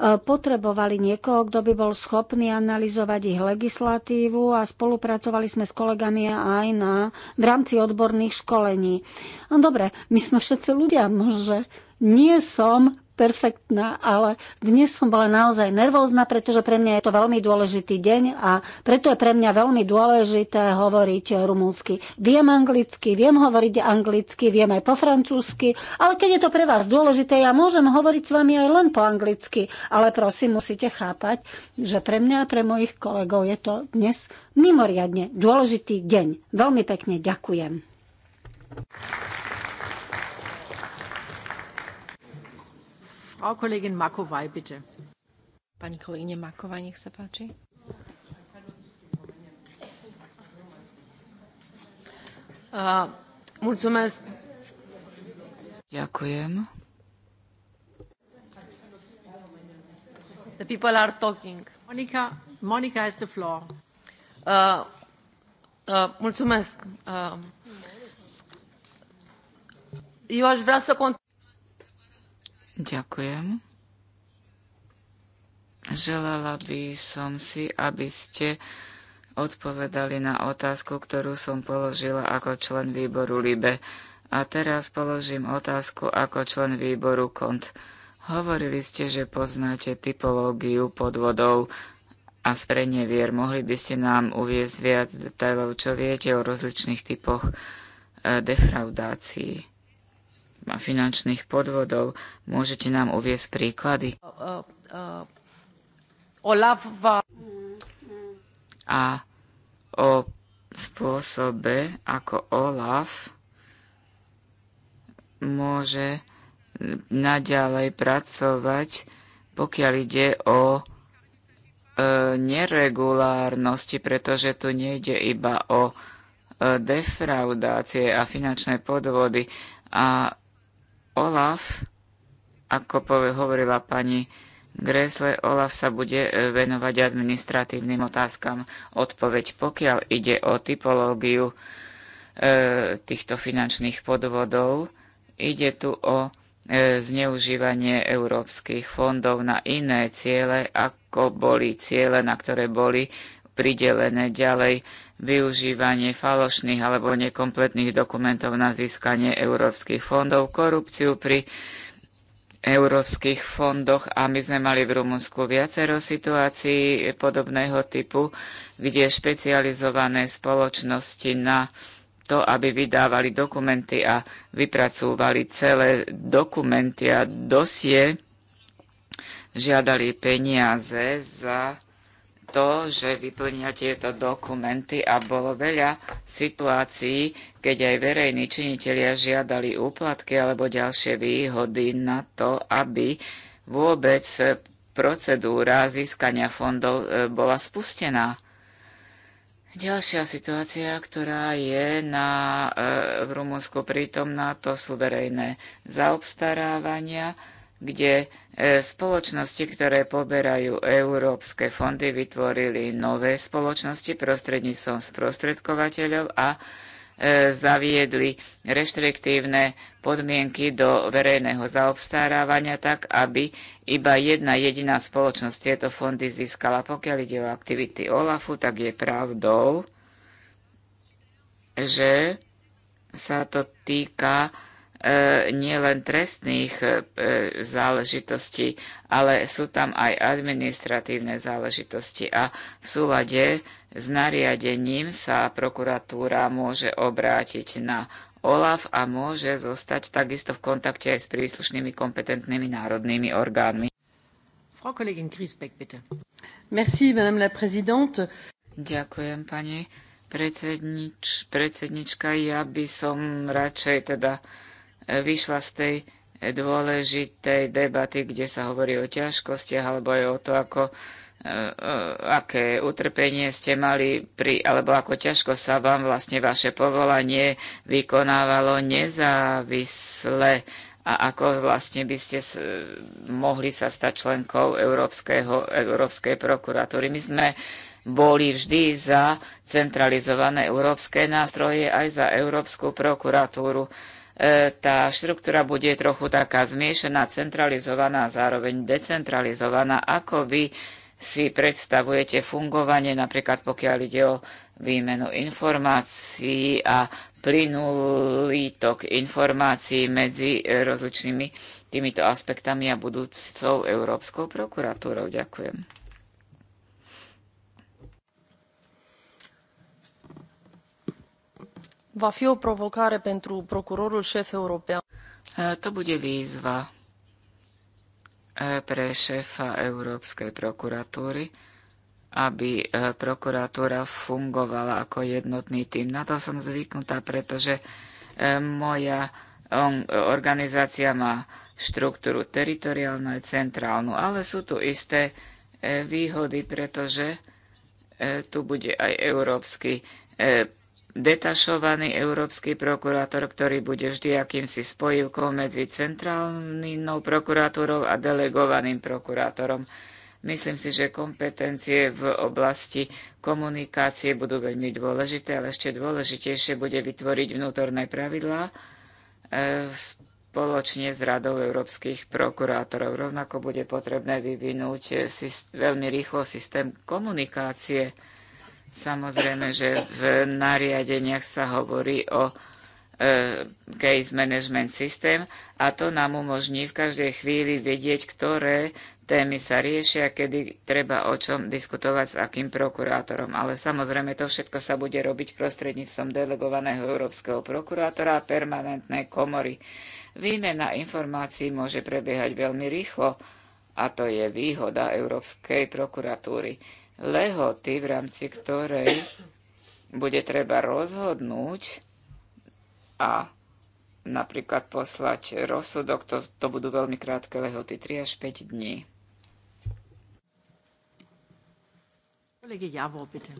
potrebovali niekoho, kto by bol schopný analyzovať ich legislatívu a spolupracovali sme s kolegami aj na, v rámci odborných školení. No dobre, my sme všetci ľudia, môže nie som perfektná, ale dnes som bola naozaj nervózna, pretože pre mňa je to veľmi dôležitý deň a preto je pre mňa veľmi dôležité hovoriť rumúnsky. Viem anglicky, viem hovoriť anglicky, viem aj po francúzsky, ale keď je to pre vás dôležité, ja môžem hovoriť s vami aj len po anglicky, ale prosím, musíte chápať, že pre mňa a pre mojich kolegov je to dnes mimoriadne dôležitý deň. Veľmi pekne ďakujem. Frau Kollegin Makovaj, bitte. Pani kolegyne Makovaj, nech sa páči. Uh, mulțumesc. Ďakujem. The people are talking. Monica, Monica has the floor. Uh, uh, mulțumesc. Uh, eu aș vrea să continu- Ďakujem. Želala by som si, aby ste odpovedali na otázku, ktorú som položila ako člen výboru LIBE. A teraz položím otázku ako člen výboru KONT. Hovorili ste, že poznáte typológiu podvodov a sprenevier. Mohli by ste nám uviezť viac detajlov, čo viete o rozličných typoch eh, defraudácií? finančných podvodov. Môžete nám uviesť príklady? Uh, uh, uh, a o spôsobe, ako OLAF môže naďalej pracovať, pokiaľ ide o e, neregulárnosti, pretože tu nejde iba o e, defraudácie a finančné podvody. A Olaf, ako hovorila pani Gresle, Olaf sa bude e, venovať administratívnym otázkam. Odpoveď, pokiaľ ide o typológiu e, týchto finančných podvodov, ide tu o e, zneužívanie európskych fondov na iné ciele, ako boli ciele, na ktoré boli pridelené ďalej využívanie falošných alebo nekompletných dokumentov na získanie európskych fondov, korupciu pri európskych fondoch a my sme mali v Rumunsku viacero situácií podobného typu, kde špecializované spoločnosti na to, aby vydávali dokumenty a vypracúvali celé dokumenty a dosie, žiadali peniaze za to, že vyplňa tieto dokumenty a bolo veľa situácií, keď aj verejní činitelia žiadali úplatky alebo ďalšie výhody na to, aby vôbec procedúra získania fondov e, bola spustená. Ďalšia situácia, ktorá je na, e, v Rumunsku prítomná, to sú verejné zaobstarávania kde e, spoločnosti, ktoré poberajú európske fondy, vytvorili nové spoločnosti prostredníctvom sprostredkovateľov a e, zaviedli reštriktívne podmienky do verejného zaobstarávania tak, aby iba jedna jediná spoločnosť tieto fondy získala. Pokiaľ ide o aktivity OLAFu, tak je pravdou, že sa to týka E, nielen trestných e, e, záležitostí, ale sú tam aj administratívne záležitosti a v súlade s nariadením sa prokuratúra môže obrátiť na OLAF a môže zostať takisto v kontakte aj s príslušnými kompetentnými národnými orgánmi. Frau Kollegin Griesbeck, bitte. Merci, Madame la Présidente. Ďakujem, pani predsednič, predsednička. Ja by som radšej teda vyšla z tej dôležitej debaty, kde sa hovorí o ťažkostiach alebo aj o to, ako e, e, aké utrpenie ste mali, pri, alebo ako ťažko sa vám vlastne vaše povolanie vykonávalo nezávisle a ako vlastne by ste mohli sa stať členkou Európskeho, Európskej prokuratúry. My sme boli vždy za centralizované európske nástroje aj za Európsku prokuratúru. E, tá štruktúra bude trochu taká zmiešaná, centralizovaná a zároveň decentralizovaná. Ako vy si predstavujete fungovanie, napríklad pokiaľ ide o výmenu informácií a plynulý tok informácií medzi e, rozličnými týmito aspektami a budúcou Európskou prokuratúrou. Ďakujem. Va fi o provocare pentru procurorul șef european. E, to bude výzva e, pre šéfa Európskej prokuratúry, aby e, prokuratúra fungovala ako jednotný tým. Na to som zvyknutá, pretože moja organizácia má štruktúru teritoriálnu a centrálnu, ale sú tu isté výhody, pretože tu bude aj európsky detašovaný európsky prokurátor, ktorý bude vždy akýmsi spojivkou medzi centrálnou prokuratúrou a delegovaným prokurátorom. Myslím si, že kompetencie v oblasti komunikácie budú veľmi dôležité, ale ešte dôležitejšie bude vytvoriť vnútorné pravidlá e, spoločne s Radou európskych prokurátorov. Rovnako bude potrebné vyvinúť e, veľmi rýchlo systém komunikácie Samozrejme, že v nariadeniach sa hovorí o e, case management systém a to nám umožní v každej chvíli vedieť, ktoré témy sa riešia, kedy treba o čom diskutovať s akým prokurátorom. Ale samozrejme to všetko sa bude robiť prostredníctvom delegovaného európskeho prokurátora a permanentnej komory. Výmena informácií môže prebiehať veľmi rýchlo a to je výhoda Európskej prokuratúry lehoty, v rámci ktorej bude treba rozhodnúť a napríklad poslať rozsudok, to, to budú veľmi krátke lehoty, 3 až 5 dní. bitte.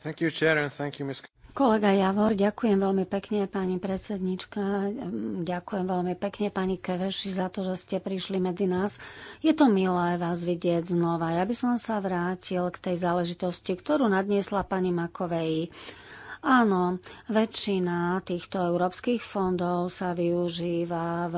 Thank you, Chair, and thank you, Ms. Kolega Javor, ďakujem veľmi pekne, pani predsednička. Ďakujem veľmi pekne, pani Keveši, za to, že ste prišli medzi nás. Je to milé vás vidieť znova. Ja by som sa vrátil k tej záležitosti, ktorú nadniesla pani Makovej. Áno, väčšina týchto európskych fondov sa využíva v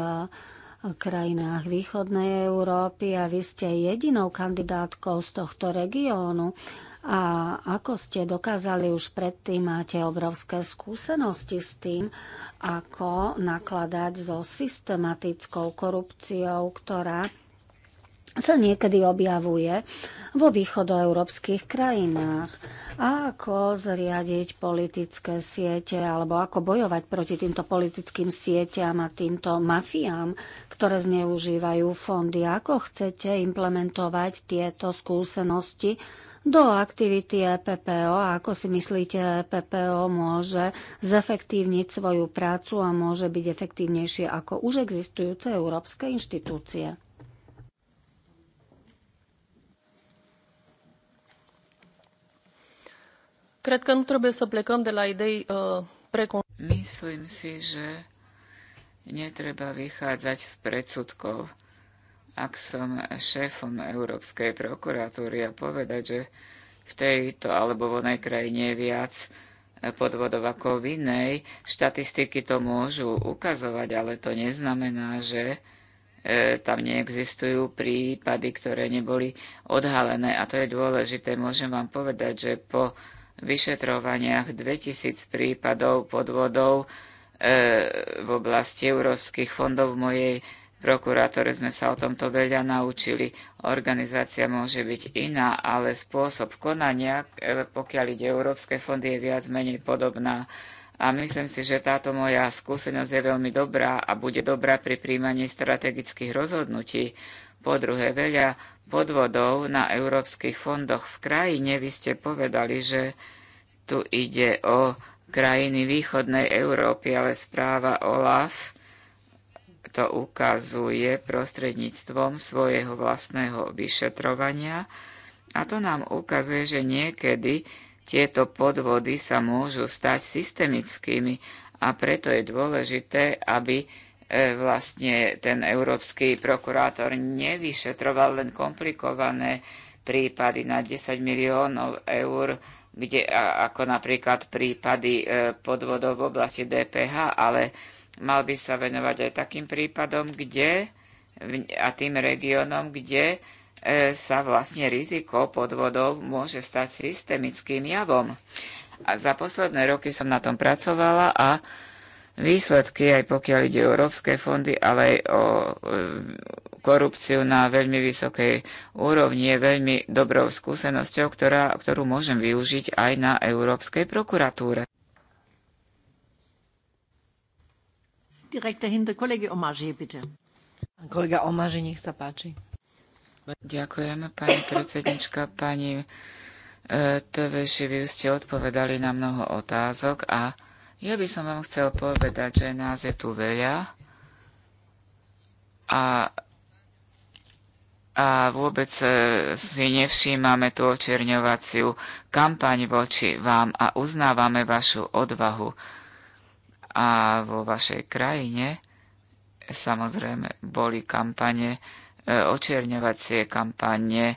krajinách východnej Európy a vy ste jedinou kandidátkou z tohto regiónu. A ako ste dokázali už predtým, máte obrovské skúsenosti s tým, ako nakladať so systematickou korupciou, ktorá sa niekedy objavuje vo východoeurópskych krajinách. A ako zriadiť politické siete alebo ako bojovať proti týmto politickým sieťam a týmto mafiám, ktoré zneužívajú fondy. Ako chcete implementovať tieto skúsenosti do aktivity e PPO a ako si myslíte, e PPO môže zefektívniť svoju prácu a môže byť efektívnejšie ako už existujúce európske inštitúcie. Uh, Myslím si, že netreba vychádzať z predsudkov ak som šéfom Európskej prokuratúry a povedať, že v tejto alebo v onej krajine je viac podvodov ako v inej, štatistiky to môžu ukazovať, ale to neznamená, že e, tam neexistujú prípady, ktoré neboli odhalené. A to je dôležité. Môžem vám povedať, že po vyšetrovaniach 2000 prípadov podvodov e, v oblasti európskych fondov v mojej prokurátore sme sa o tomto veľa naučili. Organizácia môže byť iná, ale spôsob konania, e, pokiaľ ide európske fondy, je viac menej podobná. A myslím si, že táto moja skúsenosť je veľmi dobrá a bude dobrá pri príjmaní strategických rozhodnutí. Po druhé, veľa podvodov na európskych fondoch v krajine, vy ste povedali, že tu ide o krajiny východnej Európy, ale správa OLAF to ukazuje prostredníctvom svojho vlastného vyšetrovania a to nám ukazuje, že niekedy tieto podvody sa môžu stať systemickými a preto je dôležité, aby e, vlastne ten európsky prokurátor nevyšetroval len komplikované prípady na 10 miliónov eur, kde, ako napríklad prípady e, podvodov v oblasti DPH, ale Mal by sa venovať aj takým prípadom, kde a tým regiónom, kde e, sa vlastne riziko podvodov môže stať systemickým javom. A za posledné roky som na tom pracovala a výsledky, aj pokiaľ ide o európske fondy, ale aj o e, korupciu na veľmi vysokej úrovni, je veľmi dobrou skúsenosťou, ktorá, ktorú môžem využiť aj na Európskej prokuratúre. direkt Kolega Omaži, nech sa páči. Ďakujem, pani predsednička, pani e, Tveši, vy ste odpovedali na mnoho otázok a ja by som vám chcel povedať, že nás je tu veľa a, a vôbec e, si nevšímame tú očierňovaciu kampaň voči vám a uznávame vašu odvahu a vo vašej krajine samozrejme boli kampane, e, očierňovacie kampane e,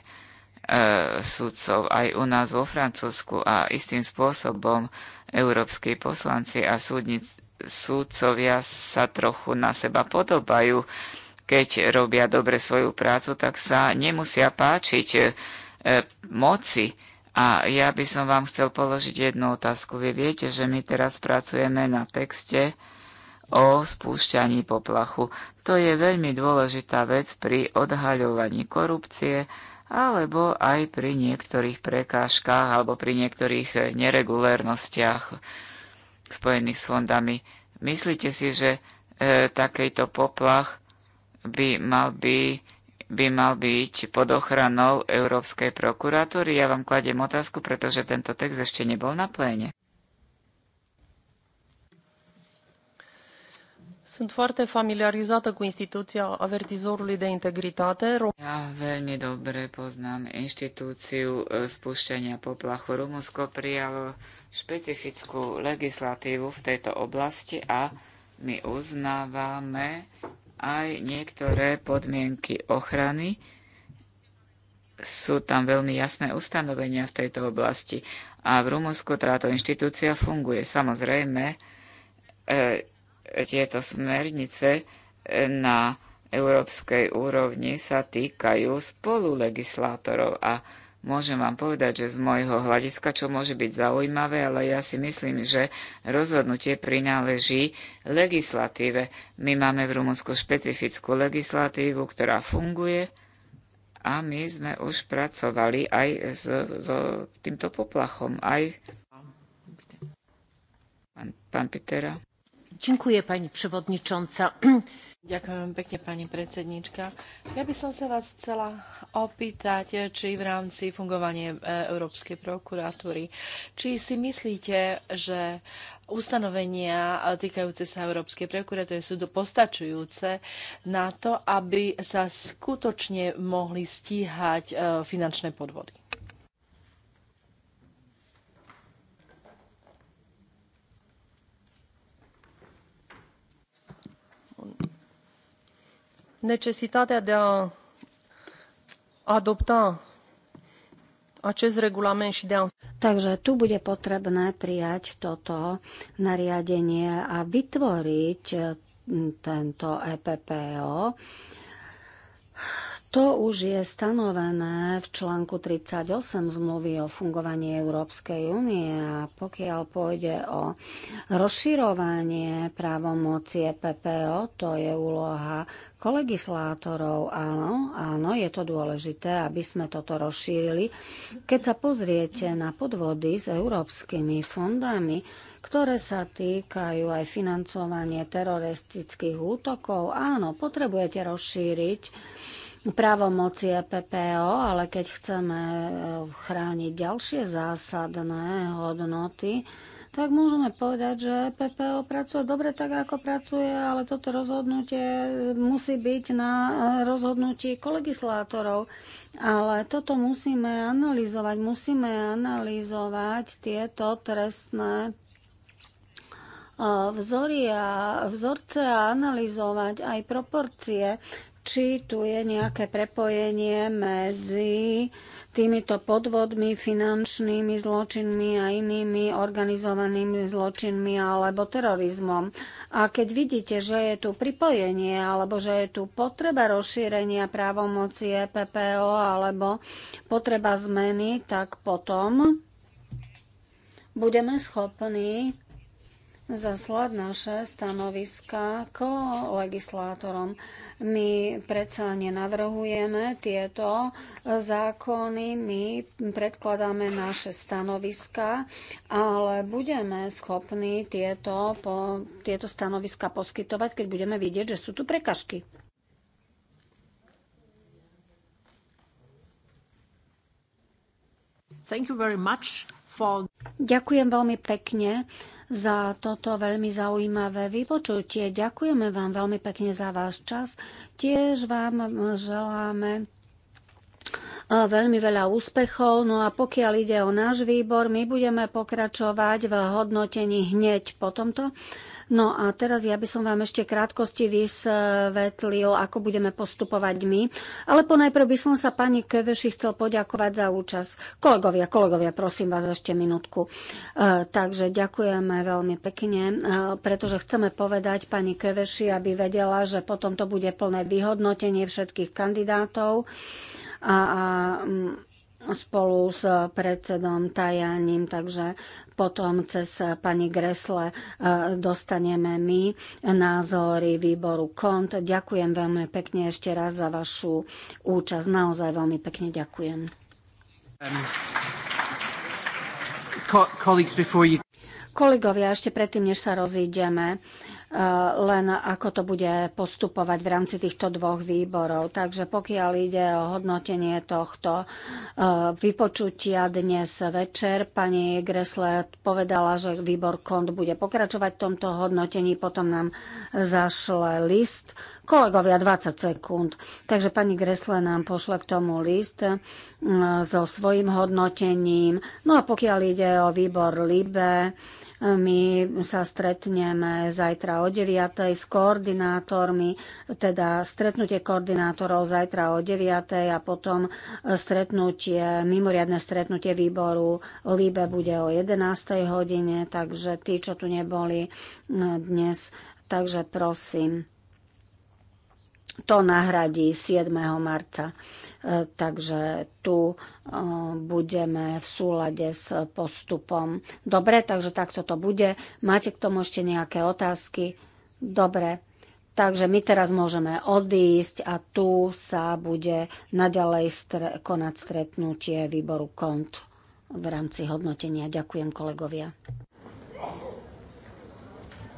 sudcov aj u nás vo Francúzsku a istým spôsobom európsky poslanci a súdnic, súdcovia sa trochu na seba podobajú. Keď robia dobre svoju prácu, tak sa nemusia páčiť e, moci a ja by som vám chcel položiť jednu otázku. Vy viete, že my teraz pracujeme na texte o spúšťaní poplachu. To je veľmi dôležitá vec pri odhaľovaní korupcie alebo aj pri niektorých prekážkách alebo pri niektorých neregulérnostiach spojených s fondami. Myslíte si, že e, takýto poplach by mal byť by mal byť pod ochranou Európskej prokuratúry. Ja vám kladiem otázku, pretože tento text ešte nebol na pléne. Sunt foarte familiarizată cu instituția avertizorului de integritate. Ja veľmi dobre poznám inštitúciu e, spúšťania poplachu. Rumunsko prijalo špecifickú legislatívu v tejto oblasti a my uznávame aj niektoré podmienky ochrany. Sú tam veľmi jasné ustanovenia v tejto oblasti. A v Rumunsku táto inštitúcia funguje. Samozrejme, e, tieto smernice e, na európskej úrovni sa týkajú spolulegislátorov a legislátorov môžem vám povedať, že z môjho hľadiska, čo môže byť zaujímavé, ale ja si myslím, že rozhodnutie prináleží legislatíve. My máme v Rumunsku špecifickú legislatívu, ktorá funguje a my sme už pracovali aj s, s týmto poplachom, aj pán, pán Pitera. Ďakujem, pani przewodnicząca. Ďakujem pekne, pani predsednička. Ja by som sa vás chcela opýtať, či v rámci fungovania e, Európskej prokuratúry, či si myslíte, že ustanovenia e, týkajúce sa Európskej prokuratúry sú postačujúce na to, aby sa skutočne mohli stíhať e, finančné podvody? necesitatea de a adopta acest regulament și de a... Takže tu bude potrebné prijať toto nariadenie a vytvoriť tento EPPO to už je stanovené v článku 38 zmluvy o fungovaní Európskej únie a pokiaľ pôjde o rozširovanie právomoci e PPO, to je úloha kolegislátorov. Áno, áno, je to dôležité, aby sme toto rozšírili. Keď sa pozriete na podvody s európskymi fondami, ktoré sa týkajú aj financovanie teroristických útokov, áno, potrebujete rozšíriť právomoci e PPO, ale keď chceme e, chrániť ďalšie zásadné hodnoty, tak môžeme povedať, že e PPO pracuje dobre tak, ako pracuje, ale toto rozhodnutie musí byť na rozhodnutí kolegislátorov. Ale toto musíme analyzovať. Musíme analyzovať tieto trestné vzory a vzorce a analyzovať aj proporcie či tu je nejaké prepojenie medzi týmito podvodmi, finančnými zločinmi a inými organizovanými zločinmi alebo terorizmom. A keď vidíte, že je tu pripojenie alebo že je tu potreba rozšírenia právomoci EPPO alebo potreba zmeny, tak potom budeme schopní zaslať naše stanoviska k legislátorom. My predsa nenavrhujeme tieto zákony, my predkladáme naše stanoviska, ale budeme schopní tieto, po, tieto stanoviska poskytovať, keď budeme vidieť, že sú tu prekažky. Thank you very much. Ďakujem veľmi pekne za toto veľmi zaujímavé vypočutie. Ďakujeme vám veľmi pekne za váš čas. Tiež vám želáme e, veľmi veľa úspechov. No a pokiaľ ide o náš výbor, my budeme pokračovať v hodnotení hneď po tomto. No a teraz ja by som vám ešte krátkosti vysvetlil, ako budeme postupovať my. Ale ponajprv by som sa pani Keveši chcel poďakovať za účasť. Kolegovia, kolegovia, prosím vás ešte minútku. E, takže ďakujeme veľmi pekne, e, pretože chceme povedať pani Keveši, aby vedela, že potom to bude plné vyhodnotenie všetkých kandidátov. A, a mm, spolu s predsedom Tajaním, takže potom cez pani Gresle e, dostaneme my názory výboru KONT. Ďakujem veľmi pekne ešte raz za vašu účasť. Naozaj veľmi pekne ďakujem. Um, kolegovia, ešte predtým, než sa rozídeme, Eh, len ako to bude postupovať v rámci týchto dvoch výborov. Takže pokiaľ ide o hodnotenie tohto eh, vypočutia dnes večer, pani Gresle povedala, že výbor KOND bude pokračovať v tomto hodnotení, potom nám zašle list, kolegovia 20 sekúnd. Takže pani Gresle nám pošle k tomu list eh, so svojím hodnotením. No a pokiaľ ide o výbor LIBE, my sa stretneme zajtra o 9. s koordinátormi, teda stretnutie koordinátorov zajtra o 9. a potom stretnutie, mimoriadne stretnutie výboru Líbe bude o 11. hodine, takže tí, čo tu neboli dnes, takže prosím, to nahradí 7. marca takže tu e, budeme v súlade s postupom. Dobre, takže takto to bude. Máte k tomu ešte nejaké otázky? Dobre. Takže my teraz môžeme odísť a tu sa bude naďalej str- konať stretnutie výboru KONT v rámci hodnotenia. Ďakujem kolegovia.